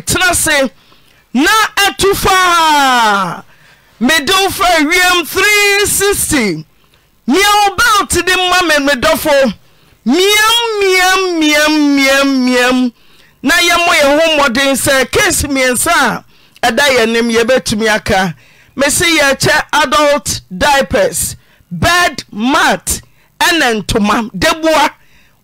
tesena ato faa medomfɛ wim 360 meɛwo belte de ma memedɔfo i na yɛmɔ yɛ ho mmɔden sɛ cese mmiɛnsa a ɛda yɛnem yɛbɛtumi aka me se yɛkyɛ adult dipes bed mat ɛnɛ ntomam daboa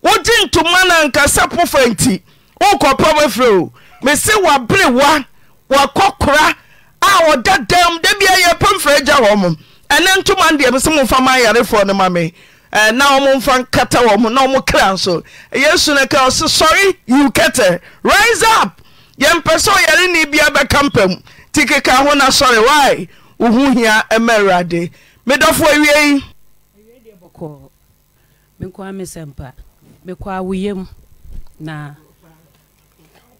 wogye ntoma no ankasa po fanti wokɔpamafrɛ mese wabere wa wakɔkora a wɔdadam da bia yɛpomfrɛ gya hɔ m ɛne ntomandeɛmes mo famayarefo no mamena ɔmo mfa kata wɔ m na ɔmo kra nso yɛ suno kɛ ɔse sɔre ou kɛte rise up yɛmpɛ sɛ ɔyare nnibia bɛka mpɛm tikeka hona sɔre w oho hia mawade medɔfo wii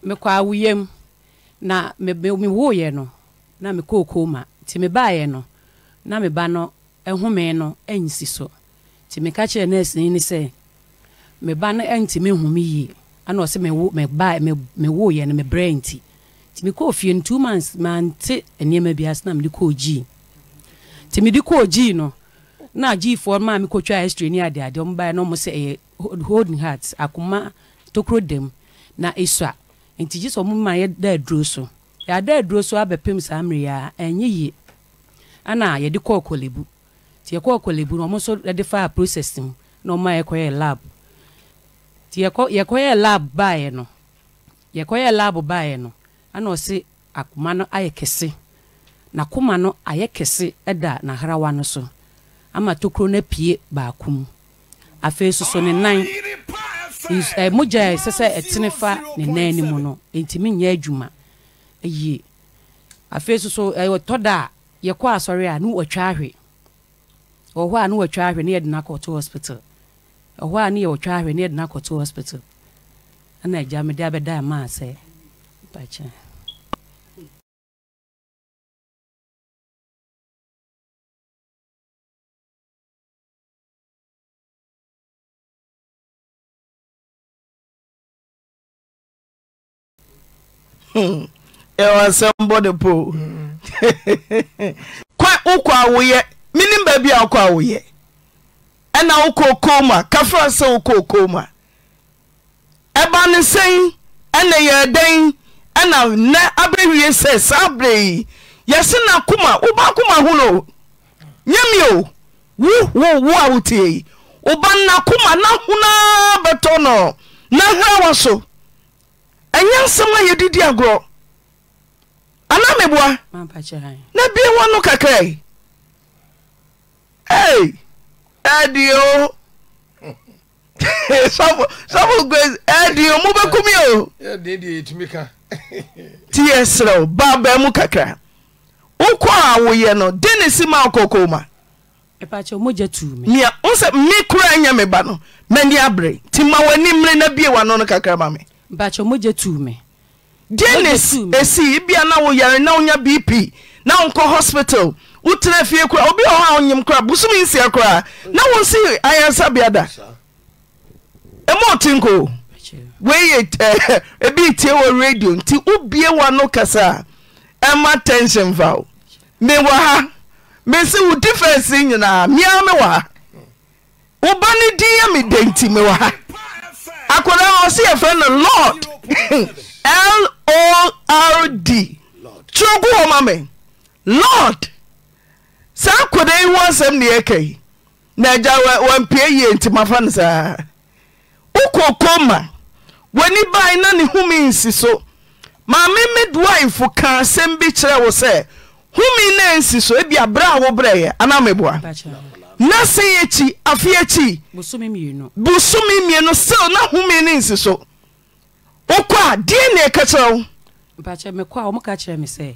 mekɔ awoyam na mewooyɛ no na mekɔɔ koma nti mebaeɛ no na meba no home no ansi so nti meka kyerɛ nurseni ne sɛ meba no antimi home yie ana ɔsɛ mewooyɛ no mebrɛ nti nti mekɔɔ fie no two months mante nneɛma bi ase na mede kɔɔ gyii nti mede kɔɔ gyii no na gyiifoɔ ma mekɔtwa history ne adeade ɔmobaɛ no ɔmo sɛ ɛyɛ holding heart akoma tokuro dam na ɛsua nti gye sɛ ɔmo ma yɛ da aduro so yɛada aduro so abɛpem saa mmiri a ɛnyɛ yie ɛna yɛde kɔɔ kɔlebu nti yɛkɔɔ kɔlebu no ɔmo nso yɛde faa process mu na ɔmo a yɛkɔyɛ lab nti yɛkɔ yɛkɔyɛ lab baeɛ no yɛkɔyɛ lab baeɛ no ɛna ɔsi akoma no ayɛ kɛse n'akoma no ayɛ kɛse ɛda n'aharawa no so ama tokuro no apue baako mu afei soso ne nan. Eh, mogya ɛsɛ eh, sɛ ɛtene fa ne nan no mu no ɛntimi nyɛ adwuma afei eh, a yɛkɔ asɔre a ne wɔtwa ahwe wɔ hɔ a ne wɔtwa ahwe ne yɛde no akɔto hospital ɛhɔ a ne yɛwɔtwa ahwe ne yɛde no akɔto hospital ɛna agya mede ɛwɔsɛm bɔde po mm-hmm. kwa wokɔ awoyɛ menim baabi a wokɔ awoyɛ ɛna wokɔ koma kafra sɛ wokɔ koma ɛba ne sɛn ɛna yɛ dɛn ɛna na koma woba koma ho no nyame o wo wo wo a wotie woba nna koma na honaa bɛtɔ no na so ɛnyɛ nsɛm a yɛdidi agorɔ anaa meboa na bie wɔ no mobɛkumi o mu kakra wokɔ a woyɛ no de ne si ma wokɔkɔ ma me koraa nyɛ me ba no m'ani aberɛ nti ma w'ani mmere na bie w'ano no kakra ma me bakyɛ mogye tuu me gyenes ɛsii bia na wo yare na wonya bp na wonkɔ hospital wotena fie koraa obi oh, oh, wɔ hɔ eh, eh, a wonyim koraa eh, bosom nsia koraa na wonsi ayasabeada ɛma ɔtenko weiyɛ ebi tie wɔ radio nti ubie wa no kasa a ɛma tension fawo mewɔ ha mesi wo difense nyinaa meara ah, mewɔ ha woba ne din yɛ medɛ nti mewɔ ha akoda ɔsɛyɛ frɛ no lord lord kyerɛko hɔ ma me lord saa akɔda yi wɔ asɛm neyɛ ka i na agya woampi a yie ntimafa ne saa wo kokom ma w'ani ban na ne homi nsi so maame medwifo kaa asɛm bi kyerɛ wo sɛ homi na nsi so ebiaberɛ a wobrɛeɛ ana meboa na sɛ ekyi afe ekyi. busumi mmienu sel na home nsi so wokɔ a deɛ ne ɛka kyerɛ wo mpakyɛ mekɔ a ɔmoka kyerɛ me sɛ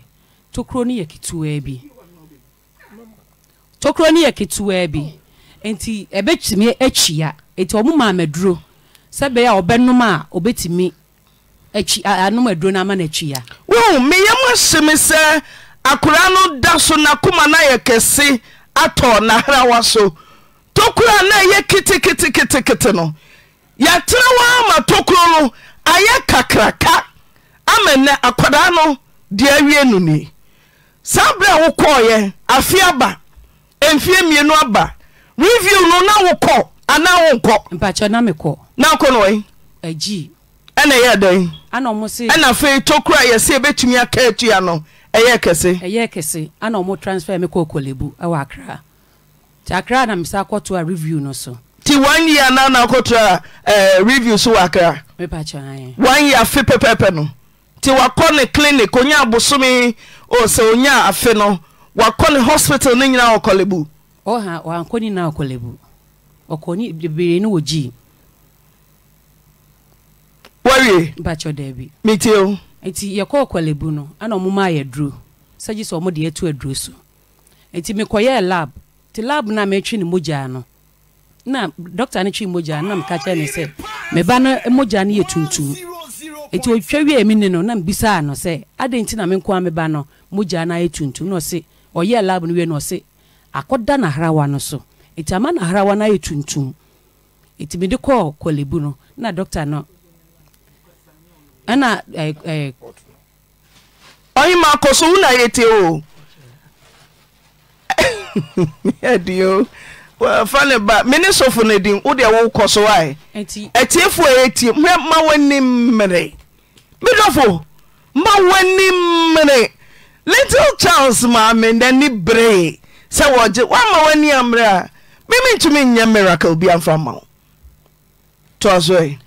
tokuro ni yɛ ketewaa bi tokuro ni yɛ ketewaa bi nti ɛbɛtumi akyia nti ɔmo maa maduro sɛ bɛyɛ a ɔbɛnom a ɔbɛtumi anom aduro no ama no akyia wo meyɛ mo ahyɛ me sɛ akora no da so nakoma no ayɛ kɛse atɔ n'aharawa so tokuro a na ɛyɛ keteketekete no yɛatera wa ama tokuro no ayɛ kakraka ama nnɛ akwadaa no de awie no ni saa berɛ a wokɔɔeɛ afi aba mfee mmienu aba review no na wokɔ anaa wonkɔ na wokɔ no ɔi ɛna ɛyɛ dɛn ɛna afei tokuro a yɛsɛ yɛbɛtumi aka atua no ɛyɛ kɛse ɛyɛ kɛse ana ɔmo transfer mi kɔ kɔlebu ɛwɔ akra ti akra na misa akɔto a review no so. ti one year na na akɔto a ɛɛ eh, review so wɔ akra. mepa kyɛn ayɛ. one year afe pɛpɛpɛ no ti wakɔ ne clinic onye abosomi ose onye afe no wakɔ ne hospital ne nyinaa wɔ kɔlebu. ɔha wankɔ ne nyinaa wɔ kɔlebu ɔkɔ ne bebree ne wɔ gyi. wɔwie. mepa kyɛw dɛbi. mi ti o. nti yɛkɔɔ kwalebu no ana ɔmo maa yɛ duro sɛgye sɛ ɔmo deɛ ɛto aduro so nti mekɔyɛɛ lab nti lab no a ne mogyaa no na dɔkta no twe mogyaa no na meka kyerɛ ne sɛ meba no mogyaa no yɛ tuntum nti otwa wie mi ne no na mbisaa no sɛ adɛn nti na menko a meba no mogyaa no ayɛ tuntum na ɔse ɔyɛɛ lab no wie na ɔse akɔda n'aharawa no so nti ama n'aharawa no ayɛ tuntum nti mede kɔɔ kwalebu no na dɔkta no ɔhema kɔ so o na o oɛdi fane ba mene sɔfo no din wode wowokɔ so ae atiefo a ɛtie hwɛ ma w'ani mmiri medɔfo ma w'ani mmiri little charles maame n'ani beree sɛ wɔgye woama w'ani ammerɛ a mementumi nyɛ miracle bia mfa ma wo toa soe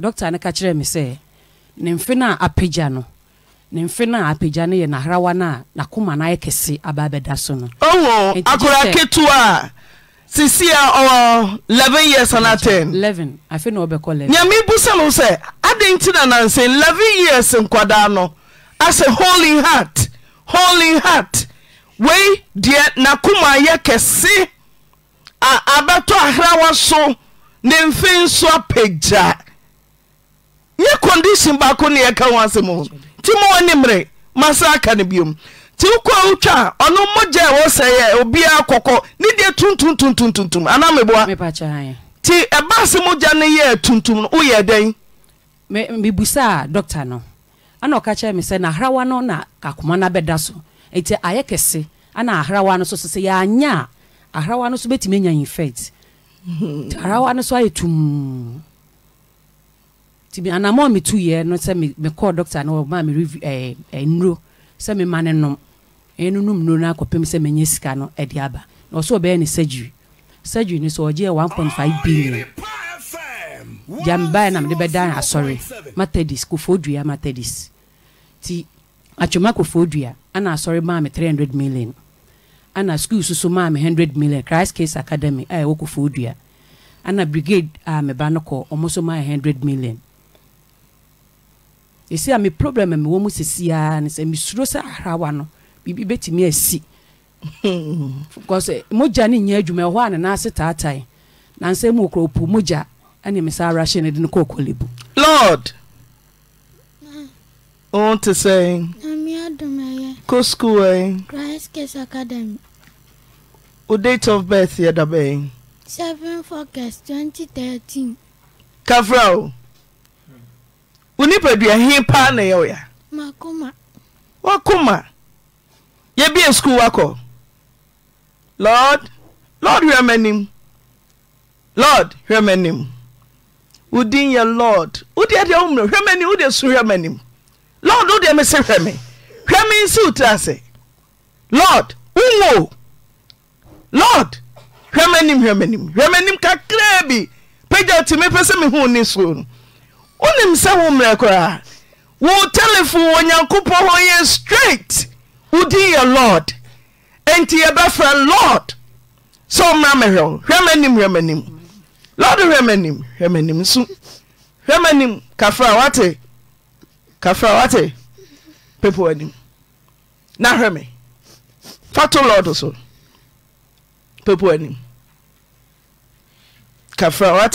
dɔta ne ka kyerɛɛ me sɛ ne mfe n a apagya no ne mfe n a apagya no yɛ nahrawa no a n'akoma na ayɛ kɛse abaabɛda so no akoraaketo a sisieia ɔwɔ 1 yeasant0 nyameebosa no sɛ adɛn nti na nansen 11e years nkwadaa no asɛ holing heart holing heart wei deɛ n'akoma yɛ kɛse a abɛtɔ aharawa so ne mfe nso apagya nye condition baako na yɛka ho asɛm ho nti ma w'ani mmerɛ masa aka no biom nti wokɔa wotwa a ɔno obiara kɔkɔ ne deɛ anaa meboa nti se mogya no yɛɛ tuntum no woyɛ dɛn mebusaa no ana ɔka kyerɛ me sɛ naharawa no na akoma no bɛda so ayɛ kɛse ana aharawa no so sɛ yɛanya a aharawa no so bɛtumi anya infect harawa no so ayɛ nti anamɔ mi tu yɛ no sɛ mi kɔɔ dɔkta na ɔmaa mi revi ɛɛ nnuro sɛ mi ma ne nom ɛnu num nnuro no akɔpem sɛ mi nye sika no ɛde aba na ɔsɛ ɔbɛyɛ ne surgery surgery ni sɛ ɔgye yɛ one point five billion gyambae na mede bɛda asɔre matadis kofoɔ dua matadis ti atwoma kofoɔ dua ana asɔre maa mi three hundred million ana school soso maa mi hundred million christ case academy a ɛwɔ kofoɔ ana brigade a meba no kɔ ɔmo so maa hundred million ɛsi a me problem a mewɔ mu sesiaa ne ah, sɛ mesuro sɛ ahrawa no biribi bɛtumi asi e because eh, mogya ne nyɛ adwuma ɛhɔ a ne naase taatae nansɛ mu okura opu mogya ɛne me saa arahyɛ no de no kɔɔ kɔlebu lord wọn ti sẹyìn. ami adumaye. kó skul ẹyin. christ case academy. o date of birth yẹ dabẹ yẹn. seven four twenty thirteen. kafra o. onipadua pan ybi skul wkn woinyɛ ldwoowodms hw hw nswoahna i pyatmpɛsɛ mehnsoo onsɛwokoa ol yankopɔnɔɛ st oyɛ lontiybɛfralo s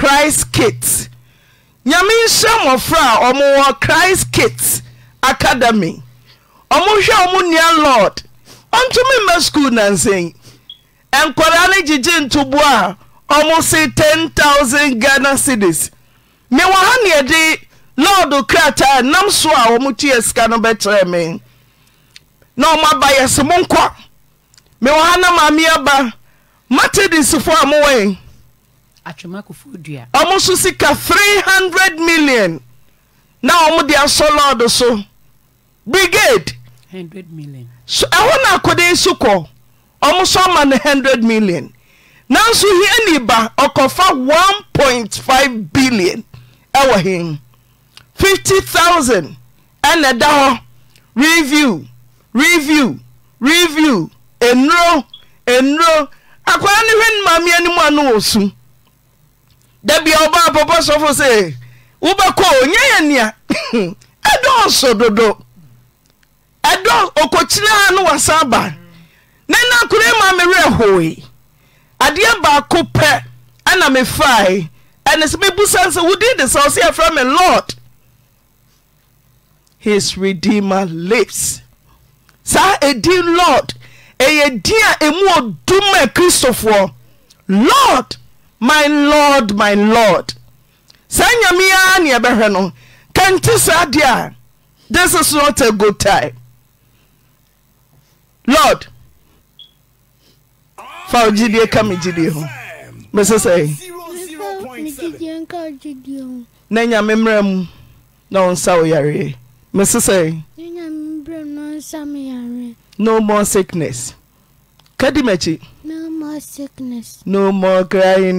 christ kit nyame nhyɛ mmɔfra a ɔmowɔ christ kit academy ọmụ ɔmo nnua lord ɔntumi mma skuul nansɛn nkwadaa no gyegye ntoboa a ɔmo ten 10000 ghana cidies mewɔ ha lord krataa nam so a sika no me na ɔmo aba yɛ se monkɔ mewɔ ha na a ɔmo nso sika 300 million na ɔmode asɔ lɔɔdo so brigade so ɛhɔ na akɔde nso kɔ ɔmo so ama no 100 million nanso hia niba ɔkɔfa 1.5 billion ɛwɔ hem 50000 ɛna ɛda hɔ review review review enuro enuro akwara ne hwɛ ne maame anim ano wɔ su da bia wobaa papɔ sɛfo sɛ wobɛkɔ nyɛ yɛnua ɛdɔ so dodo ɛdɔ okokyinaa no waasan ba na na kono ma meerɛ hoe adeɛ baako pɛ ana mefae ɛne so mebusan se wodin de sɛu se yafrɛ me lord his redeemar lips saa ɛdin lord ɛyɛ din a emu oduma kristofoɔ lord my lord my lord saa nnyameyira nneɛbɛhwɛ no kante saa deɛ a this is not a good time lord faogyidieka megyidiɛho mese sɛ ne nyame mrɛ mu na saw yare mese sɛnomo sickness dminomo krin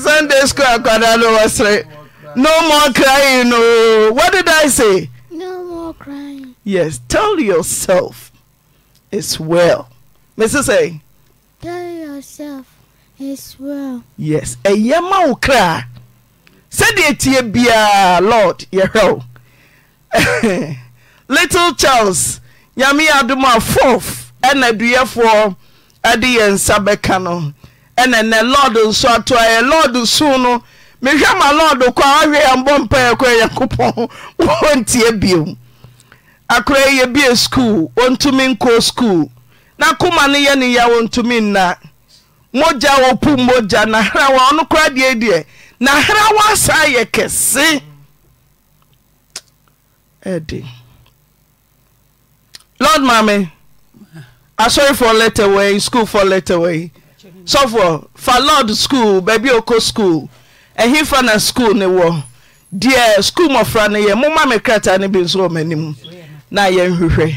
snday sc kwadsere no mo krin no what did i say tell yourself is well mese sɛys ɛyɛ ma wo kraa sɛdeɛ tie biaa lord yɛhɛw little charles nyame yɛ adom a fof ɛna aduyɛfoɔ de yɛ nsa bɛka no ɛnɛ nɛ lord nso ato a yɛ lord suu no mehwɛ ma lord kɔ a wahwɛ yɛmbɔ mpa yɛkɔ nyankopɔn wɔntie biom akora yɛbie skuul wɔntumi nkɔ skuul na koma no yɛ ne yɛ wɔntumi nna mogya wɔpu mogya naherawa ɔno kora deɛ deɛ naherawa saa yɛ kɛse ɛde lord mame asɔrefoɔ letawai schuulfoɔ letawai sɔfoɔ fa lord schuul baabi oko schuul ahefa na schuul na wɔ deɛ schuul mọfra no yɛ momma me krataa no bi nso wɔ m'anim na yɛnhwehwɛ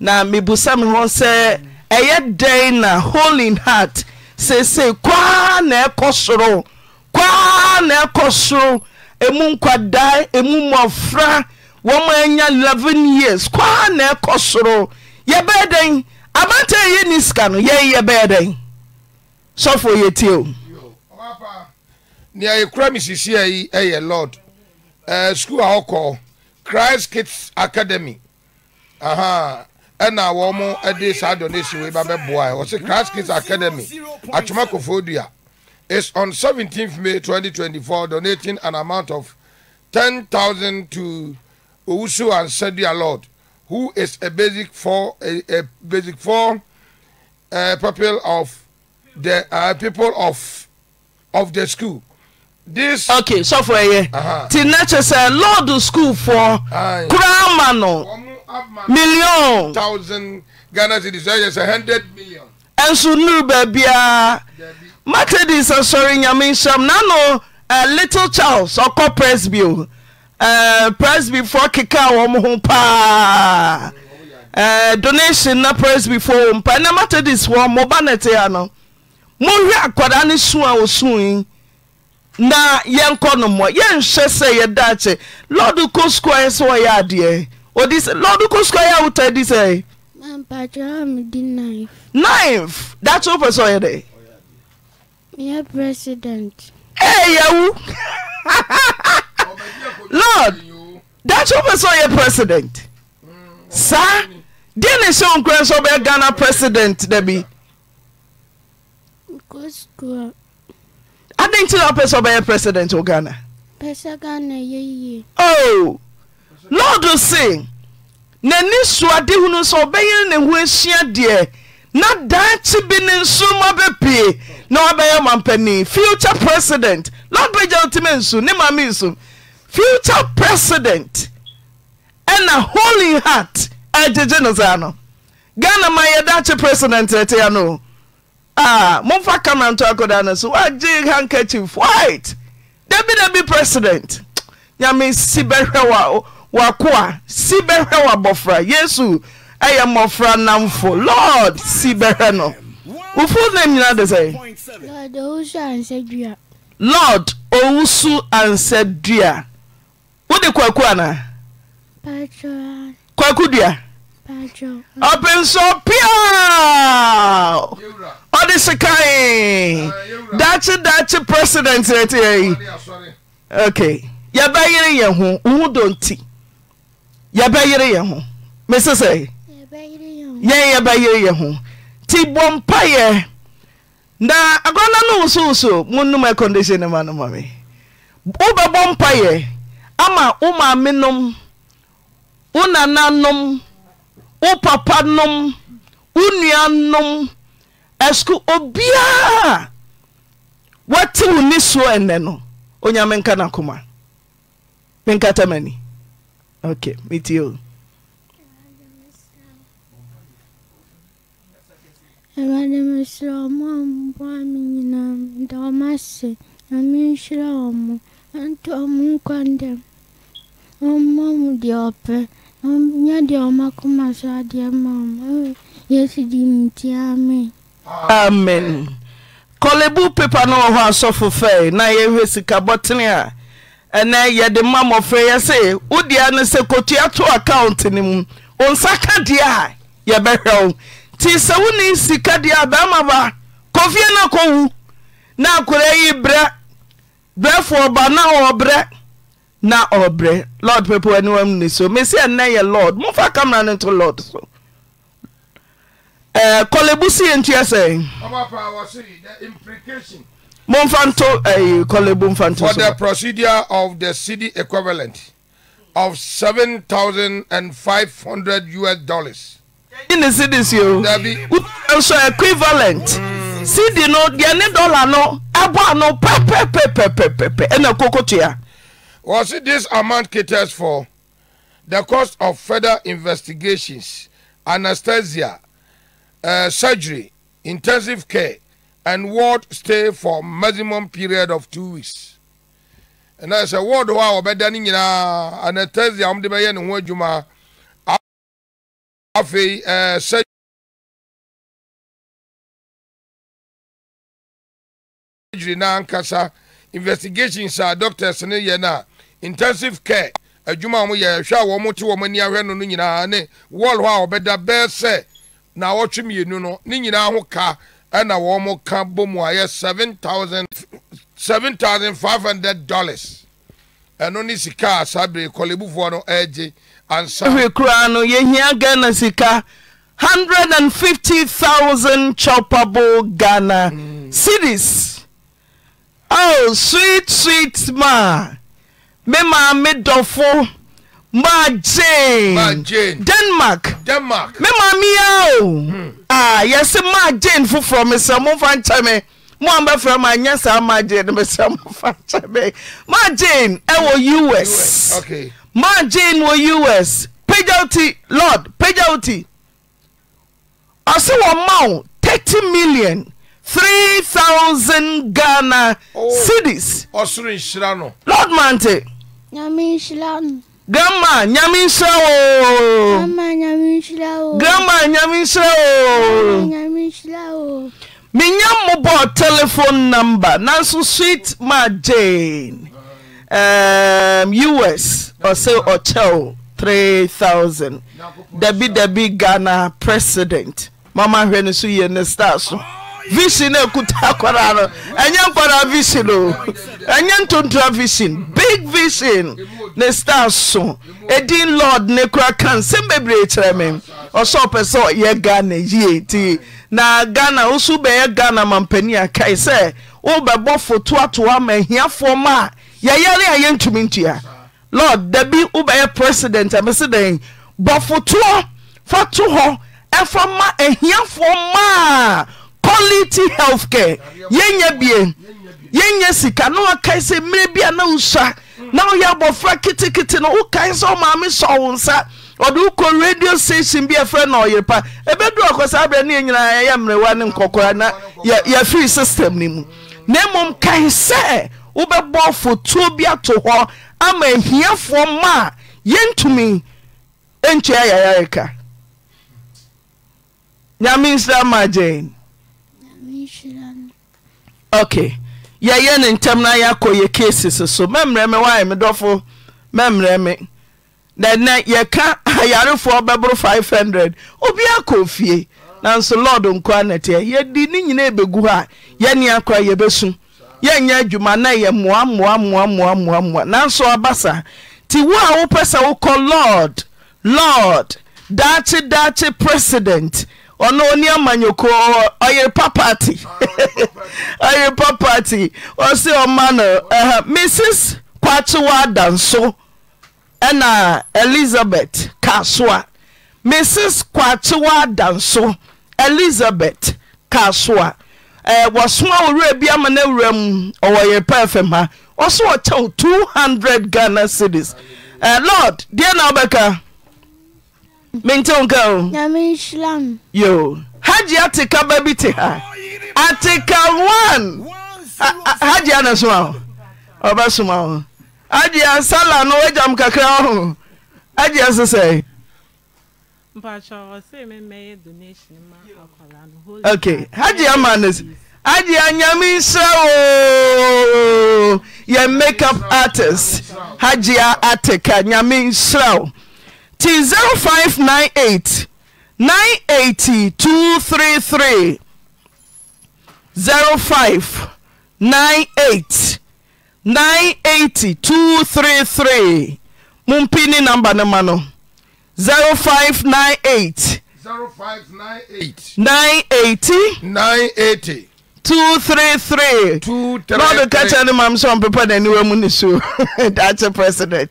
na mebusa me ho sɛ ɛyɛ dɛn na holin heart say kwaa na ɛkɔ soro kwaa na ɛkɔ soro emu nkwadaa emu mmɔfra wɔn anya eleven years kwaa na ɛkɔ soro yɛbɛyɛ dɛn abante yɛ ni sika no yɛn yɛbɛyɛ dɛn sɔfo yɛ tie o. nea ekura mi sisi yi yɛ lord ɛɛ sukuu a ɔkɔ christ kids academy ɛna wɔn de saa donation wei ba bɛ boa yɛ wɔsi christ kids academy atwoma kofo dua is on seventeenth may twenty twenty four donating an amount of ten thousand to owusu and said their lord who is a basic for a, a basic for a pupil of the uh, people of of the school. This okay So sọfọ ẹyẹ ti nẹchẹ sẹ lọọdù school for kúrámà million thousand ghana cedis ẹ yẹ sẹ hundred million. ẹ̀sùn nù bẹ̀ẹ̀bi a matthew sọ̀rọ̀ ìyàmí nsọ̀m a eh, little charles ọkọ presbyo. Eh, presbyfoɔ kekaa wɔm ho paa eh, donation na presbyfoɔ wɔ mpa na matadis wɔ moba ne tea no monhwɛ akwadaa ne su a ɔsui na yɛnkɔ nommɔ yɛnhwɛ sɛ yɛdaakye lɔdo ko sukua ɛ sɛ ɔyɛ adeɛ ɔdi sɛ lɔdo ko sukua yɛ awota di sɛ knife That's wopɛ sɛ ɔyɛ dɛ yɛ president ee yɛwu lord dankye opɛ sɛ ɔyɛ president saa deɛ ne nhyɛ wo nkora sɛ ɔbɛyɛ ghana president da bi ade ntia wopɛ sɛ ɔbɛyɛ president oghana oh, lord o se nani suade hunu sɛ ɔbɛyene ne ho ahyiadeɛ na daankye bi ne nsom abɛpii na wabɛyɛ mampani futura president lord bɛgya wotim nsu ne mame nsom future president ɛna holi heart agyegye no saa no ghana mayɛ dakye president ɛtia noo momfa kamantokdan so wogye hankerchief wit dabida bi president nyame si bɛhwɛ wako a si bɛhwɛ wabɔfra yesu yɛ mmɔfra namfo lord si bɛhwɛ no wofo ne nyina de sɛ lord ɔwu su ansɛdua wode kwaku ana kwaku dua ɔpenso piaa ɔde sekae dakye dakye president ɛtiɛi ok yɛbɛyere yɛ ho wo ho dɔ nti yɛbɛyere yɛ ho mese yɛn yɛbɛyere yɛ ho nti bɔ mpayɛ na akɔnda no wosowoso monom acondition no ma no ma me wobɛbɔ mpayɛ ama ụmụaminom unananom ụpapanom unuanom esku obiara watew ne soɔ ɛnɛ no onyame nka na koma menkatamani ok metio awurade mesrɛ ɔmo amboa me nyinaa meda ɔma se na menhyerɛ ɔmo ɛnto ɔmo nkwa ndɛm mom deɛ ɔpɛ nyɛ deɛ ɔma koma so adeɛ ma yesu di mu amen amen kɔlebu pepa no wɔ hɔ asɔfo fɛ na yɛhwɛ sikabɔtene a ɛnɛ yɛde ma mmɔfra yɛ se wodeɛ no sɛ kotua to account no mu wo nsa ka deɛ a yɛbɛhwɛ wo nti sɛ wone sika deɛ a bɛrima ba kɔfie no akɔwu na akora yi berɛ berɛfoɔ ba na ɔwɔ berɛ na ɔbrɛ lord pepo anuwam ne so mesi ɛnɛ yɛ lord mofa camera no to lord so ɛɛ kɔlebu yɛ ntua sɛ. ɔba pa wɔ si the implication. mo nfa nto ɛɛ eh, kɔlebu nfa nto so. for the procedure of the city equivalent of seven thousand and five hundred us dollars. yìí ni cedi si o. dabi. nso equivalent. Mm. cedi no deɛ ne dɔla no ɛbɔ ano pɛpɛpɛpɛpɛpɛ ɛna kokotua. Was it this amount caters for the cost of further investigations, anesthesia, uh, surgery, intensive care, and ward stay for maximum period of two weeks. And I said, ward wa ɔbɛda ne nyinaa anesthesia wɔn de bɛyɛ ne ho adwuma afei ɛɛ surgery. surgery na ankasa investigations a doctors ne yɛ na intensive care adwuma a wɔn yɛ ɛhwɛ a wɔn te wɔn ani ahwɛ no no nyinaa ne wall hɔ a wɔbɛda bɛɛ sɛ na wɔtwe mmienu no ne nyinaa ho ka ɛna wɔn ka bɔ mu ayɛ seven thousand seven thousand five hundred dollars ɛno ne sika a saa bere no ɛregye ansa. ehwe kura no yehia ghana sika hundred and fifty thousand choppable ghana mm. cedis oh sweet sweet man me maame dɔfo maa jane denmark denmark me maame ya o hmm. a yɛsɛ maa jane foforɔ mesrɛ momfa nkyɛ me mo an bɛfrɛ ma nyɛ saa maa jane no mesrɛ momfa nkyɛ me maa jane ɛwɔ us maa jane wɔ us pagauti lord pagauti ɔsɛ wɔ ma wo thirty million three thousand ghana oh. cedis. cities ɔsoro nhyira lord mante gama nyame nhyiɛgama nyame nhyiɛ omenyam mmɔbɔɔ telefone numbr nanso swit ma jan us um, ɔsɛ ɔkyɛw 3000 dabidabi ghana president mama hwɛ no nso yei ne sta so vsoka yɛ vsyɛ ntooa igvson ne saso in lord ne ra a s re erɛeɛɛwswbɛyɛ maae sɛ wobɛbɔfotoatoɔma hiafoɔ maa yɛyɛre ayɛntmi nta lord dabi wobɛyɛ president amɛsɛdɛn bɔfotoɔ fatohɔ fma hiafoɔ maa quality health care yɛnya bie yɛnyɛ sika na wakae sɛ mmerɛ bi a na wosua na woyɛ abɔfra ketekete no wokae sɛ ɔmaame sɔ wo nsa ɔde wokɔ radio station bi ɛfrɛ na ɔyere pa ɛbɛduru ɔkɔ saa berɛ ne yɛnyinaa ne nkɔkora na yɛfiri system no mu na mmom kae sɛ wobɛbɔ fotuo bi ato hɔ ama ahiafoɔ ma a yɛntumi nyame nsira ma yɛyɛ ne ntam no ayɛ akɔ yɛ kase s so mɛmmerɛ me wa medɔfo mmmerɛ me ɛnɛ yɛka ayarefoɔ bɛboro 500 obi akɔ fie nanso lord nkoant yɛdi ne nyina bɛgu ɔ a yɛneakoa ybɛs yɛnyɛ adwuma na yɛ mmoammoaananso abasa nti wo a wopɛ sɛ wokɔ lord lord dachedache president ɔno ɔni ama yɛkuyer pa party yerpa party ɔs ɔma no ms kwakyewa ada nso ɛna elizabeth kaso a ms kwakyew ada nso elizabeth kasoa wɔsoma worea bi ama no wura mu ɔwɔ yerpa fem ha ɔsoɔkyɛwo 2000d ghana cities lord deɛ na wobɛka mentewo nka o hagye ateka ba bi te ha ateka 1 hagye anasoma ho ɔbɛsoma ho agyea sala no woagyam kakra ho agyea se sɛ hagyea ma no agyea nyame nsrɛ o yɛ makeup artist hagyea atika nyame nsrɛw ti05358 233 mumpini namba ne ma nu 53 nɔdo kaca ni mamsɛapepa naniwamu ni suo daca president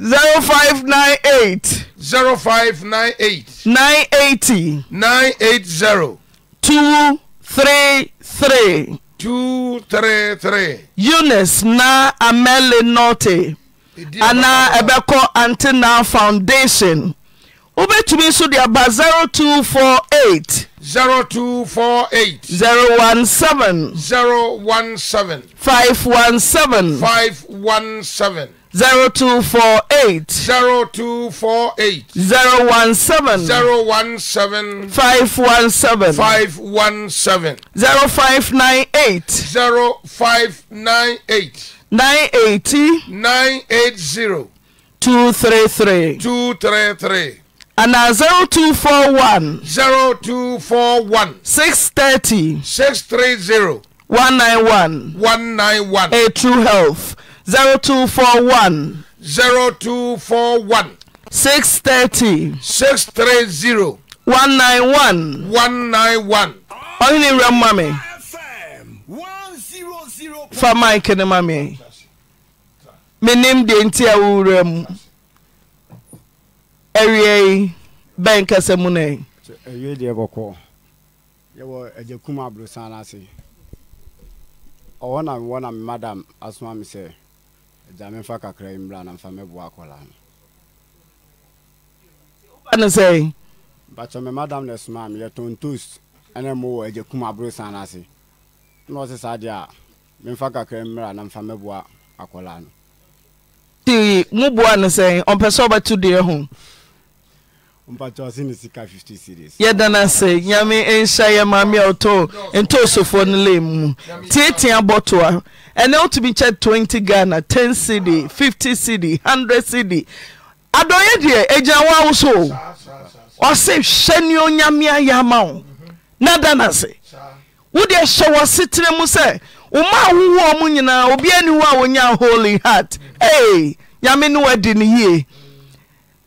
zero five nine eight. zero five nine eight. nine eighty. nine eight zero. two three three. two three three. Eunice na Amele Norte ana ebeko Antenna Foundation wobɛtumi nso de aba zero two four eight. zero two four eight. zero one seven. zero one seven. five one seven. five one seven. zero two four eight zero two four eight zero one seven zero one seven five one seven five one seven zero five nine eight zero five nine eight nine eighty nine eight zero two three three two three three and now 0241 0241 630 630 191 191 A True Health zero two four one. zero two four one. six thirty. six three zero. one nine one. one nine one. ọ̀hìnì rẹ̀ mọ́ mi. fa mike ni ma mi. mi ni m de nti ẹ̀wù rẹ̀ mu. ẹ̀rìẹ̀ yìí bẹ́ẹ̀ nkẹsẹ̀ mu náà. ẹ̀yẹ́ deɛ bɔkɔ yɛwɔ ɛgyɛ kum aburusan n'ase ɔwɔ na wɔn na madam as mi say gya memfa kakra yi mmra na mfa mɛboa akɔla no ne sɛ bakyɛ me madam na ɛsomaa me yɛtɔn toast ɛne mo wɔ agya kum aborosan no ase na ɔse saa deɛ a memfa kakra mmra na mfa mɛboa akɔla no ti mo boa sɛ ɔmpɛ sɛ ɔbɛto deɛ ho mpakyɛ sika 50 series yɛda no ase nyame ɛnhyɛ yɛ maame a ɔtɔ ntɔɔsofoɔ no lɛ mu tiatia bɔtoa ɛnɛ wotumi kyɛ 20 ghana 10 cd 50 cd 100 cd adɔeɛ deɛ agyina woa wo soo ɔse hyɛ neonyame ayɛ ama wo na da no ase wo deɛ hyɛ wɔ setere mu sɛ woma wowoɔ mu nyinaa obiaani hɔ a wonya holy heart nyame no waade ne yie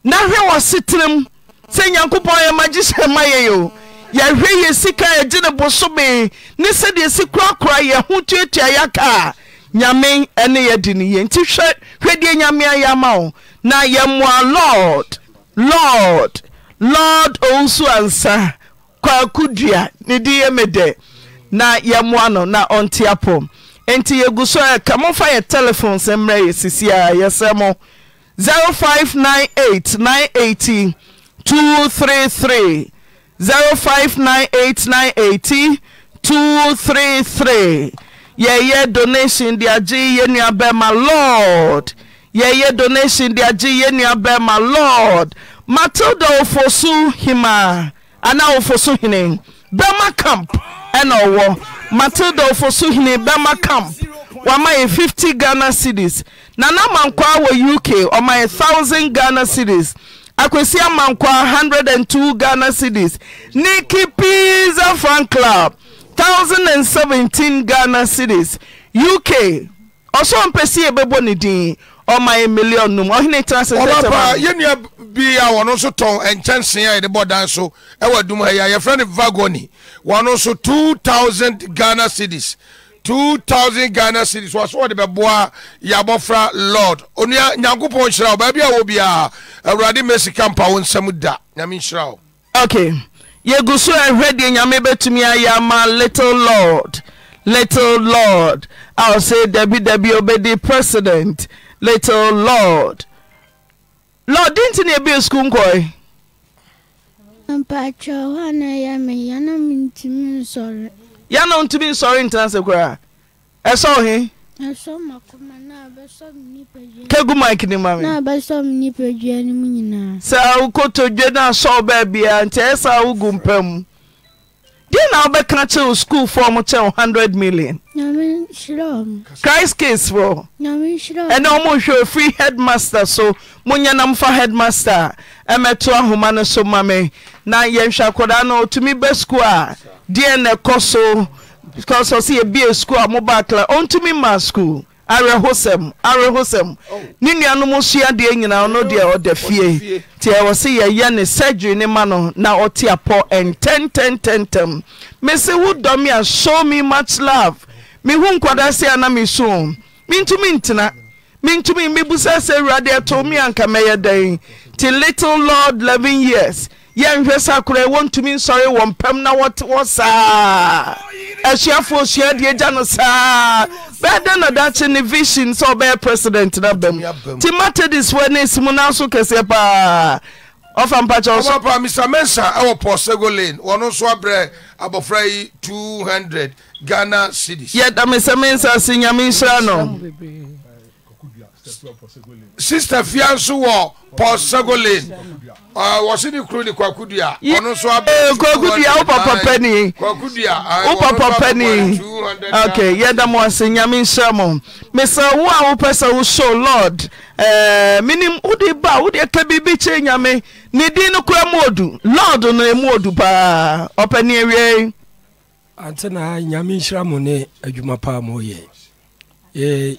na hwɛ wɔ setere m sɛ nyankopɔn ɛmagye hyɛ ma yɛɛo yɛhwɛ yɛ sikae ɛgyene bosomee ne sɛdeɛ si korakora yɛhotuatua yɛka a nyame ne yɛ de ne ye nti hwɛ hwɛdie nyame ayɛ ama o na yɛmoa lord lord lord ɔnsu ansa kwaakodua ne di yɛ medɛ na yɛmoa no na ɔnteapɔ enti yɛgu so ka mɔfa yɛ telefon sɛ mmrɛ yɛ sisi aa yɛsɛ mo 059898233 033yɛatn henuam dyɛyɛ donation the ag yɛ nnuabɛma lord matilda ofoso hima ana ofoso hine bɛrma camp ɛnawɔ matilda ofoso hine bɛrma camp wa maɛ 50 ghane series nanamankaa wɔ uk ɔmaɛ 000 ghane ceries akwasi amankwa 102 ghana cities nikki pizza fan club 2017 ghana cities uk ọsọ mpesi ebebo ne din ọma ye million num ọhene tena se tẹsẹ ma. ọba yẹnua bi a wọn nso tɔn nkyɛnsee a yɛde bɔ dan so ɛwɔ dum ha yi a yɛfrɛ no vagoni wɔn nso two thousand ghana cities. 0 ghna cwse wɔde bɛboa yɛ abɔfra lord onua nyankopɔn nhyerɛo baa bi awɔbia awurade mɛsika mpawo nsɛm da nyamehyerw yɛgu so ahwɛ deɛ nyame bɛtumi ayɛama little lord little lord ase dabidabi obedi president little lord lord entinsku nkɔ ya na ntumi nsɔre ntena se koraa ɛsɔ ɔhe kegu mike ne ma me sɛ wokɔtodwe no asɔw baabiaa nti ɛsɛ e wogu mpa mu deɛ na wobɛka kyewo skulfoɔho kyɛwo 100 millin christ kase fo ɛnɛ ɔmu hwɛɛ fre headmaster so monyɛnam fa headmaster a ɛmɛto ahoma no so ma me na yɛnhwɛkodaa na ɔtumi bɛ skuu a deɛ nɛ ɛkɔ so bcausɔ sɛ yɛbie sukuul a mo baakla ɔntumi ma skuul awerɛ ho sɛm awerɛ ho sɛm oh. ne nua no mu suadeɛ nyina wno deɛ ɔda fie nti ɛwɔ sɛ yɛyɛ ne sedgeri ne ma no na ɔte apɔ ɛntɛntɛntɛntɛm me si ho dɔme a show me much love mehu nkwada se ana mesuo mentumi ntena mentumi mebu sɛ sɛ awurade ɛto me anka mɛyɛ dɛn ti little lord lein years yɛnhwɛ sa koraa wɔntumi nsɔre wɔ mpɛm na wɔte wɔ saa ahyiafoɔ sua deɛ gya no saa bɛɛ dɛ na dakye ne vision sɛ ɔbɛyɛ president na aba mu nti matedis wɔ ne asimu no so kɛseɛ paa ɔfa mpakyɛ wo sopaa mr mensa ɛwɔ paul segolin wɔno nso abrɛ abɔfra yi 200 ghana cities yɛda misa mensa se nyame nhyira no sista fia nso wɔ paul segolin wɔsi ne kuro ne kwakudua ɔno nso abɛ kwakudua wo papa pɛni kwakudua wo papa pɛni ok yɛda mo ase nyame nhyira mo mesɛ wo a wopɛ sɛ wo show lord ɛɛ eh, minim wode ba wode ka biribi kyerɛ nyame ne din no kora mu lord no ɛmu e odu paa ɔpɛni awiei ante na nyame nhyira mo ne adwuma paa mo yɛ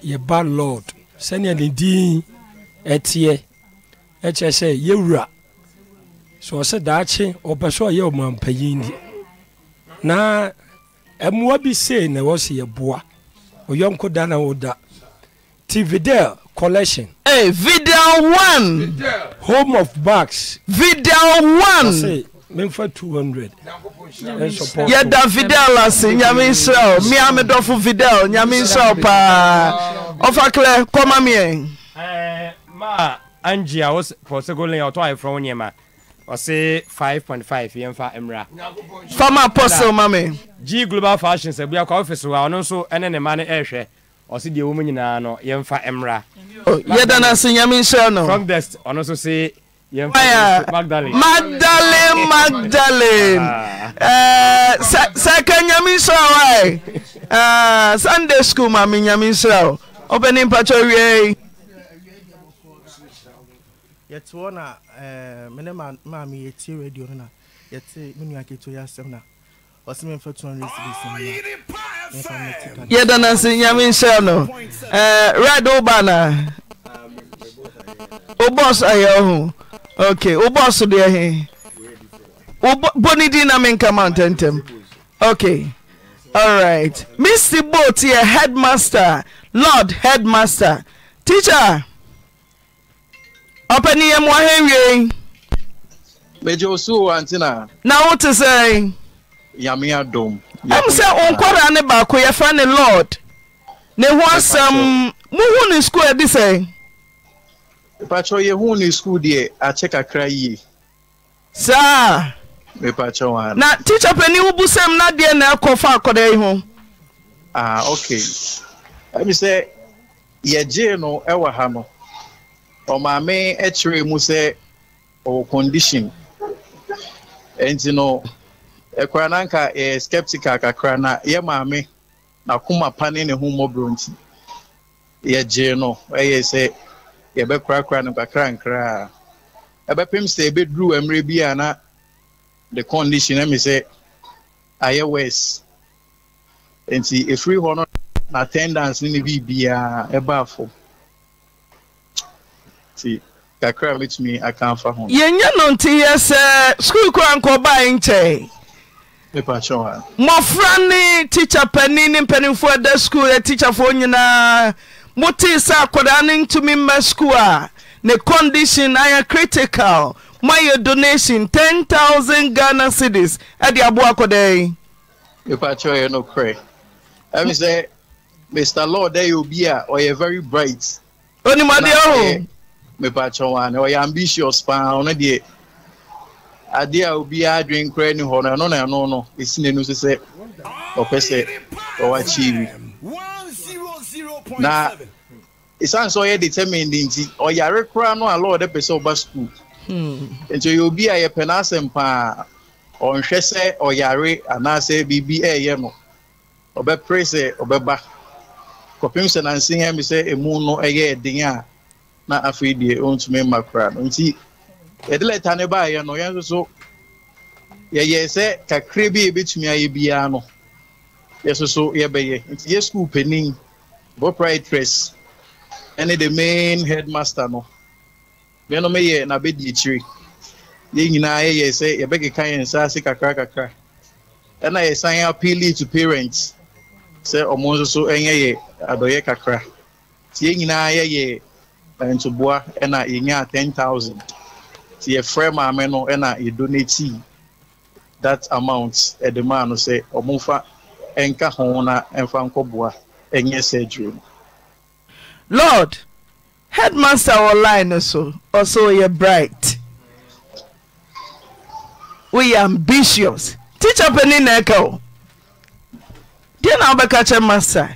yɛba lord sɛnea ne din ɛteɛ ɛkyerɛ sɛ yɛwura sɛ ɔsɛ daakye ɔpɛ sɛ ɔyɛ ɔmanpanyin deɛ na ɛmmoa bi sei na ɛwɔ sɛ yɛboa ɔyɔnko da na woda ti videl collection. Hey, videl one. home of bags. videl one. ɔsɛ memfa two hundred. yɛda videl ase nyame nsiraw mi amedɔfo videl nyame nsiraw paa ɔfakelɛ kɔma meɛ eh, ma angie a wɔ segolin a ɔtɔ ma. frɔ wo nneɛma ɔse 5.5 yɛmfa mmra fama apostle ma me g global fashion sɛ bia kwa office hɔ a ɔno nso ɛne ne ma eh, no ɛrehwɛ ɔse deɛ wɔ mu nyinaa no yɛmfa mmra yɛda no ase nyame nhyɛ no from best ɔno nso se Magdalene Magdalene ah. eh, sɛ ka nyame nhyira wo ɛ Sunday school ma me nyame nhyira wo oɛnpawiyɛans nyam yɛ no re oban ɔsɔsd bonedi na mekamatɛtm mesi bot yɛ hedmaster lord headmaster teacher ɔpɛ ne yɛ mo ahenwiei megye osuo wa na na wote sɛ nyame na ɛm sɛ wonkɔra ne baako yɛfrɛ ne lord ne ho asɛm muhu ne skuul adi sɛ mepakyɛ yɛhu ne skuul deɛ akyɛ kakra yie saa mepakyɛ wa na teacher pani wo bu sɛm na deɛ na ɛkɔ fa akɔda yi ho ah okay ebi sɛ yɛgyee no ɛwɔ ha no ɔmaame ɛkyerɛ mu sɛ ɔwɔ condition nti no ɛkora na nka yɛ skeptical kakra na yɛ maame n'akoma pa ne ne ho mmɔborɔ nti yɛgyee no ɛyɛ sɛ yɛbɛkorakora no kakra nkraa ɛbɛpem sɛ ɛbɛduru mmerɛ bi a na the condition ɛmi sɛ ayɛ worse nti efiri hɔ no na attendance ne ne biribiara ɛbaa fam nti kakra bɛtumi aka afa ho. yɛnyɛ no nti yɛ sɛ sukuu kura nkɔbaa nkyɛn. mmɔfra ne tikya panin ne mpanimfoɔ da sukuu yɛ tikyafoɔ nyinaa motee sɛ akwadaa no ntumi mma sukuu a ne condition ayɛ critical moayɛ donation ten thousand ghana cities ɛde aboa akwadaa yi. mepakyɛw yɛ no korɛ ɛmi sɛ mr lord ẹ yẹ obi a ọ yẹ very bright. onímọ̀dé ọ̀hún. mepatwọ wa na ọ yẹ ambitious paa ọ̀nà deɛ adeɛ a obi adwene kura ni hɔ no ɛno na ɛno no esi oh, n'anu so sɛ ɔpɛ sɛ ɔwɔ achieve na esan sɛ ɔyɛ determined nti ɔyare kura no a lord pɛ sɛ ɔba school nti ɔyɛ obi a yɛpɛ n'asɛm paa ɔnhwɛ sɛ ɔyare anaasɛ biribi ɛɛyɛ no ɔbɛpere sɛ ɔbɛba kɔpem sɛ nanse yɛ mi sɛ emu no yɛ ɛden a na afei deɛ ɔntumi mma koraa no nti yɛde lɛta ne baayɛ no yɛn nso so yɛyɛ sɛ kakra bi a yɛbɛtumi ayɛ biara no yɛso yɛbɛyɛ nti yɛ sukuu panin bɔpraitress ɛne the main headmaster no yɛnom yɛ n'abɛdi akyire yɛn nyinaa yɛyɛ sɛ yɛbɛkeka yɛn nsa ase kakra kakra ɛna yɛsan appeal to parents sɛ ɔmo nso so ɛnyɛ yɛ abɛyɛ kakra nti yɛn nyinaa yɛyɛ ntoboa ɛna yɛnya ten thousand nti yɛfrɛ maame no ɛna yɛdonate that amount ɛde maa no sɛ ɔmofa ɛnka ho na ɛmfa nkɔboa ɛnyɛ surgery lord headmaster wɔ line no so ɔsɛ ɔyɛ bright woyɛ ambitious teacher panin na ɛka o deɛ na wobɛka kyɛ master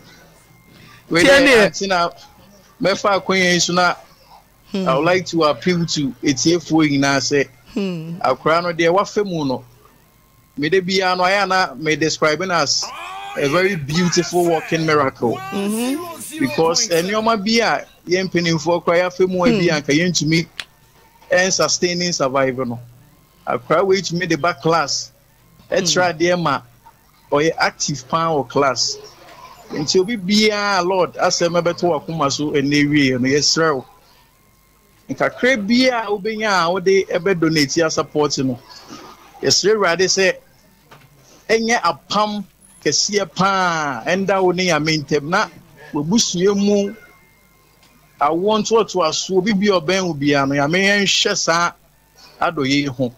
tiɛ neɛ mɛfa akɔnya yi so na i would like to appeal to etiefoɔ nyinaa sɛ akora no deɛ wafɛ mu no mede biara no ayɛ ana me describe no as a very beautiful working miracle mm -hmm. because nneɛma bi a yɛn mpanimfoɔ kora yɛafɛ mu bi a nka yɛntumi nsustaining survival no akora wei tumi de ba class ɛkyerɛ adeɛ ma ɔyɛ active paa wɔ class nti obi biara lord asɛm ɛbɛto wakoma so ɛnna ewie no yɛsrɛ wo nkakra biara wobɛnya a wode ɛbɛ donate asapɔt no yɛsrɛ awurade sɛ ɛnyɛ apam kɛseɛ paa ɛnda wo ne yame ntam na wabusua mu awoɔ ntoatoasoɔ bibi a ɔbɛn wo biara no yame yɛnhwɛ saa adɔyɛ yi ho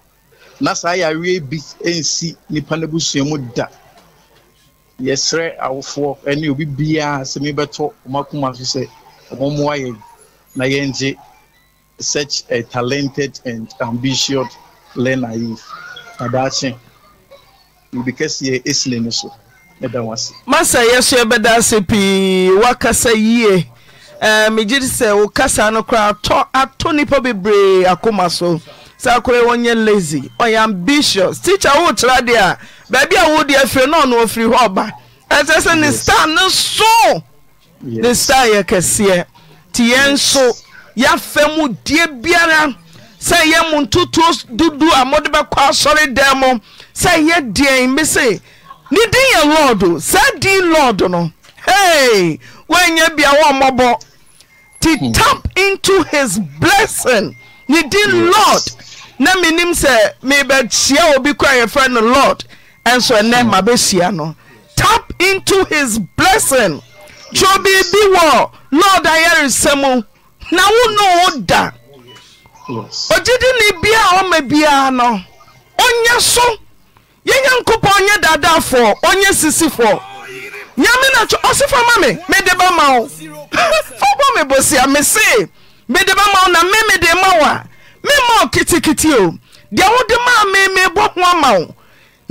na saa yareɛ bi nsi nipa no busua mu da yɛsrɛ awofoɔ ne obi biara sɛ mebɛtɔ ɔmo akoma so sɛ ɔmo mmoa yɛn na yɛngye such a talented and ambitious learner youth adaakye obi kɛseɛ esile ne so ɛda wɔn ase. masa yɛsɔ ɛbɛda ase pii wakasa yie ɛɛ megye sɛ o kasa no koraa atɔ atɔ nipa bebree akoma so saa koraa wɔnyɛ lazy ɔyɛ ambitious teacher wo kyerɛ deɛ a baabi a wo deɛ afiri na ɔno ɔfiri hɔ ɔba ɛsɛ sɛ ne star ne so ne star yɛ kɛseɛ nti yɛn nso yɛafɛ mu die biara sɛ yɛ mu ntotoɔ dudu a mode bɛkɔ asɔre dan mu sɛ yɛ deɛn bi se ne din yɛ Lord, saa din Lord, no hey wɔnyɛ bia wɔ mmɔbɔ to hmm. tap into his blessing ne din lord na menim sɛ mebɛkyia obi kɔ a yɛfrɛ no lord ɛnso ɛnɛ hmm. mabɛsia no tap into his blessing kyɛ biribi wɔ lord ayɛresɛ mu na wono wo da ogyidi ne bia a no onye so onye nkopɔn onye dada ɔnyɛ onye nyame na kyɛ ɔsefa ma me mede ba ma wo fobɔ me bosia me see mede ba ma na me mede ma wo a o deɛ wode ma me mebɔ ho ama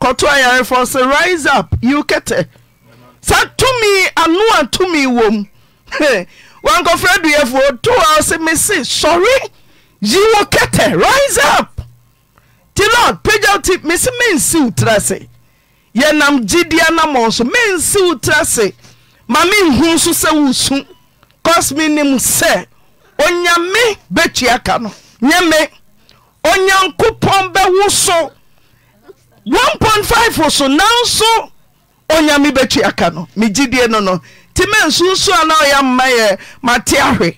yas rise pk sa tumi anoatumi wom wnkɔfrɛ duɛfoɔoa s mese sɔre yiwo kɛtɛ rise ap to pagaote mese mensi wo tara se yɛnam gyedea namɔnso mensi wo tara se ma menhu nso sɛ wosu cosmenom sɛ ɔnya me bɛkua ka no yme onyankopɔn bɛwo so 1.5 so nanso ɔnyame bɛtwi aka no megyidie no no nti mansunsu na ɔyɛ mma yɛ mate ahwe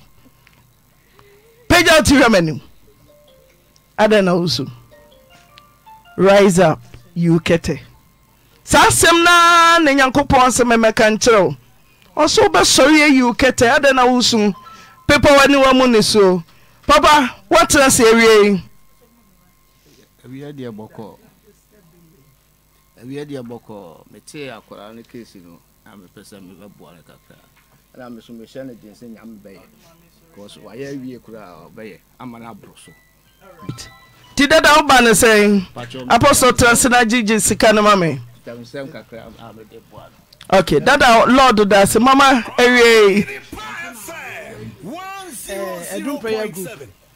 pagya wote hwɛ m'anim adɛn na wosu rise up you kɛtɛ saa asɛm naa ne nyankopɔn asɛm mɛka nkyerɛ wo ɔso wobɛsɔre ayiwo kɛtɛ adɛn na wosu pepa w'ani wa mu ne soo papa woatena sɛ awiei awie deɛ bɔkɔ metee akwaraa no kesi no na mepɛ sɛ mebɛboa no kakra ɛna me mehyɛ no den sɛ nyame bɛyɛ bcause wayɛ awie koraa ɔbɛyɛ ama no aboro so nti dada woba no sɛn apostol transena gyegye sika no ma me ok dada lord daase mama awiei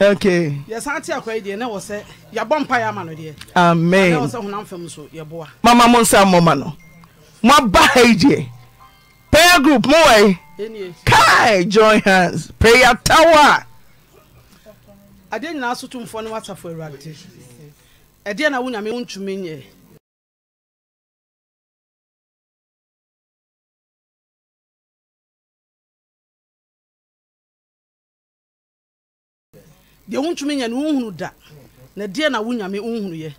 okay yɛsan te akɔyi deɛ na wɔ sɛ yɛabɔ mpa yɛ ama no deɛ amen wɔ sɛ honam fam so yɛboa mama mo nsa mmɔma no moaba ha yi deɛ prayer group mowɔ yi kai join hands prayer tower adeɛ nyinaa so tomfoɔ no wasafo awurade ɛdeɛ na wo nyame wontumi nyɛ deɛ wontumi nyɛ no wohunu da na deɛ na wo nyame wohunu yɛ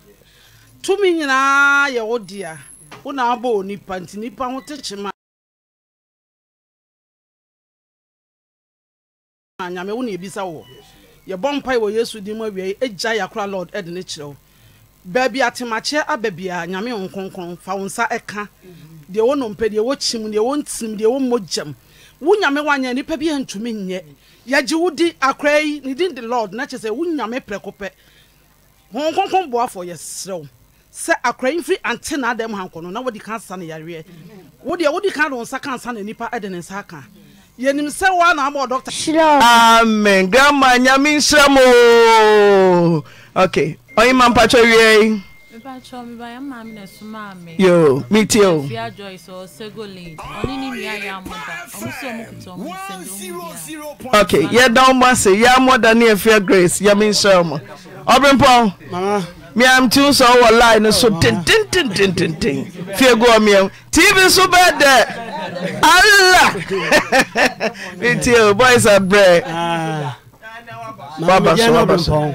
tumi nyinaa yɛ wo dea wo na abɔ wɔ nipa nti nipa ho te kyema nyame wo na ebisa wɔ yɛbɔ mpa wɔ yesu din mu awie agya yakora lord ɛde ne kyerɛ wo baabi atemakyeɛ aba biara nyame wo nkronkron fa wo nsa ɛka deɛ wɔ nnompe deɛ wɔ kyim deɛ wɔ ntim deɛ wɔ mmɔgyam wo nyame wanyɛ nipa bi antumi nyɛ yɛgye wo di akora yi ne din de lord na kyerɛ sɛ wonyame prɛko pɛ hon kronkron boafoɔ yɛserɛ wo sɛ akora yi mfiri ante na adam hankɔ no na wode ka sa no yareɛ wodeɛ wode ka de nsa ka nsa na nipa ɛde ne nsa ka yɛnim sɛ woa na ama ɔdɔkta amen grama nyame nhyira mo okay ɔyima mpatwɛ wiei yo me too. okay yɛ dan mo ase yɛ amoda ne efia grace yɛ mi nsɛm mo Mama, miam tí n sọ wɔ line so tententententen fie gu ɔmiam tv so bɛ dɛ ala me too boys are brave. Ah. baba so baba so.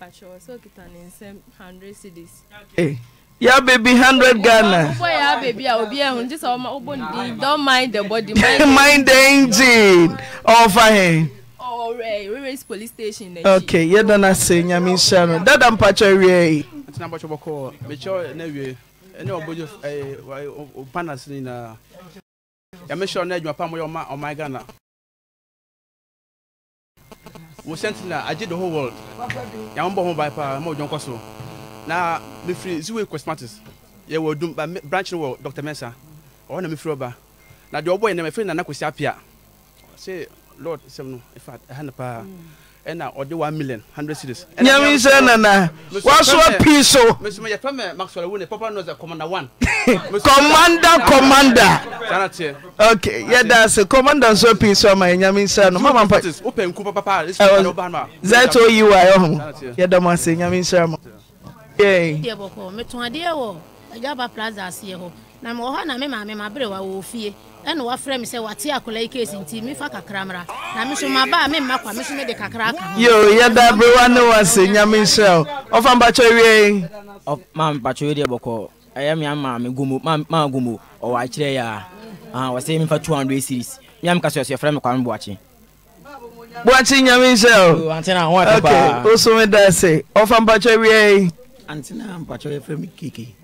Hey. Eh, yeah, baby, hundred Ghana. Oh boy, yeah, baby, I will be here. Just all my open. Don't mind the body. Mind, the engine. Oh, fine. Oh, right. We raise police station. Okay, yeah, then I say, I mean, Shannon. That I'm patcher, yeah. It's not much of a call. Make sure, anyway, any of you, uh, panas in, uh, I'm sure, I'm not your palm, man, or my Ghana sent wɔ I did the whole world yàwọn bɔ ho ban paa ɛmɛ ɔjɔn kɔ so na mefiri ziwe cosmetics yɛwɔ dum ba branch no wɔ dr mensa ɔwɔ na mefiri ɔba na deɛ ɔbɔ yɛn na mefiri nana kɔsi apia say lord sɛm no ɛfa ɛha na paa. Mm ɛna ɔde one million hundred series. nyame nsɛ nana wasoa pii so. mesoma yɛfɛ mɛ maxwell wone papa nɔ sɛ kɔmanda one. kɔmanda kɔmanda. sana tiɛ. ok yɛda ase kɔmanda nso pii so ama yɛ nyame nsɛ no mama mpa. o pɛ nku papa ɛsɛ ɛna o ba ma. zɛt o yi wa ɛho yɛda mo ase nyame nsɛ ma. deɛ bɔkɔ metɔn adeɛ wɔ agaba plaza aseɛ hɔ na mewɔ hɔ na me maame mabrɛ wa wɔ fie ɛna wafrɛ me sɛ wate akɔla yi kesi nti mefa kakra mmra na me so mabaa memma kwa me so mede kakra ka ho yo yɛda aberewa ne wa se nyame nhyɛ wo ɔfa mpakyɛ wie ma mpakyɛ wie deɛ bɔkɔ ɛyɛ mea ma me gomo ma gomo ɔwɔ akyerɛ ah, yɛ a wɔsɛ memfa 200 series mea meka sɛ ɛfrɛ me kwa me boakye boakye nyame nhyɛ ok wosome da se ɔfa mpakyɛ wie antena mpakyɛ yɛfrɛ me keke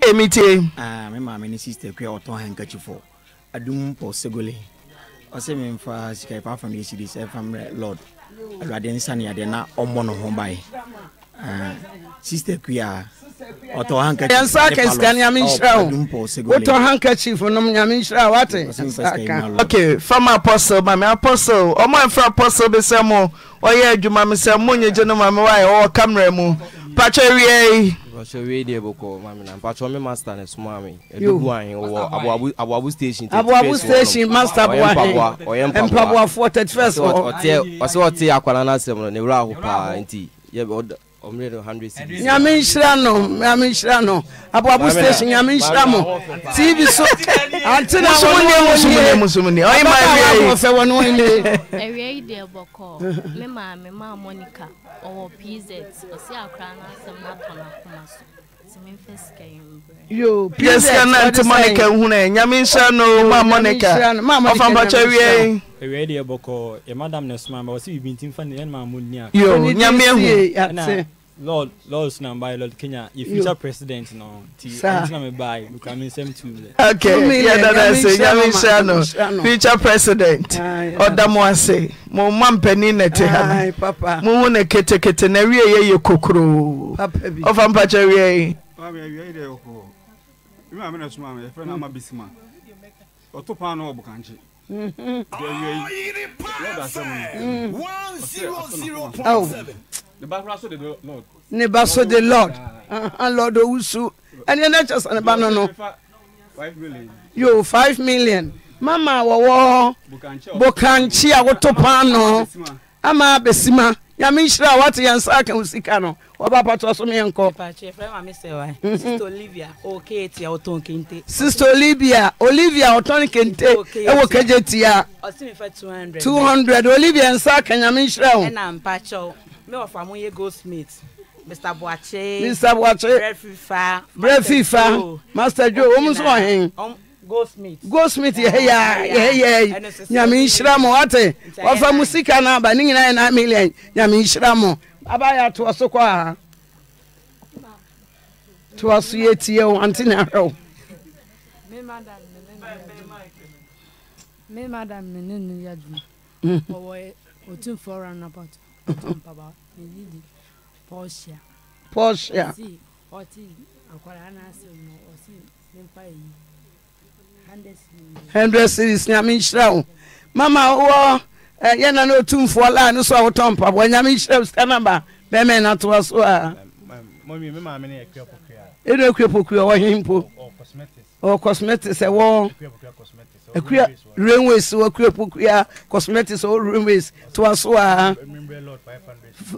ɛmitie ah, me maame ne sister kua ɔtɔn hankachifo adum pɔ segole ɔsɛ memfa sika ɛfa fam yɛsidi sɛ famrɛ lord awurade nsaneadeɛ na ɔmmɔ no ho bae ah, sister kua ɔtɔ hankɛnsa kɛsika nyame oh, nhyira wo wotɔ handkerchief nom nyame nhyira wate ok fam apostle mame apostle ɔmo amfra apostle bi sɛ mo ɔyɛ adwuma me sɛ monyegye no ma me waayɛ wɔwɔ kamera mu pàtẹ́wìẹ́. pàtẹ́wìẹ́ de boko maami na pàtẹ́wìẹ́ mi master ne suma mi edugu anyi wọ abuabu abuabu station. abuabu station master bua he ọyẹ mpaboa mpaboa fọ thirty first. ọtí ọsẹ ọtí akwara náà sẹmu ní wúrà ahọ paa nti yẹ bẹ ọdọ nyame nhyira no nyame nhyira no aboabo station nyame nhyira mo tv so ante na wɔnefɛ wɔ no ne awia yi deɛ bɔkɔɔ me maa me maa monica ɔwɔ pz ɔse akora no asɛm no atɔ no akoma so yo pieska na nti monica hunu ɛ nyame nhyira no ma monica ɔfa mpɔkyɛ wie awie deɛ bɔkɔ yɛ madam na soma bɛwɔ sɛ biribi nti mfa ne ɛnma mo nni a yo nyame ahu lord lord sunambaye lord kenya yɛ future president no nti ɛnti na mebae mekura me nsɛm tu lɛ okay yɛdada sɛ nyame nhyira no future president ɔda ah, mo ase mo ma mpanin na ɛte ha no mohu ne ketekete na awie yɛyɛ kokuroo ɔfa mpakyɛ wie maame awia yi deɛ ɛwɔ hɔ mi maame na suma ne ba so de lord ne lord lord owusu ɛni ɛna kyɛ sɛ ne ba no yo five million mama wɔwɔ Bukanchi. Oh. a woto pan no ama abɛsima nyame nhyira a wate yɛn nsa aka wo sika no wɔba apatoa so meɛnkɔ sister olivia olivia ɔtɔne kente ɛwɔ kagye tia hundred, olivia nsa aka nyame nhyira wo mr buakye brɛ fifa master Joe, ɔmu nso ɔhen goldsmith goldsmith yɛyɛ yɛyɛ nyame nhyira mo ɔte wɔfa mu sika no aba ne nyinaa yɛ na million nyame nhyira mo abayɛ atoɔ so kɔ a toɔ so yɛtie wo ante ne ahwɛ me madam me ne no yɛ adwuma ɔwɔ mm. ɔtumfoɔ roundabout ɔtɔmpaba meyidi portia portia ɔte akwaraa no asɛm no ɔse memfa ɛyi hundred series nyame nhyira wo mama wowɔ yɛ na no ɔtumfoɔ laa no so a wotɔ mpaboa nyame nhyira wo sika naba bɛmɛ na toa so a ɛdɛ akua pokua ɔhe mpo ɔwɔ cosmetics ɛwɔ akua rainways wɔ akua pokua cosmetics ɔwɔ rainways toa so a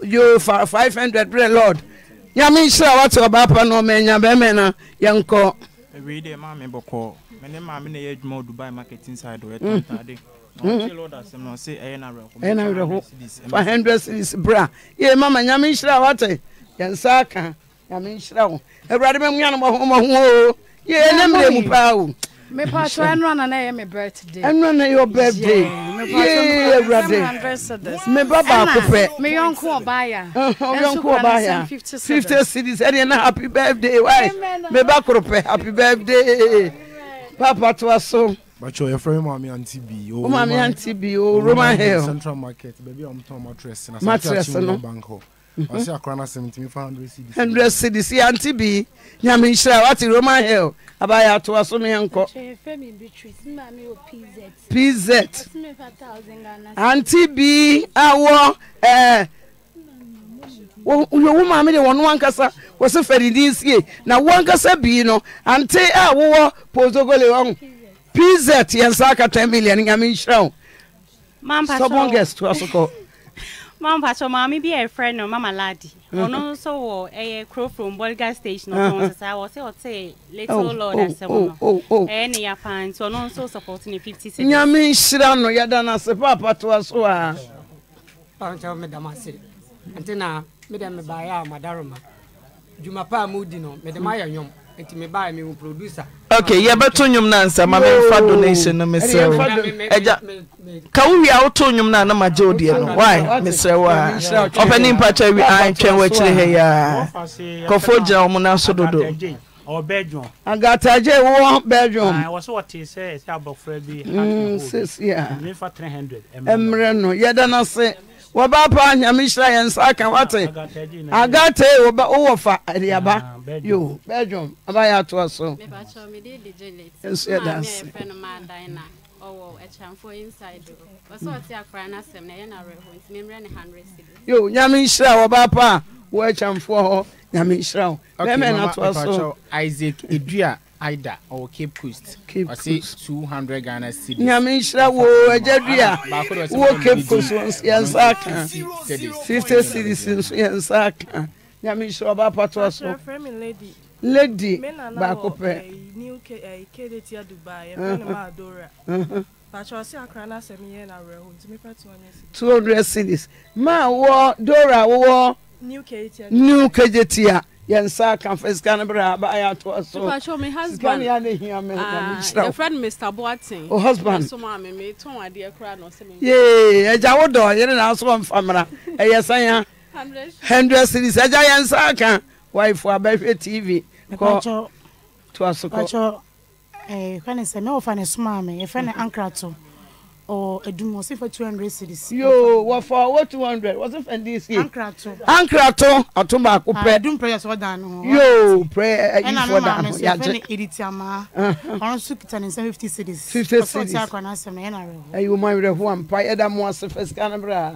yo five hundred brɛ lord nyame nhyira wate ɔbaapa no ɔma anya bɛmɛ na yɛnkɔ wei deɛ maa mi bɔkɔ mɛ ne maame na yɛ adwuma dubai market inside ɔyɛ tantade ɛyɛ na werɛho fa hundred series bra ye mama nyame nhyira wo ate yɛnsa aka nyame nhyira wo awurade mɛmuanomɔhomɔho o ye ne mmerɛ mu paa o mepatɔ ɛnora na na ɛyɛ me birthday ɛnora eh, na yɛ birthday yee awurade me ba baako pɛ me yɔnko ɔbaaya ɔyɔnko ɔbaaya fifty cities ɛdeɛ na happy birthday wai me ba koro pɛ happy birthday papa toa so bàtchọ yẹ fẹrẹ maami aunty bi o maami aunty bi o roman oh, oh, hill central market bẹẹbi àwọn tó ń mattress na sanfẹ àti wọn bank hall ɔsi akora na seventeen five hundred cedis. hundred cedis yanti bi nyame nhyira wati roman hill abaya ato aso mi pz. anti bi awɔ ɛɛ wo wo maame de wɔn wankasa wɔsi fɛnidin sie na wankasa bii no anti a eh, wowɔ pozogole wɔn pz yɛn nsa aka ten million nyame nhyira o. sɔbɔn gɛs to aso kɔ mama mpatsɔ maame bi a yɛfrɛ no mama ladi ɔno nso wɔ ɛyɛ kuro from bolga station ɔtɔn sisa wɔsɛ ɔte little oh, lord asɛm no ɛyɛ ne ya paa nti ɔno nso support ne fifty six. nyame nhyira no yɛda no ase paapa toa so a. pankyɛw meda m ase nti na mede mebaeɛ a madaroma dwuma pa mu di no mede mayɛ nwom nti mi baa mi wu producer. ok yɛ bɛ to nnwom na nsa ma nfa donation no mi srɛ wo ɛgya kawu wi a woto nnwom na anam agye odeɛ no why mi srɛ wo a ɔpɛ ni mpa kyɛ wi a ntwɛn wɔ akyire ha yia kɔfo gyina wɔn nan so dodo. agataje wɔ bedroom. wɔsɛ wɔte sɛ ɛsɛ abɔfra bi. sisi a ɛmmerɛ no yɛda no se wɔba pa nyame hyira yɛn nsa ka ah, wate agate wowɔ fa aduaba ah, yo bedrom aba yɛ atoa so nso yɛ daase yo nyame nhyira wɔba pa a wɔ akyamfoɔ hɔ nyame nhyira wo bɛmɛ no atoa so isaac edua aida ɔwɔ cape coast ɔsi two hundred ghana cedis. nyame nhyira wo ɛgya dua ah, wo cape coast yɛn nsa aka fifty cedis nso yɛn nsa aka nyame nhyira ɔba apatoa so lady baako pɛ. Eh, eh, uh-huh. uh-huh. two hundred cedis maa wɔ dora wɔ new kejia yɛn nsa akamfa sika no berɛ a baayɛ atoa so sika ne ana hia me nyamekyerɛw o husband yee agya wo dɔ yɛne naa so wɔmfa mmara e sanya hundred series agya yɛn nsa aka wifo abɛhwɛ tv kɔ toa so kɔ ɛɛ kwan sɛ mɛ wɔfa ne somaa me yɛfrɛ ne e mm-hmm. ankrato or edumu ọsẹ fẹ two hundred cities. yoo wọ fọ owó two hundred wọ́n sì fẹ́ ndí sí. ankara tó. ankara tó ọtún baako pẹ. adum ah, prayer sọ dan no. yoo prayer eh, eh, yi fọ dan no yagye. ẹnna mi maa mi sọ fẹ ni editi ama ọrùn sùn kìtà ní sẹ fifty cities. fifty cities. ọsọ ti akọ náà sẹmu ẹ na rẹ wọ. ẹyin o ma rẹ hu ampa ẹ da mu ase fẹ sika ne bra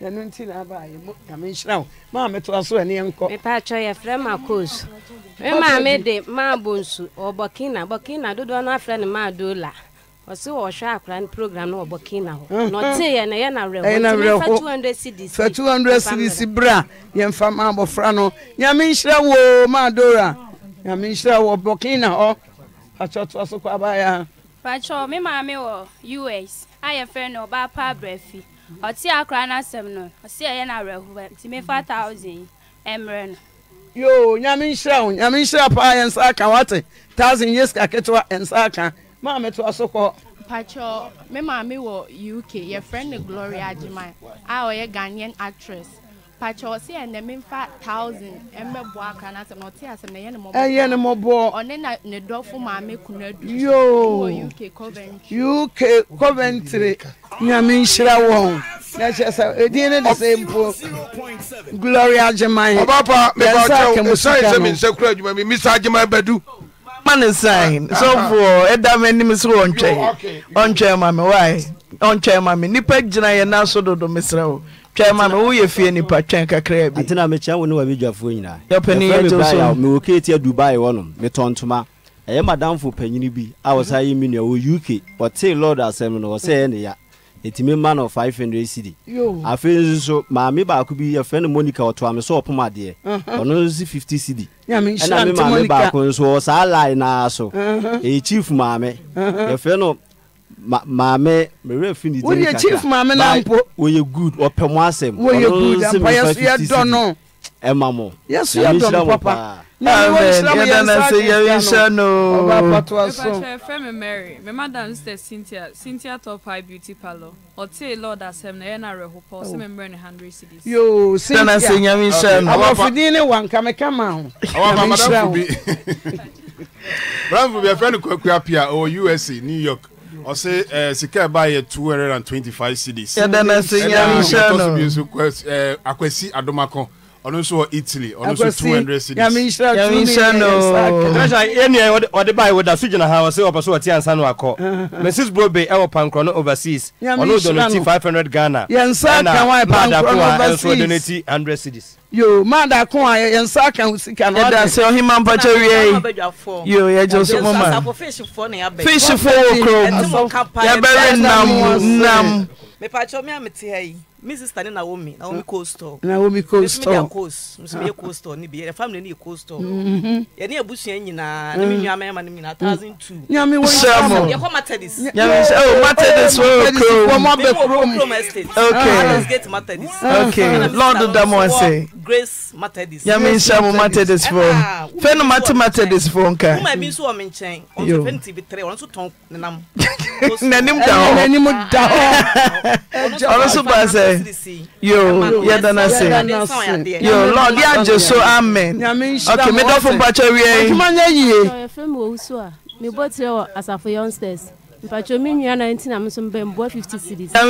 nanu ti na aba yi mo nyame nhyira o maa mi to aso ẹni yẹn nkọ. mipa atwa yẹ fẹ ma koos mi maa mi de maa bo nsu ọ oh, bọkina bọkina dodoɔ náà fẹ ni maa do la. ɔsi ɔhwɛ akora no program no ɔbɔ kina hɔ na ɔte yɛ na yɛ na werɛ hɔ fa 200 cds fa 200 cds bra yɛmfa ma abɔfra no nyame nhyira wo maadora nyame nhyira wo ɔbɔ kina hɔ pakyɛ so kɔ abaeɛ pakyɛ me maame wɔ us a yɛfrɛ no ɔbaapa abrɛfi ɔte akora no asɛm no ɔse ɛyɛ na awerɛhoɔ nti mefa 1000 ɛmmerɛ no yoo nyame nhyira wo nyame nhyira paa yɛnsa aka wate 1000 yeska ketewa aka maame to aso kɔ. mpatsɔ me maame wɔ uk friend no gloria agyeman a ɔyɛ ghanaian actress mpatsɔ ɔsi ɛnɛ mmefa thousand ɛmɛbɔ aka n'asɛm na ɔte asɛm na ɛyɛ ne mɔbɔ. ɛyɛ ne mɔbɔ. ɔne na ne dɔfo maame kuna du. yoo uk coventry. uk coventry nyame nhyira wɔn n'ahyɛ sɛ edin ne de se mpo gloria agyeman. ɔbaapa mɛ bá ɔkyɛw ɛsan yi sɛ mi nsa kura adwuma mi misa agyeman Jemai du ma ne sign sɔfoɔ ɛda m'anim sɛ ɔntwɛn ɔntwɛn ma me wae ɔntwɛn ma me nipa gyina yɛ nan so dodo mesrɛ wo twɛn ma me woyɛ fie nipa twɛn kakra bi atena mekyia wo ne wabɛdwafoɔ nyinaa yɛpɛne yɛ gye so mewɔ ketia dubai eh, wɔ mm-hmm. no metɔ ntoma ɛyɛ madamfo panyini bi a wɔsa yɛ menua wɔ uk ɔtee lord asɛm no ɔsɛ ɛyɛ ne ya ɛtumi ma no hundred cd afei nso maame baako bi yɛfrɛ no monica ɔtoa me sɛ ɔpom adeɛ uh-huh. ɔno nso 50 cd ɛna me maame baako nso ɔ saa line naa so uh-huh. ɛyɛ chief maame uh-huh. yɛfrɛ no maame mẹrẹ fi ni dẹni kaka woyɛ chief maame na mpo woyɛ good ɔpɛ mu asɛm woyɛ good mpayɛ so yɛ dɔ ɛma mo yesu yadɔm papa fɛ me mary me madam sister cynthia cynthia top high beauty parlor ɔtee lord asɛm na ɛyɛ no awerɛho pɔ sɛ membrɛ ne hundred cities yo cynthiaabɔfodin ne wanka meka ma ho madamfo bi ɛfrɛ no kwakua pia ɔwɔ usa new york ɔsɛ ɛɛ sika ɛba yɛ two hundred and twenty five cities ɛdɛ na se nyamihyɛ no ɛdɛ na se nyamihyɛ no akwasi adomako ɔno nso wɔ italy ɔno nso two hundred cities. yàmi nsira tún mi yẹn nọ. tẹsán yẹn ni ọdẹ báyìí wọdà so gyina ha ọsẹ ọpẹ so ọtí ansa no akọ mrs uh-huh. brobe ɛwɔ pankoro no overseas ɔno donate five hundred ghana ɛna mmadapua nso donate hundred cities yo mada ko a yɛnsa aka ho sika no ɛda sɛ ɔhema mpakyɛ wiei yo yɛgye so mo ma fishfo wɔ kurom yɛbɛwe nam nam mepakyɛ me a mete ha yi me sister ne naomi naomi uh, cold store naomi cold store mesumi yɛ coast mesumi yɛ cold store ne bi yɛ family ne yɛ cold store yɛne abusua nyinaa ne me nua mɛma ne nyinaa thousand mm. two nyame wɔn nsa mo yɛ kɔ matadis nyame nsa o matadis wɔ kurom wɔn abɛ kurom okay ah. okay lɔɔdo da mo ase grace matadis. nyame nhyɛ mo matadis fo fɛn no mate matadis fo nka. wúmà mi nso wɔ mi nkyɛn ɔn sɛ fɛn tv three ɔn nso tɔn nenam. nanim da hɔ eh, nanim da hɔ ɔno so ba sɛ yo yɛda na se yo lord yɛ agye so amen ok medɔfo mpakyɛ wie. ɔtuma nyɛ yie. ɔyɛ fɛn mi wɔ wusu a mi bɔ tirɛ wɔ asafo youngsters. mpacho mi 19 na nso mbɛ mboa 50 na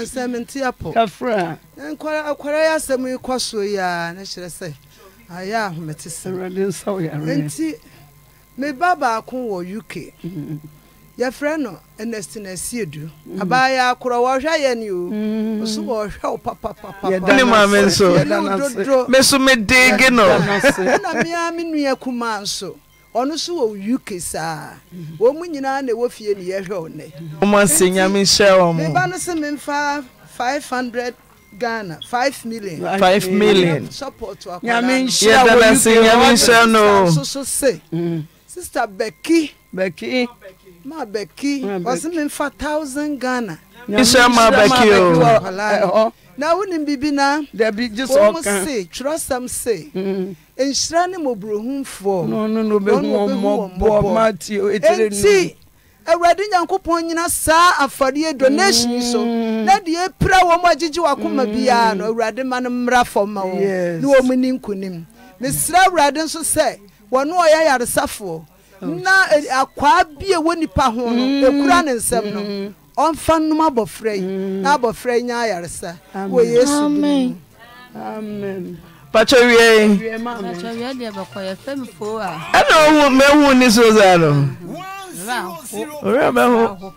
nsɛm mm-hmm. apɔ yɛfrɛ no ɛnɛstina siedu abaayewa korɔ wɔhwɛ yɛ ni o mm-hmm. ɔso wɔhwɛ wo papapapa yɛda ne maame nso me so me deege no ɛna mea me nua kumaa nso ɔno nso wɔ uk saa mm-hmm. wɔn mu nyinaa na ɛwɔ fie ne yɛhwɛ wo nɛ ɔmo ase nyame nhyɛ wɔn mo no se memfa five hundred Ghana five million. five million. support wa kora. nyame nhyia wo uk nyame nhyia no. soso se. sista Becky. Becky mabɛki ɔsɛ memfa thousand ghana isɛ mabɛki o na mm-hmm. mo wonim biribi na wɔm se twerɛsɛm se nhyira ne mmɔborɔhumfoɔ enti awurade nyankopɔn nyina saa afareɛ donation so mm-hmm. na deɛ ɛpira wɔm agyegye wakoma mm-hmm. biara no awurade ma no mmra fam ma wɔn na wɔm ni nkonim mesrɛ awurade nso sɛ wɔne ɔyɛ yaresafoɔ Oh, na eh, akwaa bi a ɛwɔ nipa ho no mm. ekura ne nsam no mm. ɔnfa nnum abɔfra yi mm. na abɔfra yi nya ayaresa wɔ yesu bi mu. pàtó wie. pàtó wie deɛ bɛkɔ yɛ fɛn fo a. ɛna owu mɛwu ni soza no. owurɛ bɛ ho.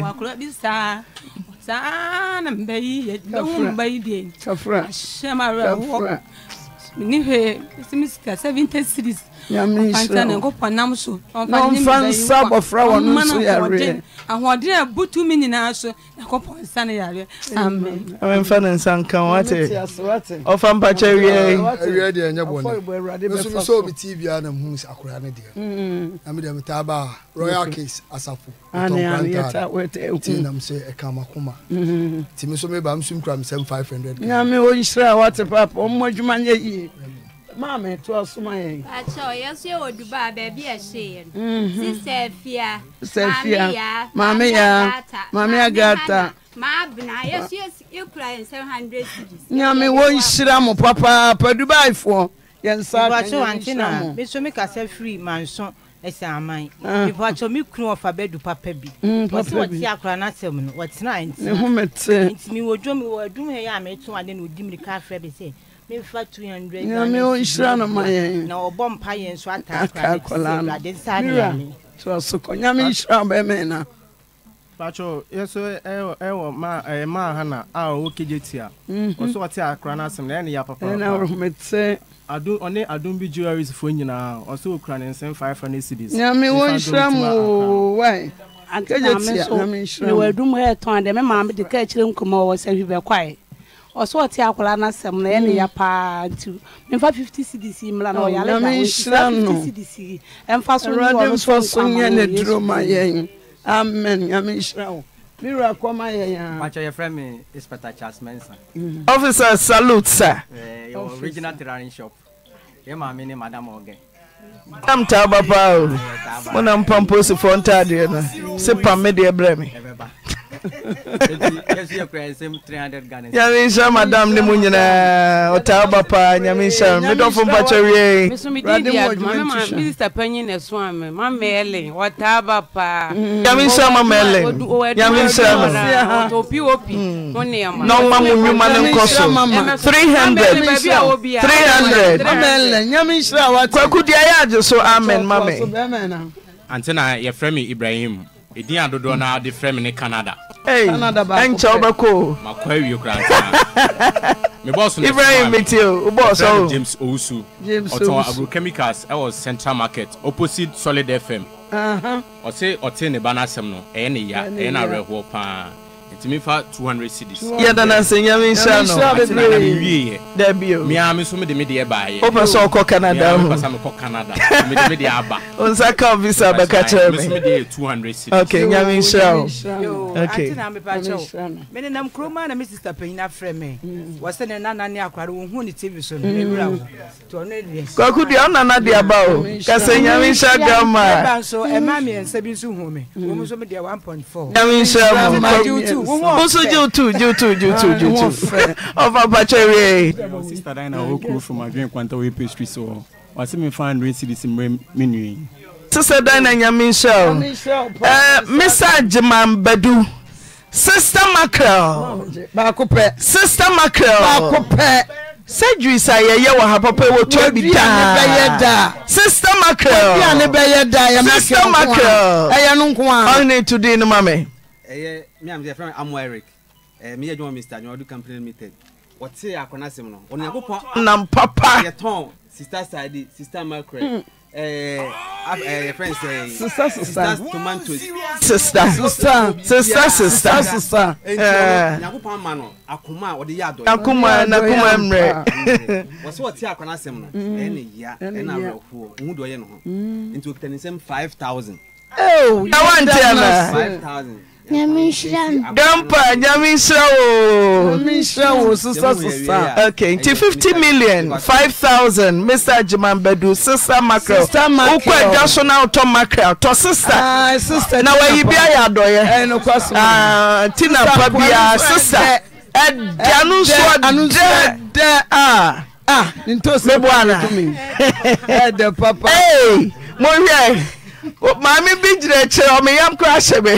wakura bi saa saa na mbɛ yi yɛ mbɛwu mbɛ yi deɛ. kafura kafura ahyɛn ma hwɛ simi sika seventy nyame nhyirɛnɔmfa nsa bɔfra wɔ no nso yareɛ ahoɔden a ɛbu tumi nyinaa so nyankopɔn nsa no yareɛ amen ɛmfa ne nsa nka wo ate ɔfa mpakyɛ wiɛawiɛ deɛ ɛnyɛ bɔnemɛsom sɛ obi tv a na mhu akoraa no deɛ na medeɛ metaa baa royal case asafo tinam sɛ ɛka makoma mm-hmm. nti me so meba msom kura mesɛm 500 nyame ɔnhyira a wate papa ɔmmɔ adwuma nyɛ yie maame to ɔsoma yɛ. pakyɛw yɛsɔ yɛ wɔ dubai beebi a ɛhyɛ yɛ no. sisɛ fia. sisɛ gata maame gata maame agata. maabena yɛsɔ yɛ kura yɛn seven hundred cities. nyame wɔn nhyira mo papaapa dubai foɔ yɛn nsa ka yɛn nhyira mo. mbakyew mi kasa firi manso ɛsɛ aman ah. mbakyew mi kunu ɔfa bɛ du papa bi. Mm, wɔsi wɔte akora n'asɛm no wɔtena ntina. ne ho mɛ tɛ. ntumi wɔ dwom wɔ dum yɛ yɛ a mɛ tún adi na odi mirika afrɛ bi sɛ mefa 200 nyame ɔnhyira no ma yɛn na ɔbɔ mpa yɛn so ata akɔla no mira to so kɔ nyame nhyira bɛmɛ na patro yɛso ɛwɔ ma ɛyɛ ma ha na a ɔwɔ kegye ti a mhm. ɔso ɔte akora no asɛm na ɛne yɛ papa ɛna ɔhomete adum ɔne adum bi jewelries fo nyinaa ɔso okura ne nsɛm five hundred cedis nyame wɔnhyira mu wae kegye ti a nyame nhyira mu mewɔ adum hɛ tɔn dɛ me maame de ka akyire nkɔmɔ wɔ sɛ hwi bɛkɔe ɔsɛ ɔte akwaraa n'asɛm na ɛne mm. ya paa nti mmefa fifty cds oh, yi na ɔyɛ ale ka wɔn fifty ɛnfa so nua wɔn so nfa ma wɔn yɛ amen nyame nhyira wo miru akɔma yɛ yan. pàṣẹ yẹ fẹ mi inspector charles mensa. Mm. officer salute sir. ɛɛ eh, yɛ original tailoring shop yɛ maame ni madam ɔgɛ. madam ta ba paa o mo na mpamposifoɔ ntaadeɛ no sɛ pam me deɛ brɛ me nyame nhyira madam ne mu nyinaa ɔtaa ba paa nyame nhyira medɔfo mpakyɛ wienyame nhyira ma mɛle nyame nhyira ma na ɔma mo nnwuma no nkɔ so 300 kwaku deɛ ayɛ agye so amen ma ah. Antena, ante na yɛfrɛ me ibrahim ɛdin adodoɔ no de frɛ me ne canada ɛnkyɛ wobɛkɔ makɔ awie koraa ibrahim mitio ubɔsɔ james owusu ɔtɔn agrochemicals ɛwɔ central market opposite solid fm ɔse ɔte ne ba no asɛm no ɛyɛ ne ya ɛyɛ no paa tìmí fa two hundred cedis. yẹ dana se nyame nhyira no ati na na mi wie yɛ. dɛbi o mia mi so mi de mi deɛ ba yɛ. o pɛ sɛ ɔkɔ canada o. mi pasa mi kɔ canada mi de mi deɛ aba. o nsa ka o visa abaka kyerɛ mi. mi so mi de yɛ two hundred cedis. ok nyame mm. nhyira mm. o. ok ati na mi ba kyɛw mi ni nam kuroma na mi sista panyin afrɛ mi wɔsɛ ne nana ne akwari wo hu ne tv so no eh, mm. ewura o tɔ ne deɛ. kɔku deɛ ɔna na deɛ ba o kasa nyame nhyira grandma. ɛba nso ɛma mmiɛnsa bi nso hu mi wɔn nso mi deɛ one point four. nyame nhyira mo kɔ. Bonso Jill too, Jill too, Jill too, Jill too. Of a bachelor. Eh? Sister Diana Oku from Adrian Quantaway Pastry, so I see me find rain cities in Minui. Sister Diana Yamisha, Mr. Jiman Badu. Sister Mackerel. Sister Mackerel. surgery sa yɛyɛ wɔ ha papa wɔ tɔ bi daa sister mackerel sister mackerel ɛyɛ no nko a ɔne to di no ma mɛ ɛyɛ mi am fɛn amu eric ɛɛ mi yɛ jɔn mr anyɔdu company limited wɔte akɔna sɛm no ɔnyankunpɔn nam papa yɛtɔn sista saadi sista macron ɛɛ ɛɛ fɛn sɛ sista sista tomatoes sista sista sista sista sista ɛɛ nyankunpɔn ama no akoma a yɛ adɔ akoma nakoma mmerɛ wɔsɛ wɔte akɔna sɛm no ɛna yia ɛna awerɛhoɔ ohun dɔ yɛ no ho nti okita ne five thousand. ɛɛ oh, yawante ana five thousand nyame nhyira no dampa nyame nhyira wo nyame nhyira wo sisa sisa okay nti 50 million 5000 mr ajiman bedu sisa mackerel wokɔ adwa so na wotɔ mackerel tɔ sisa ah, na wayi bi ayɛ adɔyɛ nti eh, na pa biara sisa ɛda no nso dɛdɛ a meboa na ɛdɛ papa mohwɛ maame bi gyina akyire ɔmeyam kora hyɛ me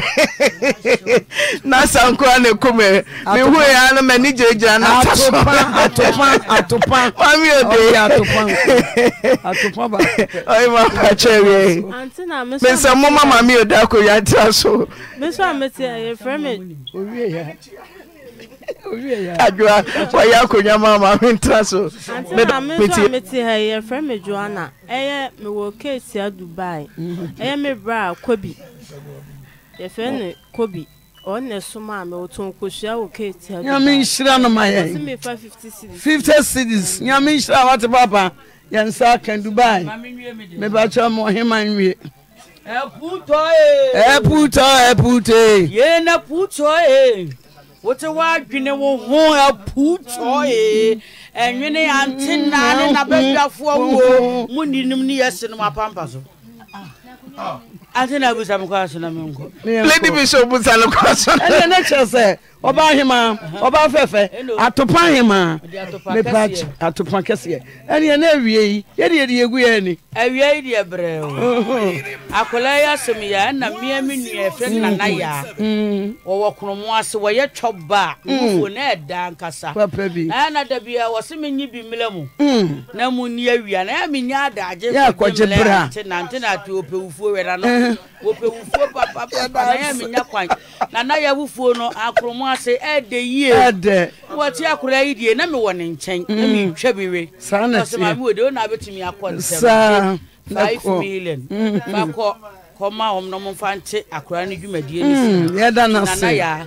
na sankora ne ku me mehu ya no m'ani gyinagyina na ta so mame ode ɔyima pakyɛ wie mensɛ moma mame ode akɔyɛ atra so adwoa wɔyɛ akonnwa ma ma mentena so mete ha yɛfrɛ me joana ɛyɛ mewɔ kesia dubai ɛyɛ me brɛ a kobi yɛfrɛ no kobi ɔne soma a mewɔtɔn kosua wɔ kesia nyame nhyira no ma yɛ 50 cities nyame nhyira a wate papa nsa aka dubai ba mebakyɛ ma ɔhema nwie ɛputoe ɛputoe na yɛna putoe wote wadwene wo ho apuuto ee ɛnwene ante naa ne nabaduafoɔ mm-hmm. wo mm-hmm. mu ninom ne yɛse nom apampa so ah. ante na abusa me kɔ aso na menkɔ lady bishop busa no kɔ aso ɛnɛ ne kyerɛ sɛ ọba ahima ọba afẹfẹ atopa ahima mepa akyi atopa kẹsíẹ ẹni ẹ náà wie yi yẹni yẹni yẹ gu yẹ ni. ẹwia yi di ẹbrẹ o akwadaa ya asem ya ẹna mmea mi nua ẹfẹ nana ya mm. wọwọ kùnùmù ase wọyẹ twọ mm. ba nwofo náà ẹda nkasa ẹna dabi a wọsi mi nyi bi mìlẹ mu mm. na mu ni ewia na ẹmi nya adagye kọjẹ mìlẹ nti na nti na ti opewufuo wẹra no eh. papa papa na ẹmi nya kwan na na yẹ wufuo no akùnùmù ase ɛde yie ɛde wɔte akora yi die na mi wɔ ne nkyɛn na mi ntwa bi we saa na tiɛ ɔsɛ maame wode ona abɛtumi akɔ nsɛm saa five million bakɔ mm. kɔma wɔn na wɔn fa nte akora ne dwumadie ne mm, si yɛda na se nana yaa.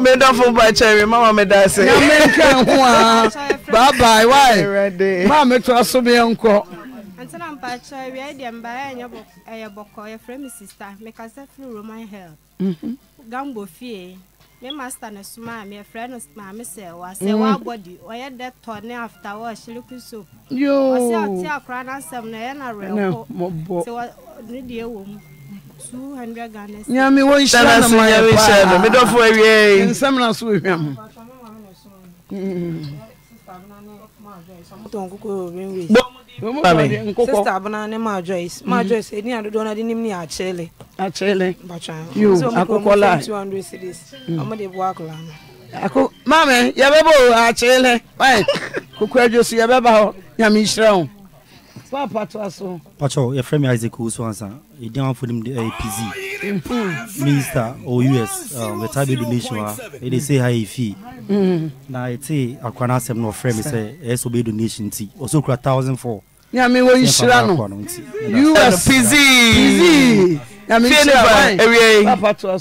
medafo ba kyɛre mama meda sɛ nyamenka ho a babae wae ma metoa so meɛnkɔ ntena mpakyɛ awia deɛ mbaeɛ ɛnyɛ ɛyɛ bɔkɔ yɛfrɛ me sister mekasa firi roman hell mm-hmm. gambo fie me master ne soma a meyɛfrɛ no maame sɛ wasɛ waabɔdi ɔyɛ dɛ tɔ ne after wɔ hyereke soap ɔsɛ ɔte akora no asɛm no ɛyɛ na werɛkɔ sɛ ne deɛ wɔ mu 200 Ghana cedis. Nyame wo nhyira na ma yɛ pa. Me dɔfo awie. Nsɛm na so ehwɛ mu. Tɔn koko renwe. Bami. Sista abana ne ma Joyce. Ma Joyce mm-hmm. eni adodo na de nim ni akyele. Akyele. Bachan. Yo akoko la. 200 cedis. Omo de bo akola no. Ako mame yɛbɛbɔ akyele. Wai. Koko adwo so yɛbɛba hɔ. Nyame nhyira wo fa apatoa so pakyɛw yɛfrɛ me isaac wo so ansa ɛdin amafo nim minister o us yɛtaa donation a ɛde sɛ ha yɛ fie na ɛte akora no asɛm na ɔfrɛ me sɛ ɛyɛ sɛ ɔbɛyɛ donation nti ɔsɛ kura 1000 fo nyame wɔnhyira no us pz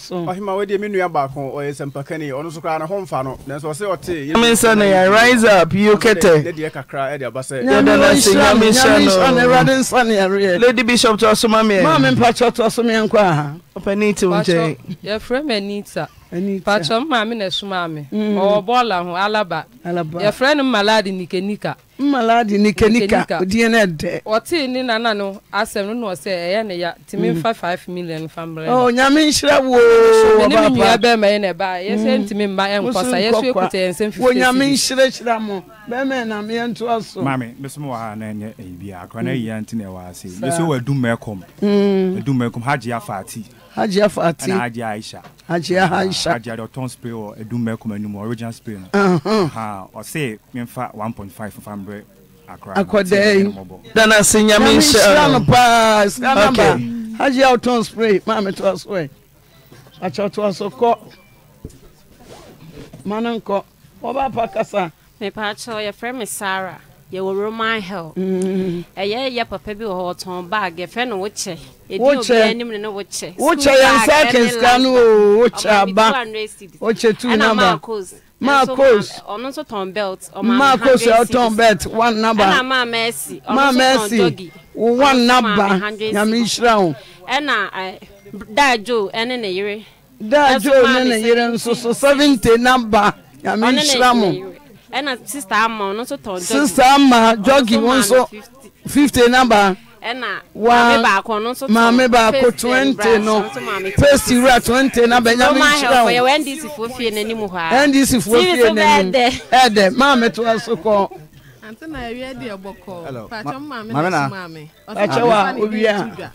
ɔhema wɔdeɛ me nua baako ɔyɛ sɛmpakani ɔno so koraa ne ho mfa no nanso ɔsɛ ɔteyɛmensɛ no yɛ rise up yokɛtɛdeɛ kakra ɛde aba sɛ yɛdanase nyame nhyɛ no lady bishop toa so ma meɛmamempatɔ toa so meɛnkɔ aha ɔpanite wo nkyɛn yɛfrɛ m anita patɔ mmaa me na ɛsomaa me mm. ɔwɔ bɔɔla ho alaba yɛfrɛ no malade nikanika mmaladi nikenika odiɛ no ɛdɛ ɔtee nana no asɛm no na ɔsɛ ɛyɛ ne ya timi mm. mfa 5 million fa mmerɛ oh, nyame nhyira woomene me nua bɛrima yɛ ne baa yɛ sɛ mm. ntimi mma ɛnkɔ sa yɛ so ɛkuta yɛ nsɛm fifo nyame nhyirahyira mo bɛrima ɛnam yɛntoa so mame mesom wɔ ha na ɛnyɛ bi akora no ayia nti na ɛwɔ ase mɛsɛ wɔ adum mɛkɔm mm. adum mɛkɔm hagye afaati hagye afaati ɛna hagye aisha hagye aisha hagye adɔtɔn spray wɔ adum mɛkɔm anim original spray no ɔse memfa 1.5 fa mmerɛ bɛ akɔdɛ danase nyame nhyira no paa sika namba hagye a wotɔn spray maa me toa so ɛ akyɛ toa so kɔ ma no nkɔ wɔba pa kasa mepaakyɛ yɛfrɛ me sara yɛwɔ roman hill mm. ɛyɛ yɛ papa bi wɔ hɔ ɔtɔn bag yɛfrɛ no wokyɛ wokyɛ wokyɛ yɛnsa kenska no o wokyɛ aba wokyɛ Two namba Marcos ọ̀nà nso tọ̀n belt ọ̀ma Marcos one number ẹ̀na maa mẹ́ẹ̀sì ọ̀nà nso one number nyàmú ìṣirà hù. ẹ̀na dáàjò ẹni ne yere. dáàjò ẹni ne yere seventy number nyàmú ìṣirà mu. ẹ̀na sista ama ọ̀nà nso tọ̀n dọ́gì sista ama dọ́gì wọn nso fifty number ɛna maame baako no nso tɔn maame baako twenty no pesi wura twenty na bɛnya mi nhyira o yɛwɔ ndc fo fie n'anim hɔ a ndc fo fie n'anim ɛdɛ maame to aso kɔ. ante na ewia di ɛbɔkɔ patsɔ maame na maame patsɔ wa owia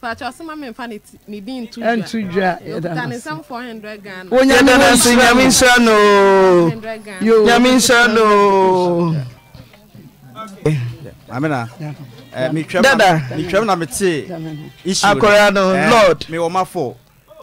patsɔ ɔsi maame nfa ne din ntu dwa ntu dwa yɛda ne nsɛm four hundred ghana. o nyame nso nyame nhyira no nyame nhyira no. Eh, maame na. Eh, Dada, metwam na mete akɔrea eh, no lord mewɔ ma fɔ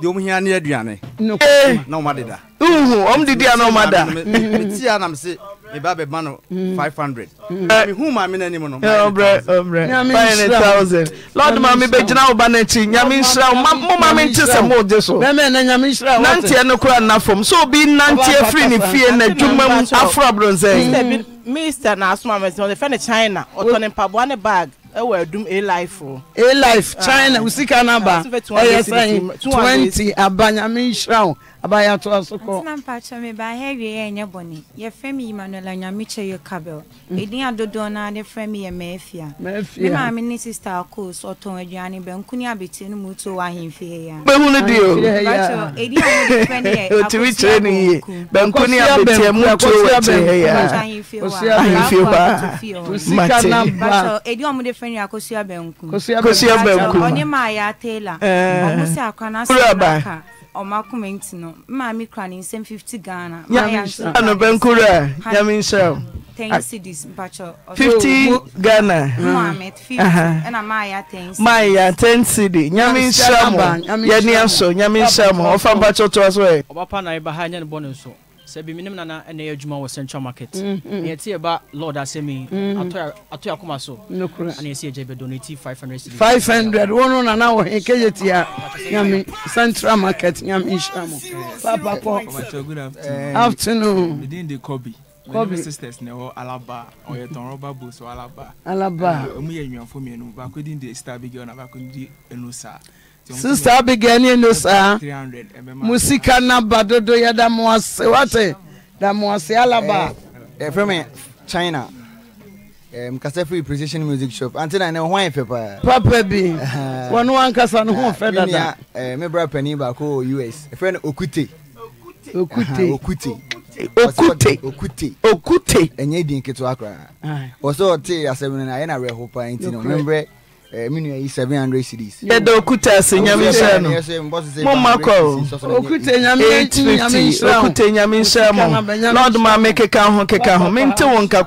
deɛ ɔmu hia ne aduane na ɔma deda uhu ɔm didi a na ɔma da mete a na mese meba bɛma no 500 mehu ma me no anim no ɔbrɛ ɔbrɛ five hundred eh. thousand lord maame bɛgyina wo ba no akyi nyame nhyira wo mo maame nkye sɛ moogye so nanteɛ no kora nna fam sɛ obi nanteɛ firi ne fie na adwuma mu aforo aborɔnsɛn mista na asoma mɛsɛ ɔde fɛ ne china ɔtɔ ne mpaboa ne bag ɛwɔ ɛdum a life o. a life ah. china usika naba ɛyɛ sɛn twenty abanyami nsirawo abayɛ atoa so kɔ ntina mpakyɛ me baahɛ wie yɛ ɛnyɛ bɔne yɛfrɛ me yimanuela nyamekyɛ yɛ kabel ɛdin mm. adodoɔ no ade frɛ me yɛ maafia me maame ne sister akos ɔtɔn aduane bɛnko ne abɛtie no mu to wɔ ahemfie yɛ a bɛhu no deɛ ɛdin a mode frɛ no yɛ ɔtumi kyerɛ no yie bɛnko ne abɛtie mu to wɔ akyerɛ yɛ a ahemfie hɔ a mate ɛdin a mode frɛ no yɛ akosua bɛnko kosua bɛnko ɔne maayɛ atela eh. ɔmo sɛ akwana sɛ naka ɔmo akɔmɛnti no mmaa mi kura ne nsɛm fifty ghana. yaminsa anọbɛ nkura yaminsa. ten CDs, ah. mpatsɔ. fifty ghana. mohammed fifty ɛna maa ya ten cities. maa ya ten CDs. yaminsa mu yɛ ni aso yaminsa mu ɔfa mpatsɔ tó aso yɛ. ɔbaa pa na ayé ba ha ẹ̀ nyɛ ni bɔ sɛ bi menim nana ɛna ɛyɛ adwuma wɔ central market mm, mm. na yɛte yɛba lord asɛm mm-hmm. yi ato yɛ akoma so ana yɛsɛ yɛgya bɛdonati 500 wo no nana wɔ he kɛyɛ tia nyame central market nyame nhyira mo papa pɔ afternoon eh, kɔbi sisters na ɛwɔ alaba ɔyɛ tɔn rɔba bo so alaba alaba eh, ɔmu yɛ nnwamfo mmienu baako din de star big girl na baako din enusa sista abigail ne no saa mo sika naba dodo yɛ da mo ase wate da mo ase alaba. ɛfrɛ eh, eh, me eh, china mkasa firi precision music shop ante na ne ho ayɛ fɛ paa papa bi wɔne wankasa no ho fɛ dada me bra pani baako wɔ us ɛfrɛ no okute okute okute okute okute okute ɛnyɛ din ketewa koraa wɔ sɛ ɔte asɛm no no ayɛ na werɛho paa nti no membrɛ mi nua yi seven hundred cedis. yẹda okuta ase nyame nsira mo ma kọ o eight fifty okuta nyame nsira mo maa mi keka ho keka ho mi n te wo nka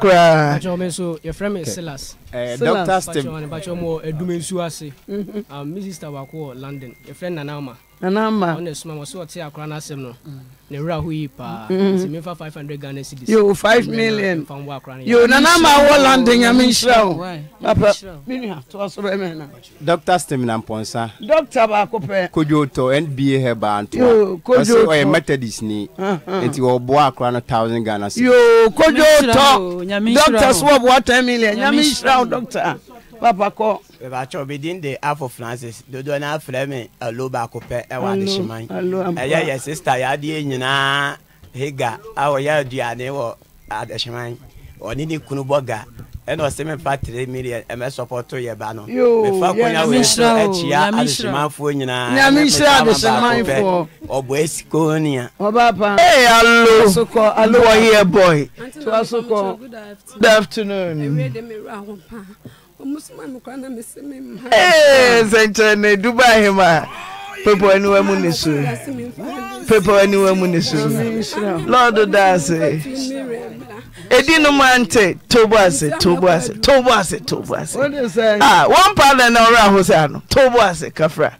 silas silas bàtà ọmọ ẹdùnmẹ̀nsu ase mm-hmm. ah, mi sista london yẹ fẹ nana ama nana mma ɔna esuma wɔn so ɔte akora n'asɛm no na ewura ho yi paa mm-hmm. nti mi fa five hundred ghana cedis yo five million yo nana mma wɔ london nyame nhyira o papa mi nua to ɔsoro ɛmɛ na. dr Stephen mponsa. dr baako pɛ. kojú tɔ nba herbal ntoma yo kojú tɔ ɔyɛ methodist ni nti ɔboa akora no thousand ghana cedis. yo kojú tɔ dr so ɔboa ten million nyame nhyira o dr papa kɔ ebaatɔ obi din de afo francis dodoɔ naa filɛ mi alo baako pɛ ɛwɔ adi siman ɛyɛ yɛ sista yadi yɛ nyinaa higa awɔ yɛ aduane wɔ adi siman ɔni ni kunu bɔ ga ɛna ɔsi mi fa tiri miliɔn ɛmɛ sɔpɔtɔ yɛ ba nɔ mefa kɔnya wo esɔ ɛkyia adesimanfo nyinaa nyamisira adesimanfo ɔbɔ esikonia. ɔba pa ee alo sokɔ alo wɔ here boy to oh, asokɔ good afternoon. sɛnkyerɛne dubohim a pepaniwamunspp'aniwmuns dodase ɛdinom ant toas sspade na oerɛ hosean toboase akafra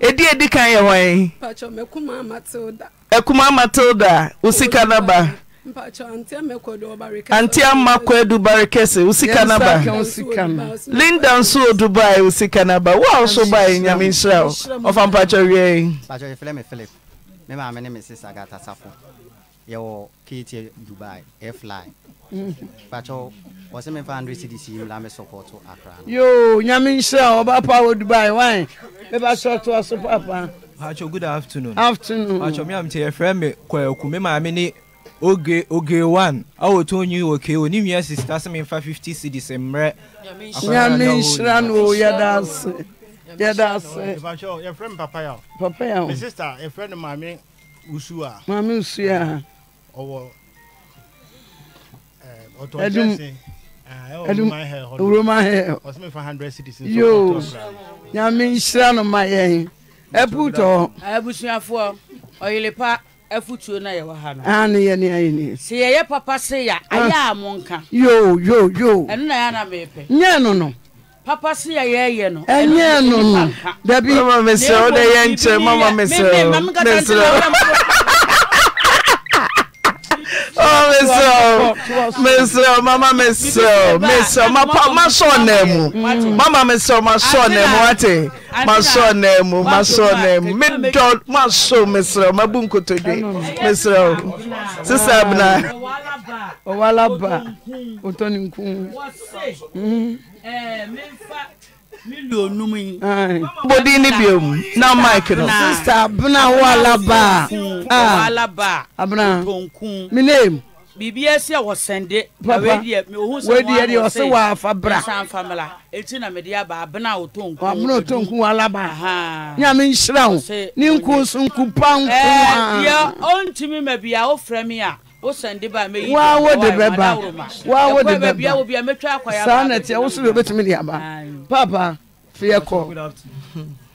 ɛdidi kan yɛh akumaamatelda osikanoba anti ama kɔ edu barikɛse osika naba linda nso odu Dubai osika naba wo a nso yi nyame nhyira o ɔfa mpatsɔ wia yi. mpatsɔ yi filɛ mi philip mi maa mi ni mi sisa gata safo yɛwɔ keeti dubai airfly mpatsɔ wɔsi mi fa hundred cdc yi la mi sɔpɔtɔ akra. yoo nyame nhyira ɔba pa wɔ dubai wain bɛ ba sɔ to ɔso papa. mpatsɔ good afternoon. afternoon. mpatsɔ mi a mi ti yɛ fɛ mi kɔ ɛku mi maa mi ni oge oge one a wɔtɔ onyi wɔ ke oni nua sista sɛ memfa 50 cedis mmerɛ nyame nhyira no o yɛda ase yɛda ase yɛfrɛ me papaya papaya me sister yɛfrɛ no maame usu a maame usu a ɔwɔ oh, ɛdum uh, ɛdum ah, oh, roman hair ɔsɛ mefa hundred cedis yo nyame nhyira no ma yɛn ɛputɔ abusuafoɔ ah, ɔyelepa afutuo no a yɛwɔ ha no ano yɛ ne ayɛ ne sɛ yɛyɛ papa se ya ayɛ a mo nka yo yo yo ɛno na yɛ ana meepɛ nyɛ no no papa se ya yɛɛyɛ no ɛnyɛ no no dabi mama mesrɛ wo dɛ yɛnkyɛ mama mesrɛ wo mesrɛ wo Oh Mesreou, Mesreou, mama Mesreou, Mesreou, mwa pa mwa shou ney mou, mama Mesreou mwa shou ney mou ate, mwa shou ney mou, mwa shou ney mou, mwa shou Mesreou, mwa bon koutou di, Mesreou, siseb na. Owalaba, otoni mkoun. bodi ne biom na mike no sista abena wo alaba abena me name biribi ɛsi a wɔsɛnde na wadiɛ ohun sɛ wɔn ahoɔ sɛ wɔafa bra sanfamala eti na mɛde aba abena oto nkun abena oto nkun alaba nyame nhyira wo ne nko nso nkupa nko eh, a. Ah. ɛɛ deɛ ɔntumi mɛ bi a ofura mi a wo sɛnde ba mɛyi wa wo de bɛ ba wa wo de bɛ ba saa na tiɛ woso de obetumi de aba paapa fiyɛ kɔ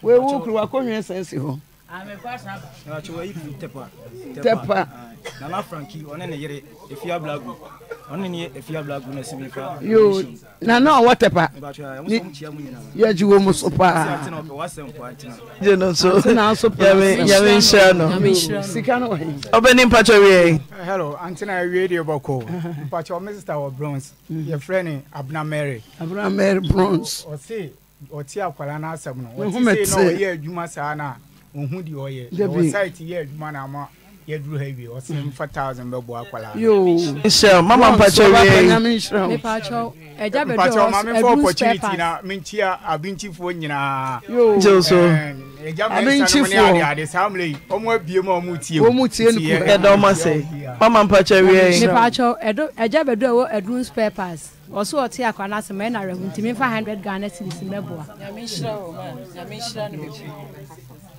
wewu kuru akɔnwɛ sɛnsi hɔ kyɛwa yi firi tɛpa tɛpa nana franki ɔne ne yere ɛfia blago ɔne ne ɛfia blago na sɛ mefa yo nana ɔwɔ tɛpa yɛgye wɔ mu so paa gye no so yɛme nhyira no sika no ɔbɛni mpakyɛ wie hello ante na awie deɛ bɔkɔ mpakyɛ ɔme sister Mr. bronze yɛfrɛ ne eh, abna mary abna mary bronze ɔse ɔte akwara no asɛm no ɔte sei na ɔyɛ adwuma saa no a ohun di ɔyɛ ɔwɔ site yɛ adwuma mm. e e na ama yɛduru ha wie ɔsɛn fa thousand bɛ bɔ akwaraa. yoo nhyɛn mama mpakyɛw yɛ mpakyɛw ɛgya bɛ dɔw ɛdun spare parts mpakyɛw maame fɔ opportunity na mintia abintifoɔ nyinaa. yoo jɛw so abintifoɔ ade saa mele yi ɔmo mu a tie mu ɔmo tie mu ɛdɔ ɔmo sɛ mama mpakyɛw yɛ mpakyɛw ɛgya bɛ dɔw ɛwɔ ɛdun spare parts ɔso ɔte akwa no asɛm ɛna rɛ ho ntimi mfa ghana cities mɛboa nyame nhyira wo ma nyame nhyira no bebree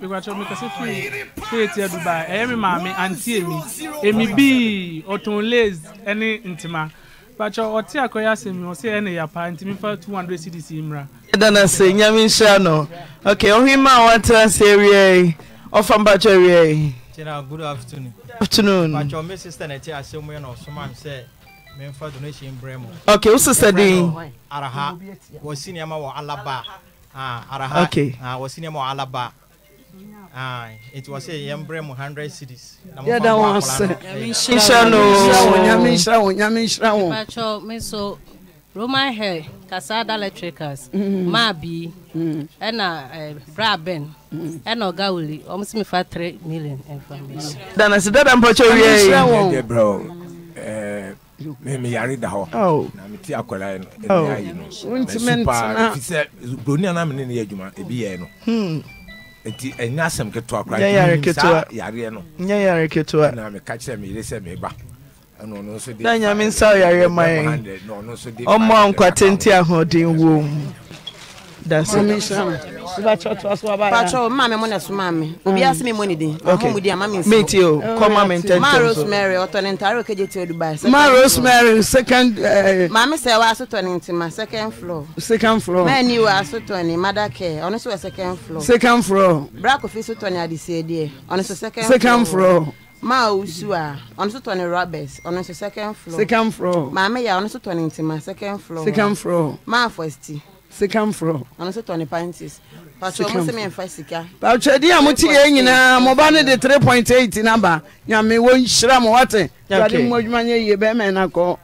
mekwatwa mekasa firi firi eti dubai ɛyɛ me maame anti emi emi bii ɔtɔn lace ɛne ntoma patwa ɔte akɔyɛ asɛm ɔsɛ ɛne yapa nti mefa two hundred cdc mmra. ɛdana sɛ nyame nhyira no ok ɔhema a watena sɛ awia yi ɔfa mpatwa awia yi. tina good afternoon. good afternoon. patwa ɔmi sista na ɛte asɛm yɛ na ɔsoma mi sɛ memfa donation brɛ mu. ok wo sista din. araha wɔsi nneɛma wɔ alaba ah, araha wɔsi nneɛma wɔ alaba. It nti wɔ sɛ yɛmbrɛ mu 100 cities yɛda wo ase nhyira no nyame nhyira wo nyame nhyira wo patwɔ me so roman hair kasada electricals mm-hmm. maabi ɛna mm-hmm. eh, bra ben ɛna mm-hmm. ɔga wuli ɔmo si mi fa three million information. danasi dada mpɔtɔ wiye yi. Eh, mɛmɛ yare da hɔ oh. na mi ti akɔla yɛ no ɛdi oh. ayi no mɛ supa fisɛ broni anamini ni yɛ juma ebi yɛ no. Hmm. nti ɛnyɛ asɛm ketewa korasaa yareɛ no nyɛ yare ketewa na meka kyerɛ meyere sɛ meba na nyame nsa yareɛ ma ahoɔden mami sàmù ìbátsọ tó aṣọ wa rosemary second. Eh, maami sẹ wa asotọ ni ntima second floor. second floor. mẹ́ẹ̀ni wa asotọ ni madake ọ̀nà sọ wọ second floor. second floor. brakofi sotọ ni adisi ediẹ ọ̀nà second floor. second floor maa osu a ɔno so rubbers ɔno nso second floor second floor maame yɛ ɔno so tɔ ntima second floor second floor maa fɔsti sika mforɔ ɔno so tɔne panties patwɛ ɔmo sɛ memfa sika patwɛ di a mote yɛ nyinaa moba no de 3.8 naba nyame wɔnhyira mo wate wade mu adwuma nyɛ yie bɛma ɛna kɔ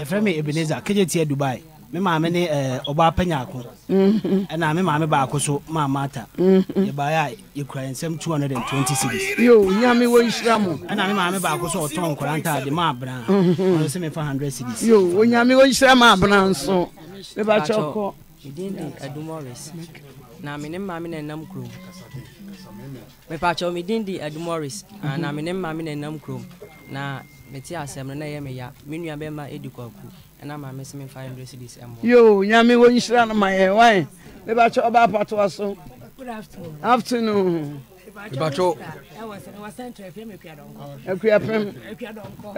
yɛfrɛ me ebeneza kegye tiɛ dubai me maame ne ɔba eh, panyako ɛna mm-hmm. me maame baako so mamata mm-hmm. yɛbaeɛ a yɛkura nsɛm 226 yo nyame wɔnhyira mo ɛna me maame baako so ɔtɔn nkora ntade ma abena mm-hmm. ɔno sɛ mefa 100 cities yo onyame wɔnhyira ma abena nso mebakyɛ kɔ medin de adumɔ resi na me ne maame na ɛnam kurom mepakyɛw medin de adumɔ resi na me ne maame na ɛnam kurom na mete asɛm no na ɛyɛ me ya me nua bɛma ɛdi kwaku ɛna maame sɛ me 500 cedis ɛmmɔ yo nyame wɔnhyira no ma yɛ wan mepakyɛ ɔba apatoa so afternoon ìbàtò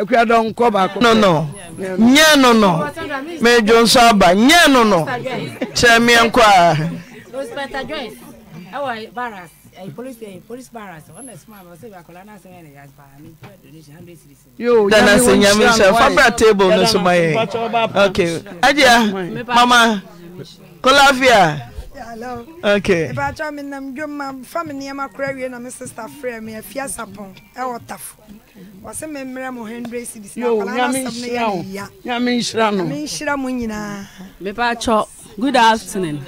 ekuadɔnkɔ baako. nɔnɔ nyɛ nɔnɔ mejo nso aba nyɛ nɔnɔ kyerɛ miɛ nkɔ a. rospeta joyce ɛwɔ barras police barras ɔna suma ma ɔsɛ akɔla na asɛm yɛ ne yas paa mi pɛ donation hundred series. yoo dana se nyame nhyɛ fabra table no so ma yɛ ok adia mama kolafia. Hello. Okay. If I try me nam dwom ma family me nneɛma kora na me sister friend me afia sapɔn ɛwɔ tafo. Wɔsɛ me mmerɛ mo si cedis na akwadaa na asɛm no yɛ ya. Nyame nhyira no. Nyame nhyira mo nyinaa. Mepa atwɔ good afternoon.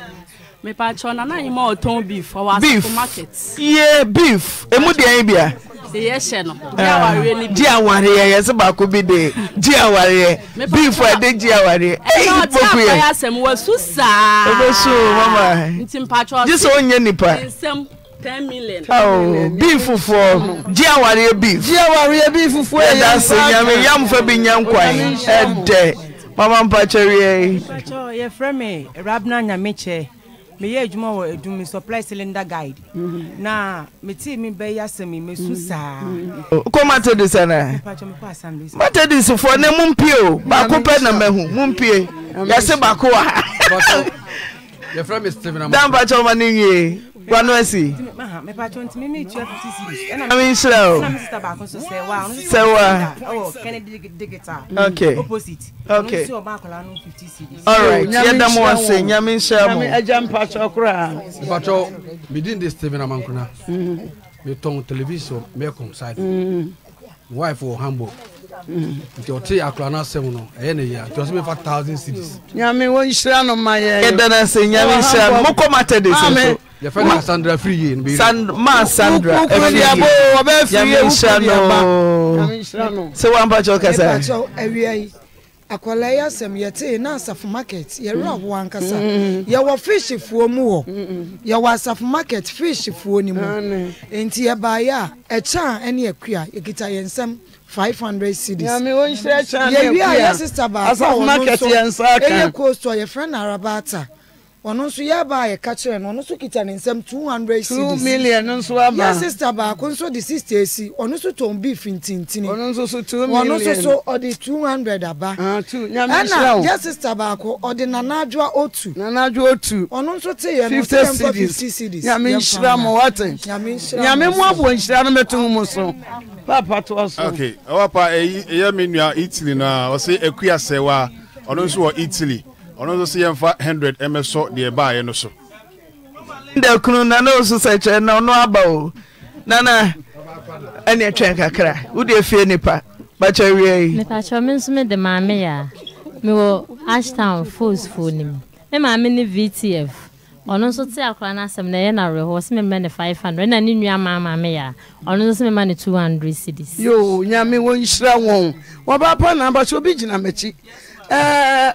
Me Mepa atwɔ nana yi ma ɔtɔn beef ɔwɔ asafo market. Yee beef emu deɛ yi bia deɛ yɛhyɛ ehm, no gye awareɛ no bi gye awareɛ yɛsɛ baako bi de gye awareɛ biifo ɛde gye awareɛ ɛyi boku yɛ ɛna ɔte asɛm wasu saa ɔbɛsu mama nti mpatwa ɔsi gye sɛ nipa nsɛm ten million. awo bii fufuo jí awareɛ bii. jí awareɛ bii fufuo yɛ yɛn fa nyame yamfa bi nya nkwan ɛdɛ mama mpakyɛwiɛ. mpakyɛw yɛfrɛ mi rabna nyamekyɛ meyɛ adwuma wɔ adum me supply cylinder guide mhm. na metee me bɛyɛ asɛm mesu mhm. saa wokɔ mhm. matadis anaamatadisfoɔ ne mompie o baako pɛ na mahu mompie yɛse baako a dampa kyɛ ɔma ne nwie wano asi ame nhyira o sɛwayɛda mo ase nyame nhyira mo agya mpakyɛ koraa mpakyɛ medin de steven amankona metɔn mhm. television mɛkom side mhm. wife wɔ hamburg mhm. nti ɔte akora no asɛm no ɛyɛ ne yia nti ɔsɛ mefa thousand cities nyame wɔnhyira no ma yɛ yɛda no ase nyame nhyira mokɔ matɛde sɛ so yɛfɛ na sandra firi yie no bɛyiri maa sandra ɛfiri abo ɔbɛ firi ewu kari aba sɛ wampa kyɛw kasa yɛ. ɛbàkyɛw awia yi akwadaa yi asɛm yɛte na asafo market yɛwura ahoɔ mm. ankasa mm. yɛwɔ fish fuo mu wɔ yɛwɔ asafo market fish fuo ni mu nti yɛbaayɛ a ɛkyɛn e a ɛne ɛkua yɛkita e yɛn nsam five hundred cedis. Nyame o n ṣe ẹ̀ṣẹ̀ ní ẹ̀kú yà. Yẹ̀wí àyẹ̀ sísá baako a wọ́n nso ẹ̀yẹ kóòtù ọ̀yẹ̀fẹ́ náà arabata ɔno nso yɛ aba a yɛka kyerɛ no ɔno nso kita ne nsɛm two hundred cedis two million nso aba yɛ sister baako nso de sista esi ɔno nso tɔn beef ntintini ɔno nso so two million ɔno nso so ɔde two hundred aba ah, ɛna yɛ sista baako ɔde nanadwa otu nanadwa otu ɔno nso te yɛ no ten kɔ fifty cedis nyame nhyira mo wate nyame mu abo nhyira no bɛto mu so papa to ɔso okay ɔwɔ pa eyi eya mi nua italy na ɔsi ekuya sɛwa ɔno nso wɔ italy. ɔno nso sɛ yɛmfa 100 mɛsɔ deɛ baeɛ no so da kunu na na ɔso sɛ kyerɛ na ɔno aba o nana ɛne twɛn kakra wode fie nipa bakyɛ wiei mepakyɛ me nso mede maame yɛ a mewɔ ashtown fosfoɔ no mu me maame ne vtf ɔno nso te akora no asɛm na ɛyɛ no awerɛhoɔ sɛ memmɛ no 500 na ne nua maa maame yɛ a ɔno nso sɛ mema no 200 cities yo nyame wɔnhyira wɔn wɔbaa pa na abakyɛ obi gyina m'akyi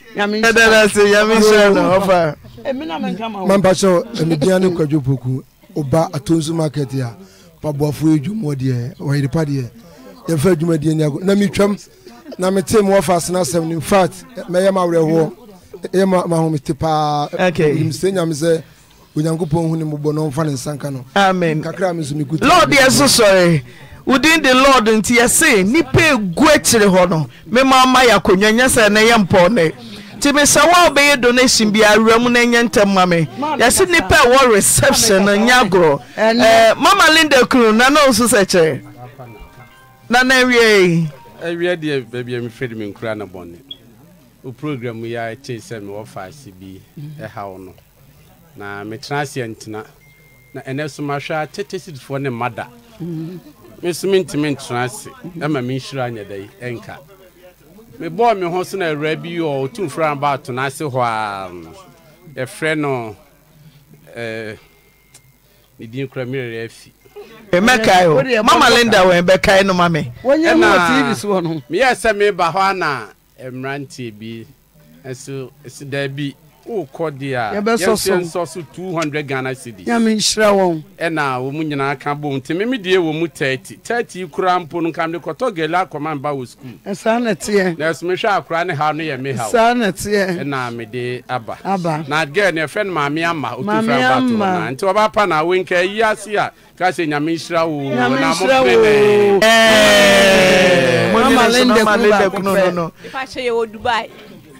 mampakyɛw ɛmedea ne kwadwo poku ɔba atonso market a paboafoɔ yɛ dwumɔ deɛ ɔyere pa deɛ yɛmfa adwumadeɛ ni ago na metwam na metee mo wɔfa asena asɛm no infact mɛyɛ ma awerɛhoɔ ɛyɛ mahomete paa nimsɛ nyame sɛ onyankopɔn hu ne mobɔ na ɔmfa ne nsanka no amen kakra me so mekut lord yɛ so sɔre the lord nti yɛse nnipa ɛgu akyire hɔ no mema ma yɛ akonnwa nyɛ sɛ ɛnɛ yɛ mpɔw nɛ ntumi sɛ wɔn a ɔbɛyɛ donation bi awura mu na nye ntɛm ma mi yasi nipa ɛwɔ reception na nya eh, mama linda kuru na na nso sɛ kyerɛ na na awia yi. awia deɛ baabi a mi fɛ de mi nkura na bɔ o program yi kye sɛ mi wɔ faase bi ɛha wɔn na mi tena aseɛ ntena na ɛnɛ so ma hwɛ a tete sidifoɔ ne mada mi mm-hmm. so mi ntumi ntena ase ɛma mi nhyira anyada yi ɛnka mebɔɔ me ho so na awura bi wɔ ɔtumfo aba atona ase hɔ a mm, yɛfrɛ no eh, ne din kora mererɛ afi eh, mɛkae o mama linda wɔ bɛkae no ma me meyɛ sɛ meba hɔ ana mmeranteɛ bi nso ɛsi daa bi wokɔ deɛ a yɛhyɛ nsɔ so 200 ghana cities nyame wɔn ɛna wɔ mu nyinaa ka bom nti meme deɛ wɔ mu 30 30 koraa mpo no kam de kɔtɔ gɛle akɔma mba wɔ skul saa na teɛ nanso mehwɛ akora ne haw no yɛ me haw saa na teɛ ɛna mede aba aba na gɛl ne ɛfɛ no maame ama ɔtufrabatona nti wɔbapa na wenka ayi ase a ka sɛ wo na mopene mama lenda kunu no no dubai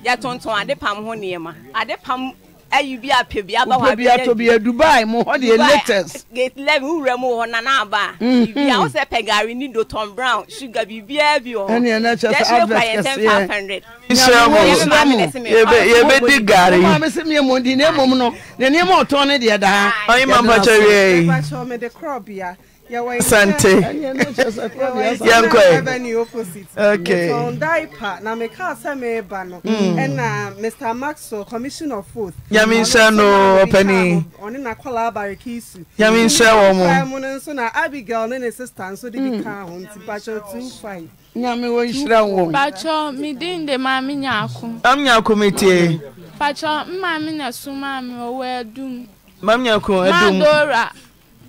yɛtontɔn ade pam ho nneɛma ade pam ayi bi apɛ bi aba hɔ bi atɔ bi yɛ dubai mu hɔ deɛ latest gate lɛm wura mu hɔ nana aba mhm. biribi a wosɛ pɛ gari ni doton brown sugar biribiara bi wɔ hɔ ɛni ɛna kyɛ sɛ advert kɛseɛ nhyɛmu yɛbɛdi gari maa mi sɛ miɛ mu di na emu no na nneɛma ɔtɔn ne deɛ daa ɔyɛ maa mpakyɛ wie. Sante. yɛnkɔɛ okay hmm. uh, no ɛna mr maxwell mu no nso na abigail ne ne sister nso de bi kaa ho nti bakyɛ two five nyame wɔ nhyira wɔ bakyɛ medin de maame nyaako am nyaako metie bakyɛ mmaame na so maame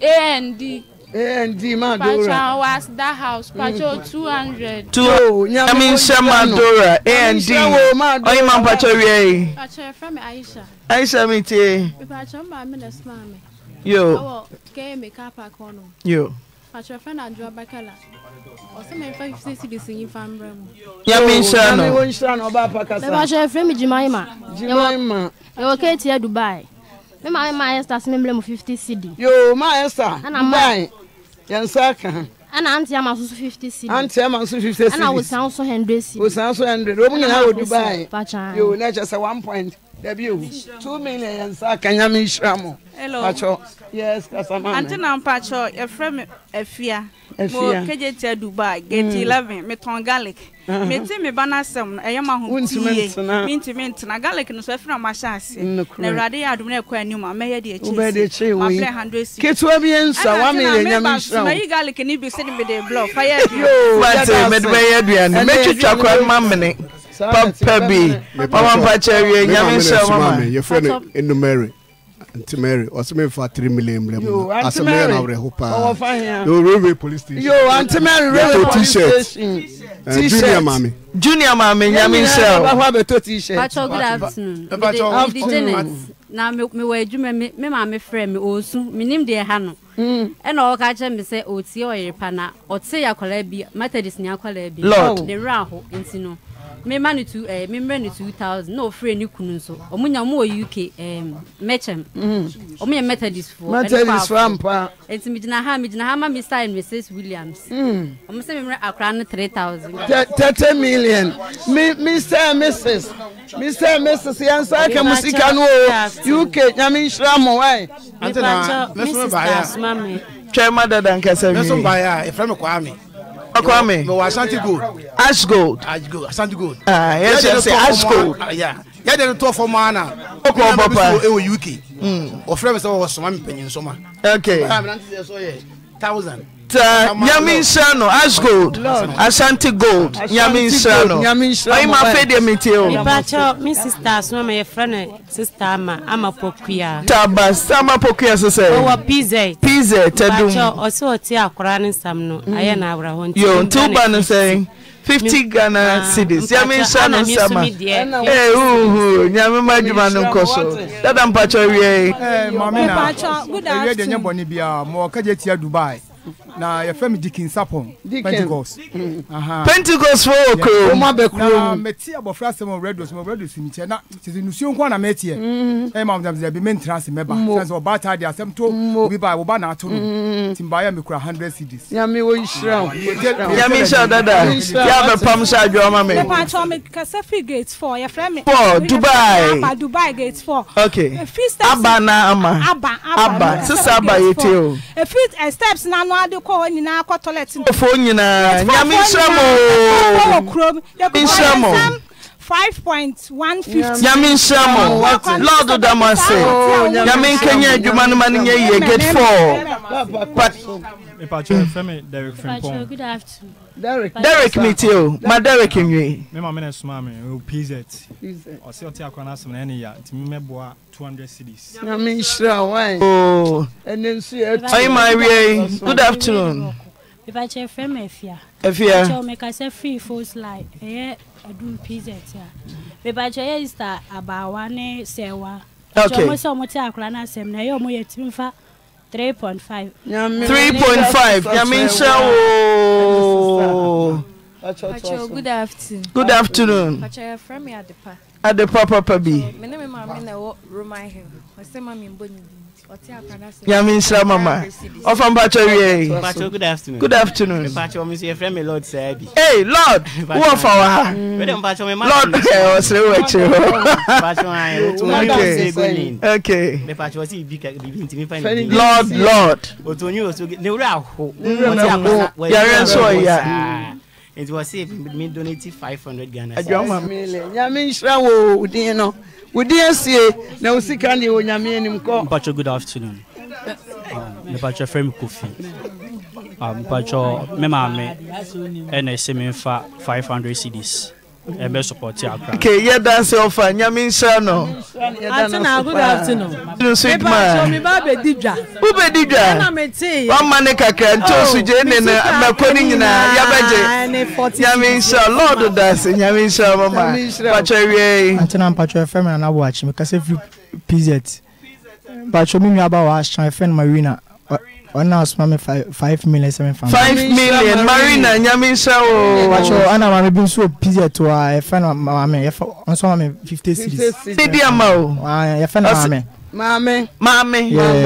and and ndi Madura. pacho was that house pacho two hundred. two nyame nhyɛ madora and ɔyɛ ma pacho wie yi. pacho efra mi aisha. aisha mi tie. pacho ba mi na sima mi. yo awɔ km car park hɔ yo pacho efra na adua bakala ɔsɛ mɛ nfa fifty cedis yi fan mbrɛ mu. nyame nhyɛ no. nyame wo nhyɛ no ɔba apa kasa. pacho efra mi jimaima. jimaima. ɛwɔ keeti yɛ dubai. mi maa mi maa yɛ star si mi mbrɛ mu fifty cedi. yo maa yɛ star dubai yɛn nsa ka ha ɛna aunty ama nso fifty cedis aunty ama nso fifty cedis ɛna wosan nso hundred cedis wosan nso hundred wɔn nyinaa wɔ dubai yoo na kyerɛ sɛ one point dabi ewu two million yɛn nsa ka nyame nhyira mo hello patsɔ yes kasama mɛ aunty na mpatsɔ yɛfrɛ mi ɛfia mo kejì tia dubai gate eleven mi tɔn garlic. mete me ba no asɛm no ɛyɛ ma hontimi ntena garlic no so afiri na mahyɛ ase na awurade yɛ adom no ɛkɔ anim a mɛyɛ de akyirsi ketewa bi ɛnsa wameyɛ nyame nhyira mayi garlic ne bi sɛ de mede blɔ fa yɛ aduane mede bɛyɛ aduane mɛtwitwa kora ma mene papa bi mpakyɛ awie nyame nhyira mama nti mary ɔsɛ mefa three million mmerɛ mu asɛm no yɛ no awerɛho paa railway police station yo anti mary railway police station uh, T-shirt, junior maame junior maame nyame nhyɛ o bɛhɔ abɛtɔ t-shirt bàtɔ good afternoon mede janet na mewɔ adwuma me maame frɛ me ɔɔsu menim deɛ ha no ɛna ɔka kyerɛ me sɛ ɔtie ɔyere pa na ɔte akwaraa bi methodist ne akwaraa bi ne werɛ aho nti no mema eh, no tu eh memra no thousand. na ofre ne kunu nso omo nya mo UK em mechem mm-hmm. omo nya methodist fo methodist fo ampa enti mi gina ha mi gina ha ma Mr and Mrs Williams mm. omo se memra akra no thousand. Thirty million mi Mr and Mrs Mr and Mrs yansa ka musika no UK nya mi nshira mo wai antina na so ba ya twema dada nkasa mi na ba ya e fra me kwa Kwame. Mɛ wɔ Ashanti gold. Ash gold. Ash gold Ashanti gold. Ah yɛ sɛ sɛ ash gold. Yɛ de ne tɔ fɔ mu ana. O kɔ bɔ pa. Ɛwɔ UK. Ɔfrɛ mi sɛ ɔwɔ sɔma mi pɛnyin sɔma. Okay. Ɔyà mi nan ti sɛ sɔ yɛ thousand. Mr. Asgold, Ash Gold Ashanti Gold Nyaminshano Oyima Fede Miteo. Ìbájọ́ mi sista asoma mi yẹ fẹ́ ne sista ama ama pokuya. Taba sama pokuya sisẹ. Owó PZ. PZ tẹdun. Ìbájọ́ ọsí ọtí àkùrá ní sam no ayé na awura hó. Yo ntí ó bá ní sẹ́yìn fifty ghana cedis Nyaminshano sama. Ee uhu Nyamima Juma ni nkọ so. Dada mpachọ wie. Ẹ maami na ewia de nye bọ ni bia mọ kẹjẹ tia Dubai na yɛfrɛ me dikin sapon pentecost pentecost fo okuromu mete abɔfra asɛm redos mo redos mekyɛ na kyɛsɛ nusuo nko na meteɛ mm-hmm. ɛma mdamsɛ bi mentena ase mɛba sɛ ɔbataa de asɛm to obi ba woba na ato no mm-hmm. nti mbaeɛ mekura 100 cds nyame wɔnhyira dada yɛ bɛpam sɛ adwoa ma me mekasɛ fi gate 4 yɛfrɛ Four dubai dubai gate 4 okay aba na ama aba aba sisa aba yɛtie o ɛfi steps na no ade kɔ hɔ nyinaa kɔ toilet. ɛfo nyinaa nyame nsɛm ooo five point one fifty. nyame nhyira mo lord da mo ase nyame nkenya adwuma no ma no nyɛ yie gate four but. mepatwɛ hmm. fɛ me derek fimpɔn derek me tie o ma derek nwie me maame na ɛsoma me o oh, pz ɔsɛ ɔte akɔ no asɛm na ɛne ya nti memɛboa 200 cities nyame nhyira wan ɛne nso yɛ ɔyɛ ma awie good afternoon mepatwɛ fɛ me afia afia mekasɛ free fos lie ɛyɛ eh, adum pizet a ah. mebakyɛ yɛ ista abaawa ne sɛwa okay ɔmo sɛ ɔmo te akora no asɛm na ɛyɛ ɔmo yɛ timi fa 3.5 3.5 nyame nhyɛ wo good afternoon good afternoon adepa papa bi nyame nhyira mama ɔfa mpakyɛ wie good afternoon Good afternoon. ei lord woɔfa wɔ ha lord ɔsere wo akyiri hɔ lord lord yare nso ɔya nti wɔ se medonate 500 ghana nyame nhyira wɔ odin no wòdi esie na osika ne wò nyame anim kɔ. mpatsɔ good afternoon ah. mpatsɔ fɛn mi kofi ah, mpatsɔ mɛ maame ɛna ɛsɛ mi nfa five hundred cds ɛbɛ sɔpɔti akora. ke yɛ dansi ɔfa nyami nsira nɔ. ati na good afternoon. inu sweet man. mi ba bɛ di dwa. u bɛ di dwa. ɛna mi ti. wọn ma ne kakra nti oh, osu je ne na mɛko ni nyinaa yabɛgye. nyami nsira lɔɔdu dansi nyami nsira mama patro wie. ati na patro fɛn mi na na wɔ akyi mi kasa fi pz patro mi nua ba wɔ ahyɛn fɛn mi ma wi na ɔna asoma mi five million sɛ mi fa. five million marina nyamisa o. wakyɛ ɔna maame bi nso pizza to a yɛfɛ no maame yɛfɛ nso maame fifty series. sidi ama o. Ah, yɛfɛ no maame. maame. maame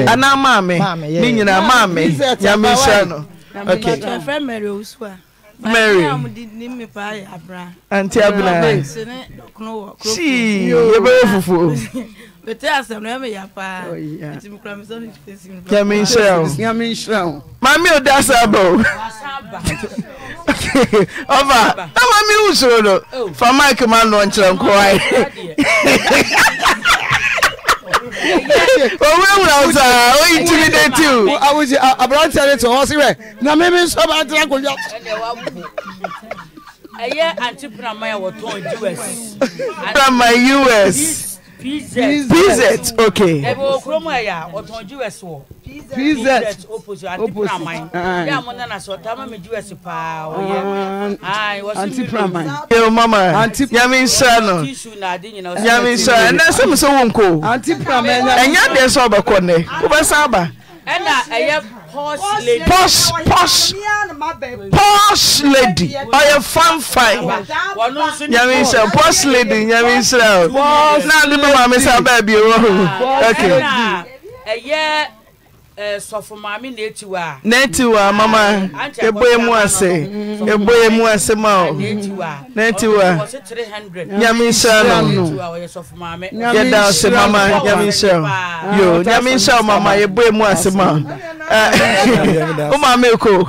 ana maame ne nyinaa maame nyamisa no. okay. ɛfɛ mɛri osu a. Mary. Auntie Abra. Chii, yẹ bẹ yẹ fufu. bẹtẹ asẹm náà mi yà paa ètí mi kura mi sọ fi si mi. yàmi n o yàmi n ṣe o. maami ò dá sábà o. ọba ẹ maami ń sòrò lọ fa máìkì máa ń nkyẹn nkọ ayé. owó ewúrẹ́ ọ̀sà ó intimidative. awùsì àbúrántì ẹni tí wọ́n sí rẹ̀ na mímí sọ́ba àti àkójọ. ẹ yẹ àǹtí pramaya tó ń us. pramaya us pz pz okay. ẹbí okuro mu ẹ̀yà ọ̀tún us wọ̀ pz opposite anti ah, ah. bí àwọn nana sọ tá a máa mi us paa ọ̀yẹ́ anti pramine. yóò mama yàmi nsọ nù yàmi nsọ ẹ̀ ẹ̀ sẹ́mi sọ wọn kò. anti pramine. ẹ̀yà dẹ̀ sọ ọbẹ̀ kọ́ ni kó bẹ́ sábà. ẹ̀ na ẹ̀yẹ posh posh posh lady ɔyɛ fan fine nyame nsɛ posh lady nyame nsɛ o na ade bɛ maame sɛ abaa bi o ok sɔfo maame na eti mama ebo emu ase ebo emu ase ma o na eti wa nyame nhyɛ no ase mama nyame nhyɛ yo nyame nhyɛ mama ebo emu ase ma o o maame ko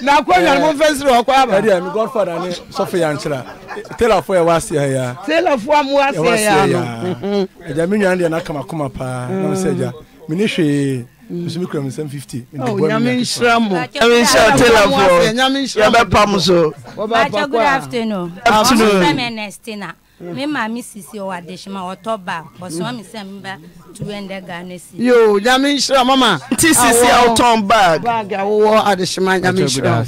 na akɔnya eh. no momfa nsiri hɔ kɔ abaɛdeɛ me godfather ne sɔfo yɛ ankyerɛ telafoɔ yɛwɔ aseɛ ya telafoɔ a mo aseɛ ya no agya me nwa no deɛ no akama koma paa na me sɛ agya mene hwee mesumi kura mesɛm 50 nyame nhyira mo nyame nhyira telafoɔ yɛbɛpam so afternoon afternoon Mm. me maame sisi ɔwɔ adehyema ɔtɔ ba ɔsoma mi sɛ mba two hundred ghana si. yoo nyame nhyira mama. nti sisi ɔtɔn baag. baag awowɔ adehyema nyame nhyira.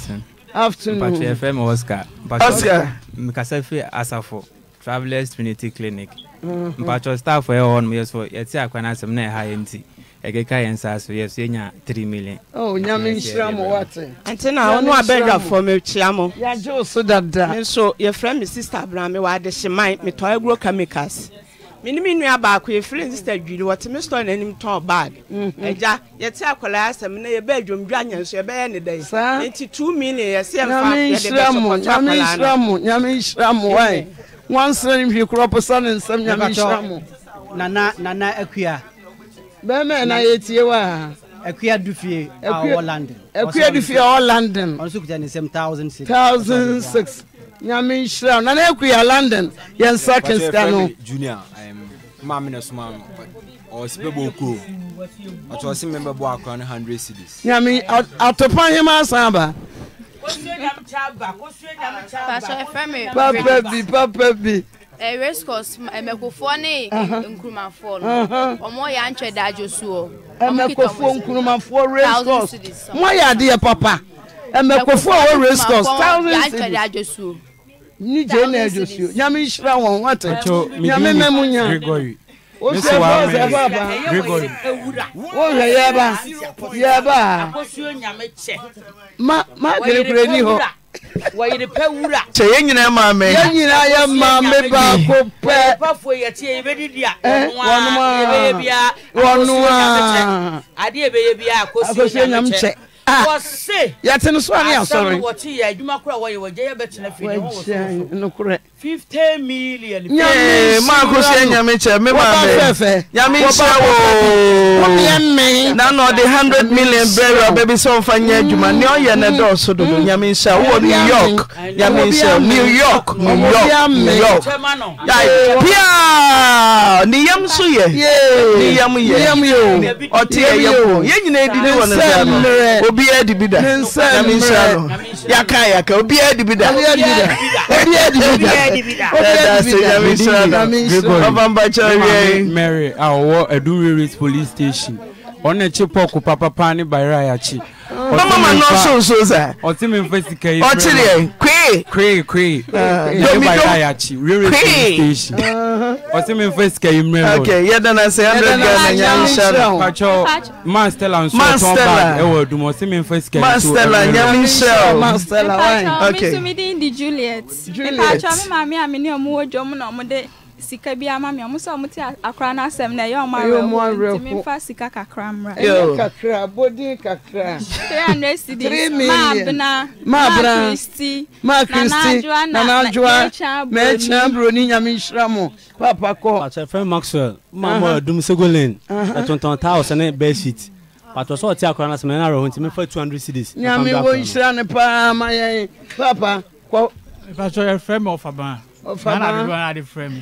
afternoon. mpatsɛ fɛn mi oscar. ɔsiɛ. mikasa fi asafo travellers trinity clinic. Mm-hmm. mpatsɛ staff ɛwɔ hɔ nom yɛ so yɛte akwana asɛm na ɛha yɛ nti ɛkeka yɛn nsa so yɛ so yɛnya three million oh nyame nhyira mo wate ante na ɔno abɛdwafoɔ me kyia mo yɛagye wo so dada me nso yɛfrɛ me sister abrame wɔade hyeman metɔ agro chemicals mene me nua baako yɛfiri sister dwiri wɔte me store n'anim tɔn bag mhm. agya yɛte akwadaa asɛm na yɛbɛ adwomdwa anya so yɛbɛyɛ ne dɛn nti 2 million yɛsɛ yɛmfa yɛde bɛhyɛ kɔnkyɛ akwadaa no nyame nhyira mo wae wansere ne hwee korɔ pesa ne nsɛm nyame nhyira mo nana nana akua bɛɛma na yɛtie wɔ ha akuya dufie a ɔwɔ london akuya dufie a ɔwɔ london ɔno nso kuta ne nsɛm thousand six thousand six nyame nhyira na na london yɛn nsa kɛnsika no junior maa mi na suma no ɔsi bɛ bɔ okuo ɔtɔ mi bɛ bɔ akora hundred cities. nyame atopɔn hema san ba. papa bi papa bi race eh, course mmekofoɔ eh, ne uh-huh. nkurumafoɔ no wɔn uh-huh. yɛ antwɛ da adwosoɔ. Eh, mmekofoɔ nkurumafoɔ race course mo ayɛ adeɛ papa mmekofoɔ a wɔ race course thousand cities ni jɛ na adwosoɔ nyame nhyira wɔn wata nyame mɛmu nya oṣù bọ́ọ̀sì ẹ bá bá ó rẹ̀ yẹ bá yẹ bá má má kiri wɔyerepɛ wura kyɛ yɛn nyinaa maame yɛn nyinaa yɛ maame baako pɛ yɛrepafoɔ yɛte yɛbɛdidi a wɔnoa yɛbɛyɛ biaa wɔnoa adeɛ yɛbɛyɛ biaa akɔsie nyame kyɛ wɔse yɛte no so a ne yɛsɔre wɔte yɛ adwuma kora wɔyɛ wɔgye yɛbɛtena fii nokorɛ 50 million maako sɛ nyame kyɛ me mamɛ nyame nhyɛ wo na na ɔde 100 million berɛ wɛ ɔbɛbi sɛ ɔmfa nyɛ adwuma ne ɔyɛ ne dɔɔso dodo nyame nhyɛ wowɔ new york nyame nhyɛ new york new york new york pia ne yam so yɛ ne yam yɛ ɔte ɛyɛ po yɛn nyina ɛdi ne wɔ no da no obiara di bi da nyame nhyira no yaka yaka obiara di bi da obiara di bi da ɛda sɛ nyame nhyira no papa mpakyɛ wiei mary a ɔwɔ adurere police station ɔno akyi pɔko papapa ne bayerɛ ayakye mama ma nọ nso nso sa. ọtí mi fẹ́ sika yìí. ọtí rẹ̀ kwee. kwee kwee. yomi uh, yomi kwee. Uh-huh. ọtí mi fẹ́ sika yìí mìíràn. ok yẹ dana sẹ hundred ghana nya nṣẹlẹ. pàṣọ man stella nso ọtọ bag ẹwọ ọdún ọtí mi fẹ́ sika yìí. man stella nya nṣẹlẹ. man stella wáyé. ok mi sùn mi di juliet. juliet pàṣọ mi màmí àmì ni ọmọ wọjọ mu na ọmọdé sika bi ama mi ɔmo sɛ ɔmo ti akora n'asɛm na ɛyɛ ɔmo awerɛhoɔ nti mi nfa sika kakra mra. ɛyɛ kakra bodi kakra. three hundred cedis maa bena maa kristi maa kristi nana adwoa mɛɛkyɛn buroni nyame nhyira mo papa kɔ. pàṣẹ fẹ maxwell mamọ ẹdun segolin ẹtuntun ta ọsẹ ní bẹẹ sheet pàtó sọ ọtí akora n'asẹm ẹnna awerɛhoɔ nti mi fẹ two hundred cedis. nyame wo nhyira ni paa yẹn papa kɔ. ìfàṣọ yẹ fẹ mọ ọfà bá a nana bɛ a de fɛ mi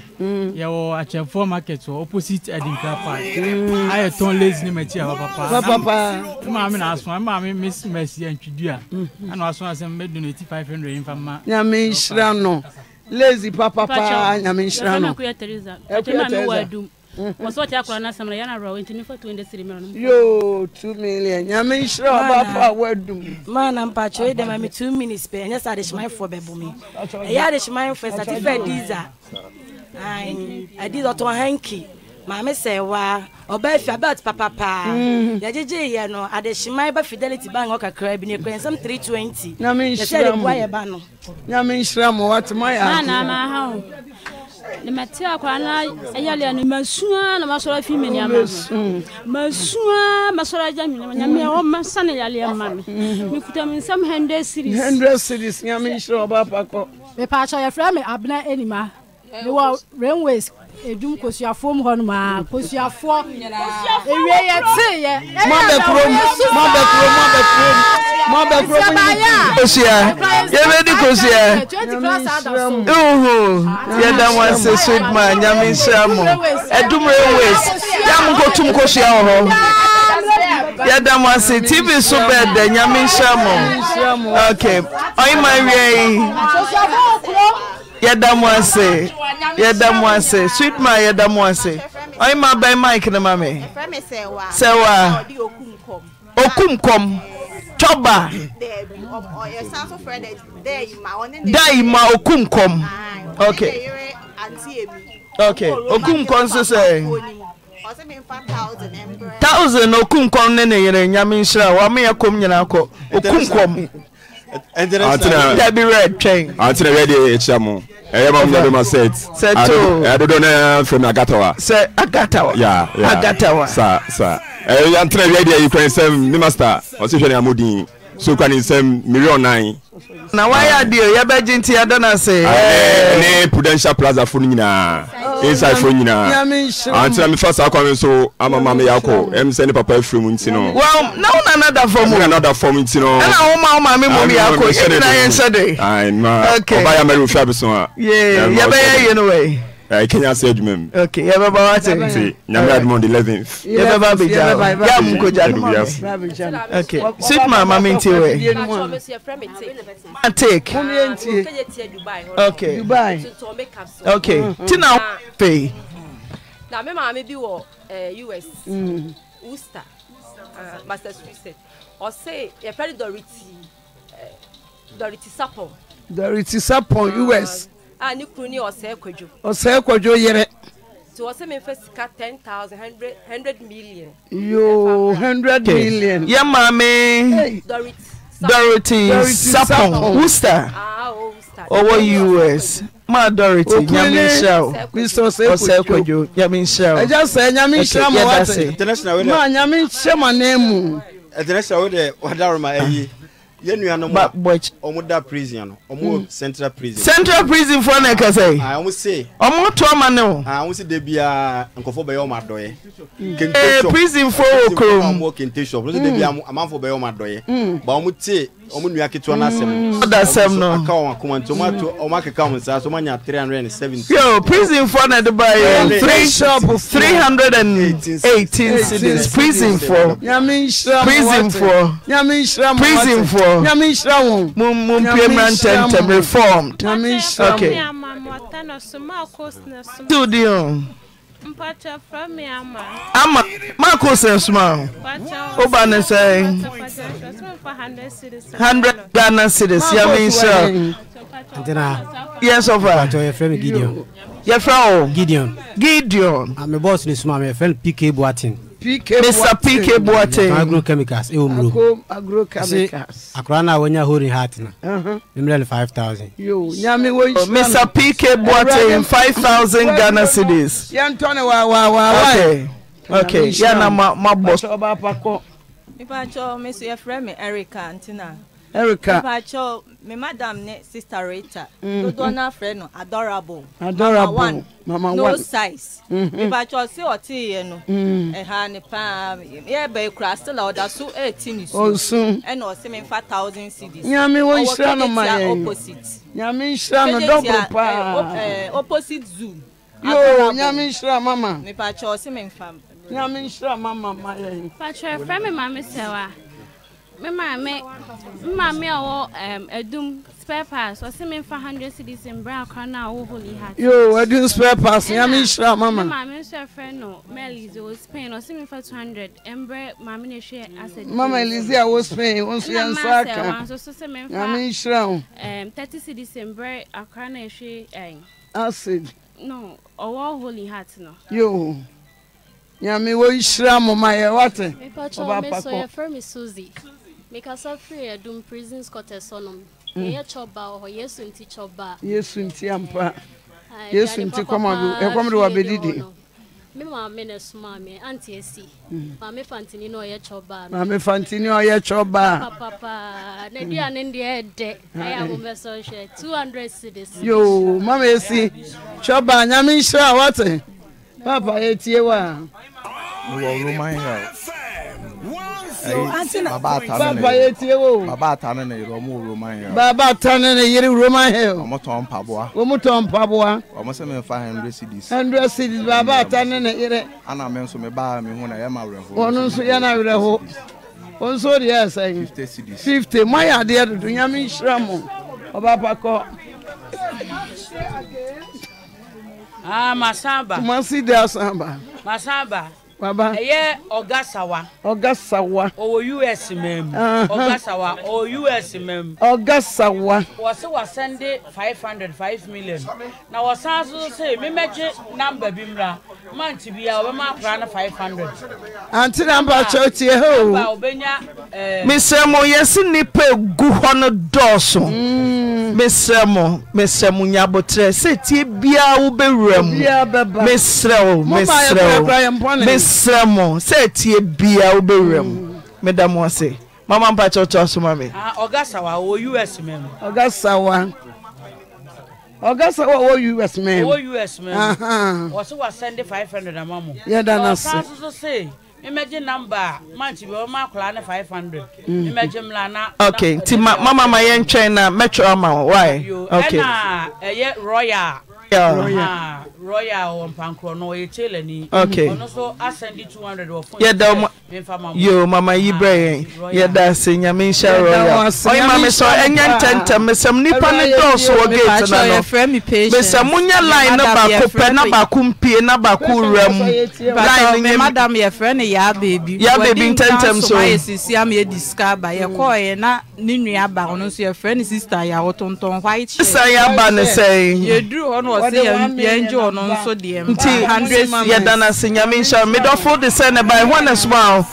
yɛwɔ akyɛnfɔ market wɔ opposite edinburgh mm. park a yɛ tɔn lazy ne ma ti a papa papa ne maa mi na aso ne maa mi miss mercy ɛntwidua ɛna aso asɛm mi donate five hundred yin fa ma. nyame nhyira no lazy papapa nyame nhyira no ɛkuyɛ teresa ɛkuyɛ teresa wɔsɛ ɔte akora no asɛm no yɛna awerɛw nti mefa 200 siri mmerɛ no yo 2 million nyame nhyira ɔbafo a woadum mana mpakyerɛ dɛma me 2 minutes pɛ ɛnyɛ sɛ adehyemanfoɔ bɛbo me ɛyɛ adehyemanfoɔ satifa disa adisa ɔtɔn hanki maame sɛ wa ɔbaa fi abelt papapaa yɛgyegye yɛ no adehyeman ba fidelity bank hɔ kakra bi ne kura nsɛm 320 nyame nhyira mo nyame nhyira mo watema yɛ anaa maa ha o lemɛte akora na ɛyɛleɛ no masua na masɔre afi me nneɛma masua masɔre agya me nneɛma nyameɛ ɔma sa ne yɛleɛ ma me mekuta me nsɛm hundred series hundred series nyame nhyerɛ ɔba pakɔ mepaakyɛ yɛfrɛ me abena anima mewɔ rainways edum kosiafoɔ mu hɔ nom aa kosiafoɔ ewie yɛ te yɛ mo abɛ kurom mo abɛ kurom mo abɛ kurom mo abɛ kurom kosia yɛbɛ di kosia ihu yɛda mo ase sweet man nyame nhyira mo edum railways yɛ mo nkotum kosia wɔ hɔ yɛda mo ase tv so bɛɛ dɛ nyame nhyira mo ok ɔyima awia yi yɛda mu ase yɛda mu ase sweet ma yɛda mu ase ɔyɛ ma bɛn mic ne ma mi sɛwa okum kɔm tɔba dayi ma okum kɔm ok ok okum kɔm nso sɛ thousand okum kɔm ne ne yɛrɛ nyame nhyira wɔn a meyɛ kɔm nyinaa kɔ okum kɔm dabi red twɛn. ante na wɛ de ekyia mu ɛyɛ maa mi na bɛ ma set. seto adodo na fɛn mi agatawa. sɛ agatawa. ya ya agatawa. sa sa ɛyɛ ante na wɛ de yi kwan sɛ mi master ɔsi hwɛ ni amudin so kwan nsɛm million nine. na wáyé adeɛ yɛ bɛ gye nti ɛdɔ na se. Ah, ne prudential plaza fo no nyinaa oh. inside fo nyinaa anti ah, na mefa saa kwan mi so ama maa mi yakɔ ɛm sɛ ne papa efiri mu nti no. wɔn na wɔn na nada fɔm. wɔn na nada fɔm nti no. ɛna wɔn ah, ma wɔn maame mu mi yakɔ yɛ nyinaa yɛ nhyɛ de. ayi ma ɔba yamari ofi abisun a. yɛ yɛ bɛ yɛ yɛ no wɛ. Eh, kenya se adwuma mu okay yɛ bɛba wa te nti nyame 11th yɛ bɛba abegya o yɛ amu ko gya okay sit ma ma mi nti wɛ matik okay okay ti pay. na me maame bi wɔ eh, us mm. worcester massachusetts ɔse yɛfɛ ne dority dority sapon dority sapon ah, us a ne kunu ne ɔsɛɛ kwadwo ɔsɛɛ kwadwo yere nti wɔsɛ mefa sika 10000 100, 100 million yo 100 million yɛ maame dorothy sapon worcester ɔwɔ us maa dorothy nyame nhyira o ɔsɛ kwadwo nyame nhyira o ɛgya sɛ nyame nhyira ma wate maa nyame nhyɛ ma nan mu ɛtɛnɛsɛ wo de wadaroma ayi yẹn nua no mu ọmọ da prison no ọmọ hmm. central prison. central prison fún ọ̀nà kẹsẹ̀ yìí. àwọn sè. ọmọ tó ọmọ ni o. àwọn sè débi a nkọfọ bẹ ọmọ adọ kente shop prison fo okoro mu. prison fo ọmọ kente shop a amanfo bẹ yẹ ọmọ adọ yẹ. ọmọ tẹ ɔmo nua ketewa n'asɛm no ɔda sɛm no aka wɔn akoma nti ɔmo ato ɔmo akeka wɔn nsa so ɔmo anya three hundred and seventy. yo prison fɔ na ɛde ba yɛ three shop three hundred and eighteen cedis prison fɔ prison fɔ prison fɔ mu mu mpie mmerantɛ ntɛm reformed okay. Tudion mpacha fra me ama ama mako sense ma o ba ne say 100 Ghana cities. ya me sure ntina yes of her to your friend Gideon your friend Gideon Gideon I'm a boss ni suma me friend PK Boatin Mr. PK Boateng. Agrochemicals. Eh, umro. Agrochemicals. Akura na wanya holding heart na. Uh-huh. Nimrele 5,000. Yo, nyame wo ishi. Mr. PK Boateng, five thousand oh, Ghana cedis. Yantone wa wa wa wa. Okay. Okay. Yana ma ma boss. Nipa cho, mesu ye frɛ me Erica ntina erika. ìbàjọ́ mi madam ní sista rita. Mm. dodo náà fẹ́ nù adorable. adorable mama one mama one mm-hmm. oh, no size. ìbàjọ́ sí ọtí yẹn nù. ẹ̀ha ni paa yẹ bẹ̀ kura still ọ̀dà sún eighteen ní sùn. osun ẹnna ọ̀sìn mi fa thousand cedis. nyami wo n ṣe àná ma yẹn nyami n ṣe àná dọ́bù paa. opposite zoo. yoo nyami n ṣe àná mama. ìbàjọ́ sí mi n fa. nyami n ṣe àná mama yẹn. pàṣẹ fẹ́mi màmí sẹ́wà me maame me maame a ɔwɔ um, adum spare parts ɔsi mi nfa hundred cedis mbra akora na awo holy heart. yoo adum spare parts ya mi nhyira mama. me maame nso ɛfrɛ no melize wɔ spain ɔsi mi nfa two hundred mbrɛ maame na ehwɛ asɛ. mama elize a wɔ spain wɔn nso yɛn nsa aka ɛna maa sɛ wɔn nso so sɛ mi nfa ya mi nhyira o. thirty cedis mbrɛ akora na ehwɛ ɛn. acid. no ɔwɔ holy heart no. yoo nyame wɔ nhyira mo ma yɛ wate. mepatɔ mi so yɛfrɛ mi suzy mekasa firi ɛdum e prison quarters hɔnom ɛyɛ mm. kyɔba wɔ hɔ yesu nti kyɔba yesu nti ampa eh, yesu eh, nti kɔma do ɛkɔm de wabɛdidi me maame na ɛsoma me ante asi mm. maame fantini na ɔyɛ kyɔba maame fantini ɔyɛ kyɔba papapa na aduane e deɛ ɛdɛ ɛyɛ abomɛsɛ ah, eh. hwɛ hundred cities yo mama ɛsi kyɔba nyame nhyira wate papa yɛtie wo a wɔ roman house baba atane ne yere ɔmo roman hill. baba atane ne yere roman hill. ɔmo tɔn mpaboa. ɔmo tɔn mpaboa. ɔmo sɛ mi fa hundred cedis. hundred cedis baba atane ne yere. ana mi nso mi ba mi ho na yɛ ma werɛ ho. ɔno nso yɛ na werɛ ho ɔno nso de yɛ sɛn. fifty cedis. fifty mo ayɛ adeɛ dodo nyame nhyira mo ɔba pakɔ. ah masamba. tumasi de asamba. masamba. baba ɛyɛ ɔga sawa ɔga sawa ɔwɔ us mɛm ɔga sawa ɔwɔ us mɛm ɔga sawa wɔsi wasɛnde five hundred five million na wɔsan so se mímɛgye namba bi mra mmanti bi a ɔbɛma akora no five hundred. ante namba kyɛw tie hoo namba ɔbɛnya. mesrɛ mo yɛsi nipa egu hɔ no dɔɔso mesrɛ mo mesrɛ mo nyabotrɛ sɛ tie biara wobɛwura mu mesrɛ wo mesrɛ mesrɛ mo sɛ ɛtie bia wobɛwura mu da mo ase mama mpa kyɛ wotoa so ma me ɔga ah, sawa wɔ us mɛm ɔga sawa ɔga sawa wɔ us mɛm wɔ us mɛm wɔso wasɛnde 500 ama mo yɛda no ase ɔsan so se mmegye namba manti bi ɔmo akwaraa ne five hundred mmegye mla na. ok nti mama ma yɛn twɛn na mɛtwerɛ ama wɔn why ok ɛna ɛyɛ royal royal royal mpamkorɔ no ɔyɛ e tailor ni okay ɔno so asɛndi two hundred wɔ fún yɛda ɔmo yo mama yi brɛ yɛn yɛda ase nyame nhyɛ royal ɔyɛ maame sɔ ɛnyɛ ntɛntɛm mesɛm nipa ne dɔɔso wɔ gate na no mesɛm munya line na baako pɛ na baako mpie na baako wura mu line nye madam yɛfrɛ mm. ne yaa beebi yaa beebi ntɛntɛm so wɔde nkan so ayɛ sisi ama yɛ disika aba yɛ kɔɔ yɛ na ninu nua aba ɔno nso yɛfrɛ ne sista yɛ awotɔntɔn white shirt sista yɛ aba ne sɛn yɛduru hɔ no sɛ yɛngye ɔno nso deɛ nti yɛda no ase nyame nhyɛ medɔfo de sɛ ne bae hɔ ne soma o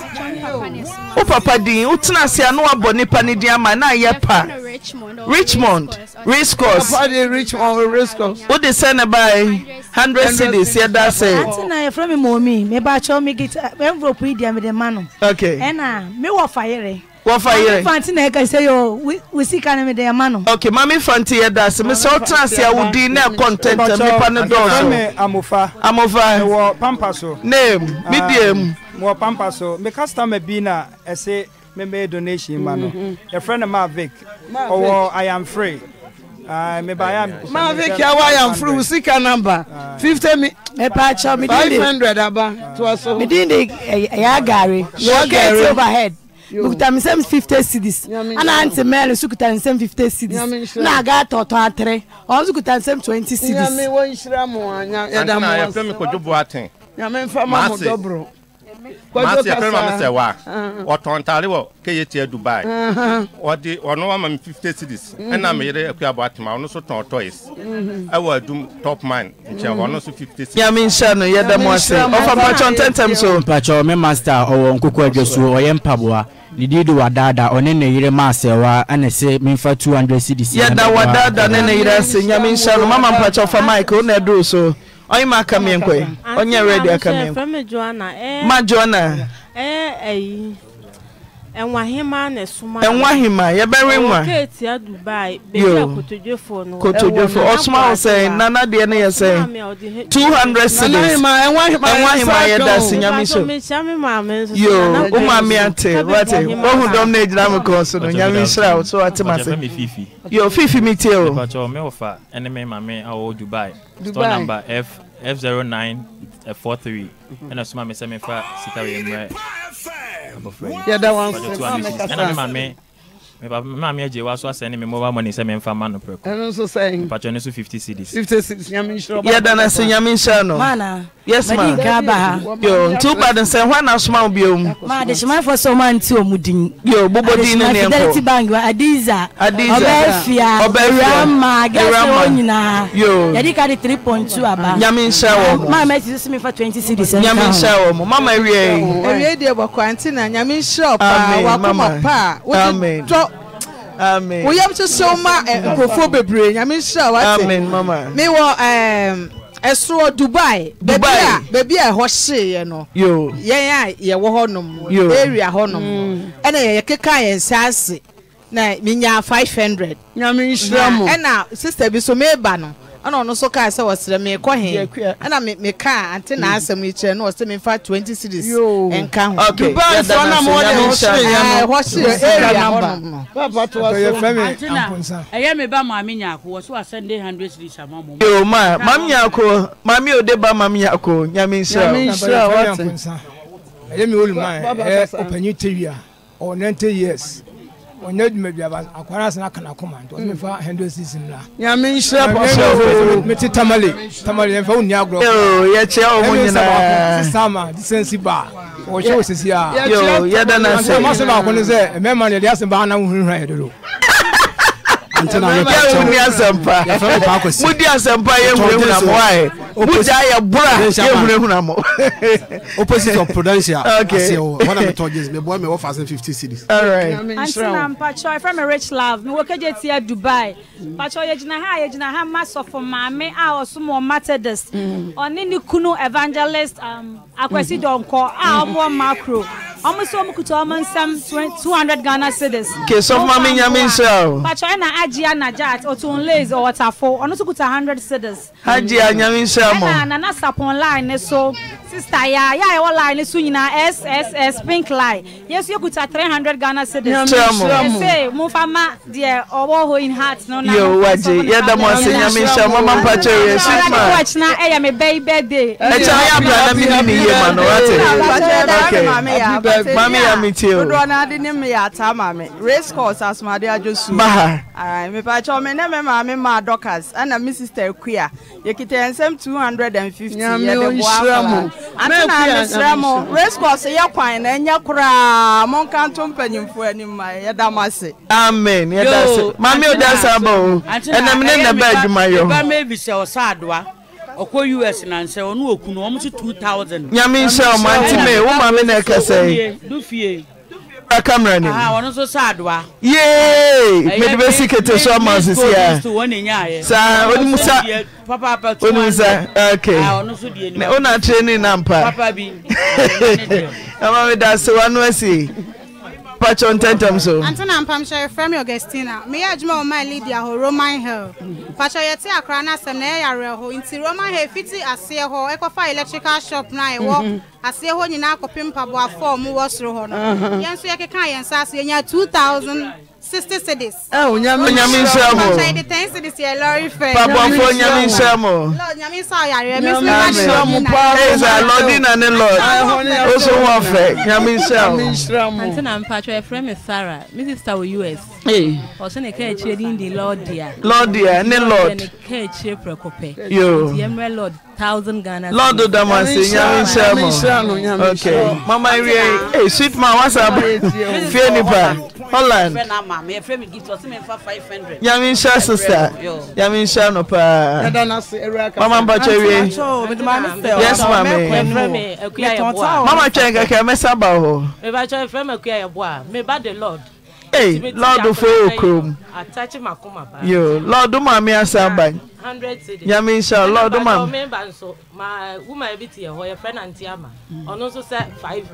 wo papa din wotena ase a na woabɔ nipa no din ama na ayɛ pa richmond riscos wode sɛ ne bae 100 cities yɛda sɛ okay. ɛna mewɔ fayere wɔfa yerɛ fante na ɛka sɛ yɛ wo sika no mede ɛma no ok mame fante yɛ da ase mesɛ wotena ase a wodi ne content mepa no dɔɔso amofa amofa wɔ pampa so nam mediam wɔ pampa so me customer bi na ɛse memɛyɛ donation ma no yɛfrɛ no mavic ɔwɔ ayamfree mavic yà wá yà furu sika namba fifty mi. ẹ pa àtsọ mi dín de five hundred aba a so. mi dín de ẹ̀yà gàrí. yọ gẹ̀ẹ́tì overhead bukuta misɛm fifty cedis ana anti mɛli su kuta misɛm fifty cedis na aga tɔtɔ atire ɔn su kuta misɛm twenty cedis. nyame wa nyame yɛ da mu wa sɛ. antina yɛ fɛn mi kojú bu atin. nyame nfa maasi yɛ fɛn ma sɛ wa ɔtɔn taari wɔ keye dubai ɔdi ɔno wa ma mi fifty cedis ɛna mi yɛrɛ ɛkuya bu atin ma ɔno so tɔn toys ɛwɔ mhm. ɛdum top man nkyɛn ɔno mhm. so fifty cedis. nyame nhyɛ no yɛ da mu wa sɛ ɔfɔ mpatjɔ ntɛntɛm so. mpatjɔ mi master ɔwɔ nkokɔ adwa so ɔyɛ mpaboa lidido wadada ɔne ne yere ma asɛwa ɛna sɛ memfa 200 cedis yɛda wadada ne ne yere ase nyame nhyɛ no mama mpakyɛ fa mike wo na ɛduru so ɔnye ma aka meɛ nkɔe ɔnyɛ werɛ aka meɛ ma joana ɛnwa hema na ɛsoma ɛnwa hema yɛbɛwe nwa ɔwɔ keeti a dubai beebi kotodwefo no kotodwefo ɔsoma wɔ nana deɛ no yɛ sɛ two hundred cedis ɛnwa hema yɛda si nyame so yo wo maame ate wate wohu dɔm no agyina me kɔn so no nyame nhyira wo so wate ma se yo fifi oh. me tie o mewɔ fa ɛne me mame a wɔwɔ dubai store number f f zero nine uh, four three ɛna soma mi sɛ mi fa sika wei mmerɛ abɔfra yi ɔde two hundred six ɛna mi ma mi maame agye wa so asɛn me mobile money sɛ memfa ma no prɛko ɛno nso sɛn mpatwɛ no so 50 cedis 50 cedis nyame nhyira yɛda no sɛ nyame nhyira no yes ma yo nti wobade sɛ hɔ na asoma wo Ma, maade hyemanfoɔ sɛ ɔma nti ɔ mu din yo bobɔ din no fidelity bank wa adiza ɔbɛafia ɔbɛfiarama gasɛwɔ nyinaa yo yɛde ka de 3.2 aba nyame nhyɛ wɔ ma mɛsi so mefa 20 cedis nyame ma, ma, mo mama awiei awiei deɛ bɔkɔ nti na nyame nhyɛ wɔ paa wakɔmɔ paa wode tɔ woyam hyehyɛw ma eh, nkurɔfoɔ bebree nyame nhyɛ wate mewɔ ɛsoro dubai dubai baabi a ɛhɔ hyeeɛ no yɛn a yɛwɔ hɔ nom area hɔ nom mm. ɛna yɛyɛ keka yɛn nsa ase na menya 500 nyame nhyira mu ɛna sista bi so meeba no ɛna ɔno nso kaa sɛ wɔsrɛ me kɔ he ɛna me kaa ante mm. na asɛm yi kyerɛ na ɔsɛ me fa twenty series ɛnka ho dubai sɔ na mo de ho hyerɛ hɔ hyerɛ area hɔ nom papa to wa so antina ɛyɛ me ba maame nyaako wɔ so asɛn de hundred series ama mo. yoo ma maame nyaako maame ode ba maame nyaako nyame nhyira nyame nhyira wɔte ɛyɛ mi olu maa ɛ ɔpanyin tewia ɔ ninety years ɔnyɛ dwuma biaba akwara asena kana koma nti ɔsɛ mefa hundred season la nyame nhyira bɔsɛ mete tamale tamale yɛmfa wo nni agorɔ yɛkyea wɔ mo nyinaasama disensi ba wɔhyɛ wɔ sesi a yɛda no sɛ masɛ baako no sɛ mɛma no yɛde asɛm baa na wohurihura yɛdodo yɛwuni asɛmpa mudi asɛmpa yɛhunahuna mɔ ayɛ mudi ayɛ bora yɛhunahuna mɔ. opposite of prudential okay. ase wɔ wɔn na mi tɔ jeans mi bɔ mi wɔ fasen fifty series. antina mpatso efra mi rich love mi wɔ keje tia dubai patso yɛgyina ha yɛgyina ha ma sɔfo maame a ɔsom wɔ methodist mm. ɔne ne kunu evangelist um, akwasi mm. dɔnkɔ a ɔmo makro ɔmo sɛ ɔmo kuta ɔmo nsɛm two hundred ghana cedis. kesɔfo maame nyame nsɛm. patso ɛna Haji Najat Otunlays or Watafo. Onusukuta 100 cedars. Haji Anyamisha. Nana Sapon line so sista ya ya ɛwɔ line ne so nyinaa sss pink line yɛso three hundred ghana cedis. cedesɛse momfa ma deɛ ɔwɔ hɔ in heart no nawagye yɛda mɔ sɛ nyame nhyɛ mama mpakyɛ wiɛ sitmawatch na ɛyɛ eh, me bɛyi birthday ɛkyɛ ayɛ abra na mene ne yie ma no wate mame ya metie odoɔnade ne meyɛ ataa mame race course asomade adwo su baha mepakyɛ me ne me maame maa dɔcas ɛna me sister akua yɛkita yɛnsɛm 250 yɛde boa ate na mesrɛ mo race course yɛ kwan na ɛnyɛ koraa monka nto mpanyimfoɔ anim ma yɛda mo ase amen yɛda ase maame ɔda asa ba o ɛnam ne na ba adwuma yɛ hɔ mɛbi sɛ ɔsɛ adoa ɔkɔ us nansɛ ɔne ɔku no ɔm so 2000 nyame nhyɛ ɔma nti me wo maame na ɛkɛsɛ dofie wura kamara ni. aa ɔno nso sá adoa. yee mede bɛ si kete so ama sisi a. saa onimu sa onimu sa ok ah, na ona training na mpa. papa bi. Ah, ama mi da se wa no esi. patch on ten times so. Antina Mpampsha Efremi Augustina, me ya adwuma o my leader ho Roman Hill. Patcho yete akra na asem na ye yare Nti Roman Hill fiti ase ho, ekofa electrical shop na e wo. Ase mm-hmm. ho nyina akopim pabo afọ mu wo soro nso no. Yenso yekeka yensa ase yenya 2000 sixty cities. ẹ ò nyami nsẹ́mu. ọ̀nà ìdí ten cities yẹ lọ́rí fẹ́. pàbọ̀fọ̀ nyami nsẹ́mu. nyami nsọ yàrá ẹ̀mí sí máa ní ọ̀nà ìdí. ẹ ṣe àlọ́dí náà ní lọ ó sún wọn fẹ nyami nsẹ́mu. àǹtí náà mpàtọ́ ẹ fẹ́ mi Sarah mrs star wọ US ɔsɛne ka akyire din de lɔdia lɔdia ne lɔd ka akyire prɛko pɛ yɛmmerɛ lɔd thousand ghana lɔdo damase nyame nhyɛ ok mama wie hey, sweet ma whatsapp fie nipa holland nyame nhyɛ sister nyame nhyɛ no paa mama mpakyɛ wie yes mame mama twɛn kakra mɛsa ba hɔ meba de lord Hey, Lord fo okrom. Atachi Yo, Lord ma mm. me asamba. 100 cedi. Ya me Lord ma. Ba me ba nso, ma wuma bi ti e friend anti ama. Ono so se 5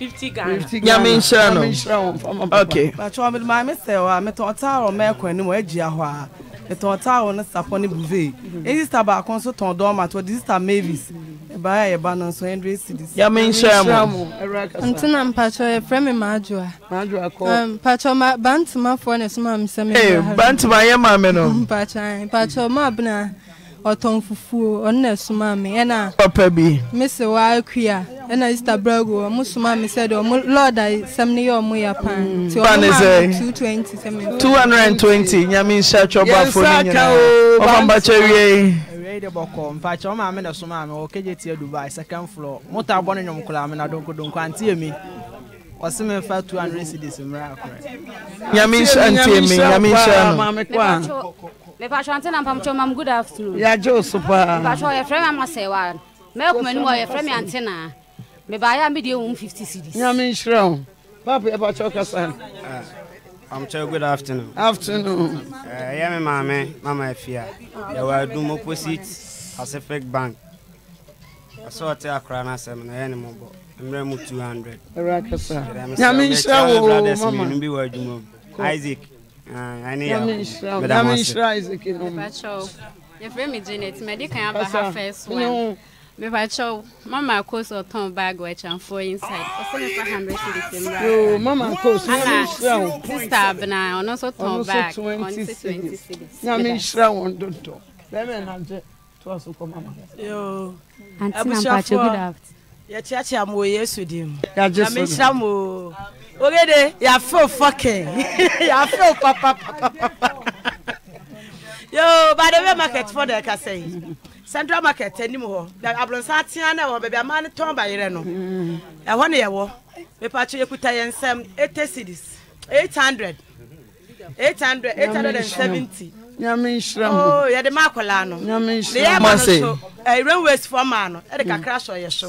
50 Ghana. Ya me insha no. Okay. Ba me ma me se wa me to ta ro me kwa ni mo agi ɛtɔn taa wɔ ne sapɔ ne buve eyi sista baako nso tɔn dɔɔma tɔ di sista mavis ɛbaa yɛ ba no nso yɛn dure si di si. yamu nhyɛn mu ntina mpatsɔ yɛfrɛ mi maadua mpatsɔ bantimafoɔ na ɛsoma mi sɛ mi. ee bantima yɛ maame no. mpatsɔ mpatsɔ maabena ɔtɔn fufuo ɔno na ɛsoma ɛna papa bi mese wa akua ɛna easter brago ɔmo soma me sɛ deɛ ɔmo lord a sɛm yɛ ɔmo yɛ pan mm. nti ɔmo ma two twenty sɛm two hundred and twenty nyame nhyɛ atwɔbafo ne nyinaa ɔmo mbakyɛ wie awia yi de bɔkɔ mpakyɛ ɔmo ame na soma me wɔ kegye tie dubai second floor mota abɔ ne nyɔm koraa me na donkodonko ante mi fa two hundred cedis mmerɛ akɔrɛ nyame nhyɛ ante mi. nyame nhyɛ no mepatwɔ nte ah. na mpamkyɛ mam good afternoon yɛagye wo so paa mepatwɔ yɛfrɛ me ama sɛwa mɛkoma anim a yɛfrɛ me antenaa mebaeɛ a medeɛ wom 50 cedis nyame nhyirɛ wo papa e yɛpatwɔ kasa ah, mpamkyɛ good afternoon afternoon ɛyɛ eh, me maame mama afia e yɛwɔ adum opposite pacific bank ɛsɛ ɔte akora no asɛm na ɛyɛ ne mɔbɔ mmerɛ mu 200 nyame nhyirɛ wo mama bi isaac Ani ya. Ya mi shira Isaac no. Me pacho. Your friend me Janet, me dey kan about first one. Me pacho, mama ko so ton bag wa chan for inside. O se me pa 100 cedis mra. Yo, mama ko so me shira won. Sister abna, ono so ton bag. Ono 20 cedis. Ya mi shira won don to. Let me na je to so ko mama. Yo. Auntie good afternoon yɛkyeakyea mo wɔ yesu dim nyamehyira mo ogede yɛafew fɔkɛn yɛafew papa. yo badewɛ market fɔ dɛ ka sɛi central market anim hɔ abrɔnsa tea na ɛwɔ baabi ama ne tɔn bayerɛ no ɛhɔ ne yɛwɔ mepatwo yɛkuta yɛ nsɛm 80 cities hundred. 800 870 nyame nhyira mu oh, yɛde ma akɔlaa no nyame nhyira mu ase ɛwɛn wɛsifoɔ maa no ɛde kakra sɔ yɛ so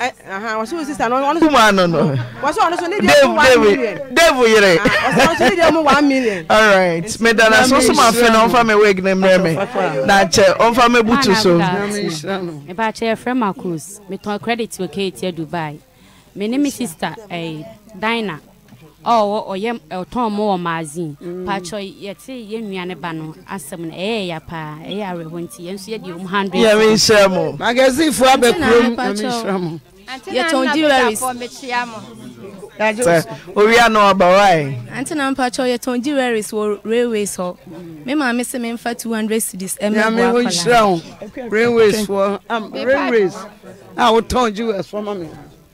wọ́n sọ sísan náà wọ́n sọ. kuma nọ nọ. wọ́n sọ ọ̀nà sọ nídìí ẹ̀mú one million. dave yẹrẹ. ọ̀sán sọ nídìí ẹ̀mú one million. all right mi dana so so ma fẹ na ọfa mi wig ni mìíràn mi na kyẹ ọfa mi butu so. ìbá a kyẹ fẹ́ marcus mi tán credit wọ kéètì ẹ̀ dubai mi ní mi sista eh, dina ɔwɔ ɔyɛ ɔtɔn mu wɔ magazine patsɔ yɛte yɛn nua ne ba no asɛm no ɛyɛ ya paa ɛyɛ awerɛhɔ nti yɛn nso yɛ deɛ ɔmu hundred. yɛ mi nhyɛ mu magazine fo abɛ kurom yɛ mi nhyɛ mu. yɛtɔn jewelries. sɛ owia na ɔba wae. ante na mpatsɔ yɛtɔn jewelries wɔ railways hɔ mi maame sɛ mi nfa two hundred cedis ɛmɛ bɔ akɔla. nyame wo nhyira wo railways wɔ um, railways a wotɔn jewelries fɔ ma mi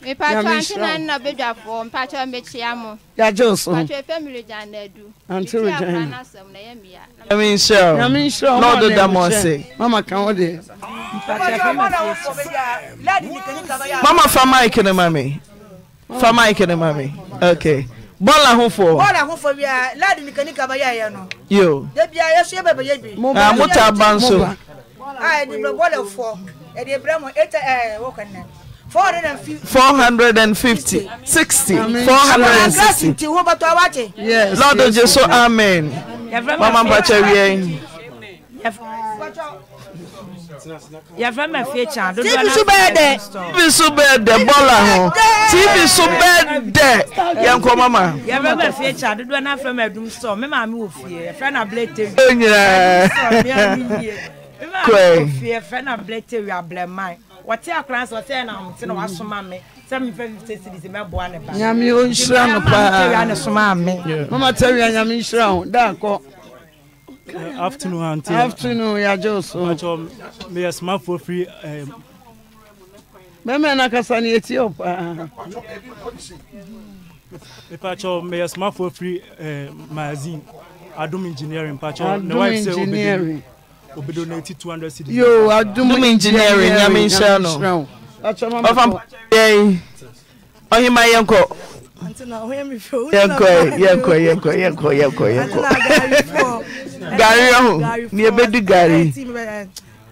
mipatɔ ante na nna bedwafoɔ mpatɔ mbekyia mo. yagye nso. mpatɔ efe mirigya na edu. ante mirigya na edu. n'asɛm na ɛyɛ mmea. nyame nhyɛw nyame nhyɛw na ɔdo da mo ɔse. mama kan o de. mama fa mic ne ma mi fa mic ne ma mi okay. bọ́ọ̀lù ahunfo. bọ́ọ̀lù ahunfo bi a láàdì nìkan ní kaba yá ẹ̀yẹ nù. yóò. débi ayé sọ yẹ bẹ̀bẹ̀ yé bi. mo ah, bá mo ta ban so. a ah, ẹ̀dínlọ bọ́ọ̀lù fọ ẹ̀dínlọ bẹ̀rẹ̀ mu eight ẹ̀ wọ́n kàn Four four hundred and fifty, sixty, hundred and sixty. yes lord of oh Jesus, amen mama mpacha wie yɛfrɛ ma fie kyan dodoɔ na so bɛɛ dɛ tv so bɛɛ dɛ bɔla ho tv so bɛɛ dɛ yɛn mama yɛfrɛ ma fie kyan dodoɔ na fɛ ma adum sɔ me maame wɔ fie yɛfrɛ na blɛ tv ɛnyinaa kɔɛ me maame wɔ fie yɛfrɛ na blɛ tv ablɛ man wɔte akora sɛ ɔsɛ na ɔmo te wasoma me sɛ mefɛ fifty cities mɛboa ne ba nyame ɔnhyira no paa ne soma me mama tawia nyame nhyira ho da kɔ eh, afternoon auntie afternoon yagye so meyɛ smartphone free um, mɛmɛ na kasa ne ɛtie wo paa mepakyɛ meyɛ smartphone free uh, magazine adom engineering pakyɛ ne wife sɛ obɛdi oh, obi donate two hundred cedis. yoo adum engineering nyame nhyira no ọfam yẹn ọhima yẹn kọ. yɛnkɔ yɛnkɔ yɛnkɔ yɛnkɔ yɛnkɔ yɛnkɔ gari ɔhún oh, ni ebe di gari.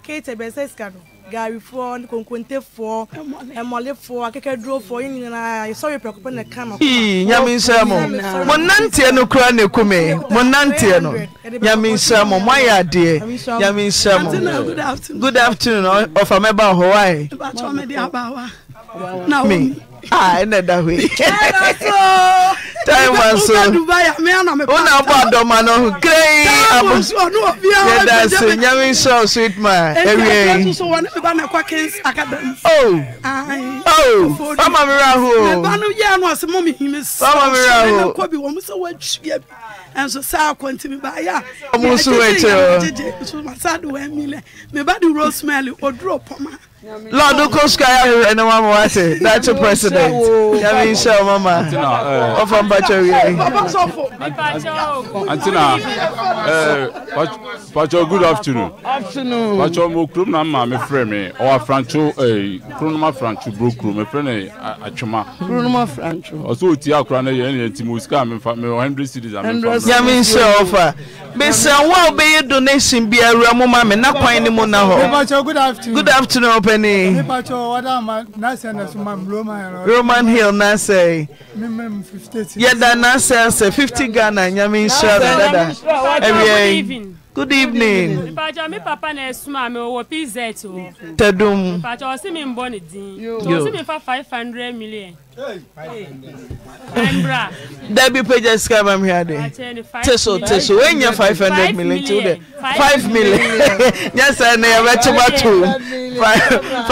Eh, garifoɔ ne konkontefoɔ ɛmɔlefoɔ akekɛdurofoɔ yɛ nyinaa yɛsɔre prɛko pɛ ne ka no nyame nhyɛ mo nanteɛ no kora ne kume mo nanteɛ no nyame nhyɛ mo moayɛ adeɛ nyame nhyɛ good afternoon ɔfa mɛba hɔ wae me ɛna da hɔ time wa so wona wobɔ adɔma no ho krei yɛda se nyame nsɛ sweet ma awieiama merɛ ahoama nso saa kɔntimi baayɛ a ɔmo nso wɔ akyerɛ hɔ meba de rosemary ɔduro pɔma lọ́ọ̀dún kò sukaya ahwehwɛ ne wa ma wa That's daakye president yàrá iṣẹ ọmọ mama. ọfọ mpatsọ wia yi. antina patsọ good afternoon patsọ mo kurom na maame frɛ mi ɔwa franco eh, kuronoma franco burokuro mi frɛ ne atwoma. kuronoma franco. ɔsɔ oti akora ne yɛn yɛn ti mo sika mi fa mi hundred series. yàrá iṣẹ ọfà besia wo a wobɛyɛ donation bi awura mo ma me na kwan mu na hɔ good afternoon good roman hill na sɛ yɛda na sɛ sɛ ghana nyame nhyira no dada awiai good evening. ìpàjọ mi papa na ẹ̀sùn àmì owó pz o. tẹdun. ìpàjọ ọsìn mi ń bọ̀ ní dín. yóò ọsìn mi fa five hundred million. membra. debi page sky mam here de. teso teso wey nya five hundred million ti o de five million yasa na yaba tuba tu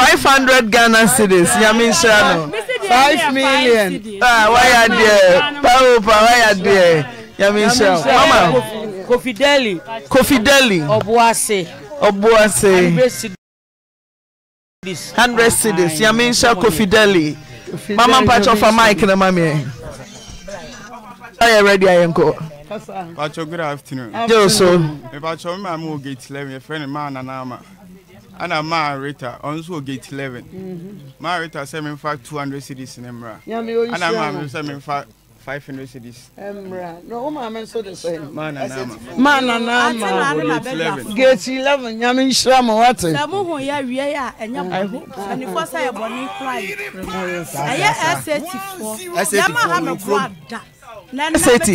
five hundred ghana cedis nyami nsira no. five million. ah waya deɛ pawo pa waya deɛ nyami nsira mama. Kofideli, Kofideli, Kofi Deli. Obuase. Obuase. Hundred cities. Yaminsha Kofi Deli. Mama Mpacho for Mike na mami. Are you ready, Ayenko? Mpacho, good afternoon. Yo, so. Mpacho, me amu gate eleven. Your friend, man, anama. ana maa rita ɔnso gate eleven mm-hmm. maa rita sɛ mi nfa two hundred cities ne mura ana maa mi sɛ mi five hundred cedis. ɛmira oh, na o maa mi nso de sɛ yen. maa nana ma. maa nana ma o gate eleven. gate eleven nyame nhyira ma wa te. sɛmu hun yɛ wie yɛ a ɛnyɛ bɔnni sanifɔ sɛ yɛ bɔnni kura yi ɛyɛ ɛsɛ ti fɔ yɛ ma ha mi kura da sat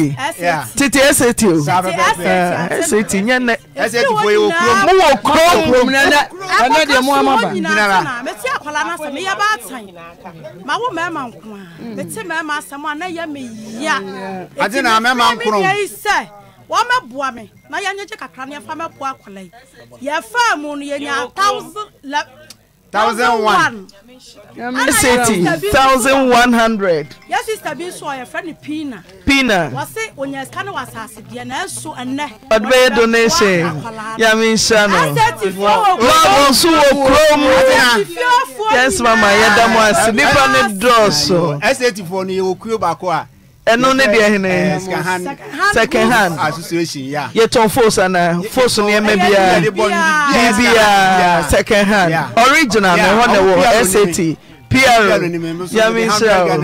tete sat o sat nyɛ nɛ mowɔ kurom ɛnɛ deɛ mo ama ba mɛti akwala no asɛm yɛ baatan ma wo mɛma nko a mɛte mɛma asɛm a na yɛ meya ade na mɛma nkoromyi sɛ wɔmɛboa me na yɛnyɛ gye kakra no yɛfa mɛboa akwala yi yɛfaa mu no yɛnya thousand thousand one eighty thousand one hundred. yẹ sista bi nso a yɛfrɛ no pina. pina. wɔsi onyasika no wasaase deɛ na esu ɛnɛ. ɔde bɛyɛ donation yami nhyia no. lɔɔbù nso wɔ kurom. yes mama yɛda mu ase nipa ne dɔɔso. ɛsɛ ti fɔ no yɛ wɔ kuo baako a ɛnu ne deɛ hene second hand association ya yɛtɔn fos ana fos nneɛma bia bibia second hand original na ɛhɔ na ɛwɔ sat pr nyame nhyira o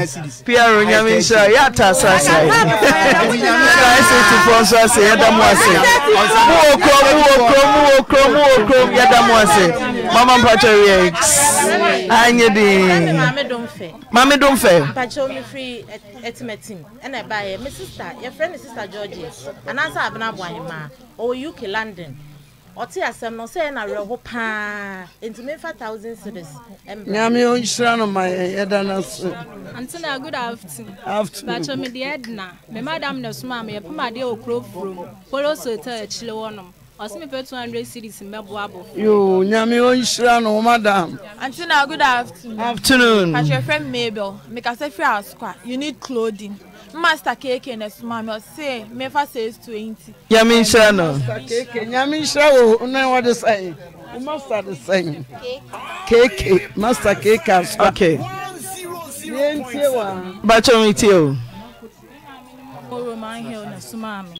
pr nyame nhyira O. ata asase ayi nhyira sat fo nso ase yɛda mu ase mu wɔ kurom mu yɛda mu ase mama mpatsɛ rex anyɛ den maame dom fɛ. mpatsɛ omi firi ɛtìmɛtìm ɛna ɛba e yɛ mi sista yɛfrɛ ne sista georges anansa abena bɔ ahema ɔwɔ uk london ɔte asɛm no sɛ ɛna werɛ ho paa nti mefa thousand series nyame ɔnhyira no ma yɛda no se ante na good afternoon Afternoon. bakyɛ mede ɛdena me madam na soma a meyɛpem adeɛ wɔ kurofuro mu poloso ta akyire wɔ nom ɔsi mi pɛ two hundred series mbɛboa bɔ. yoo nyame o nhyira no madam. aunty good afternoon. afternoon. ahyɛfɛ mabel mikasa fi asukwa you need clothing master KK na suma mi ɔsi mefa sales twenty. nyame nhyira no. master keke nyame nhyira wo na wɔde sɛn o master the sɛn KK. master KK. okay. yɛn tie wa. bàtchɛ mi tie o.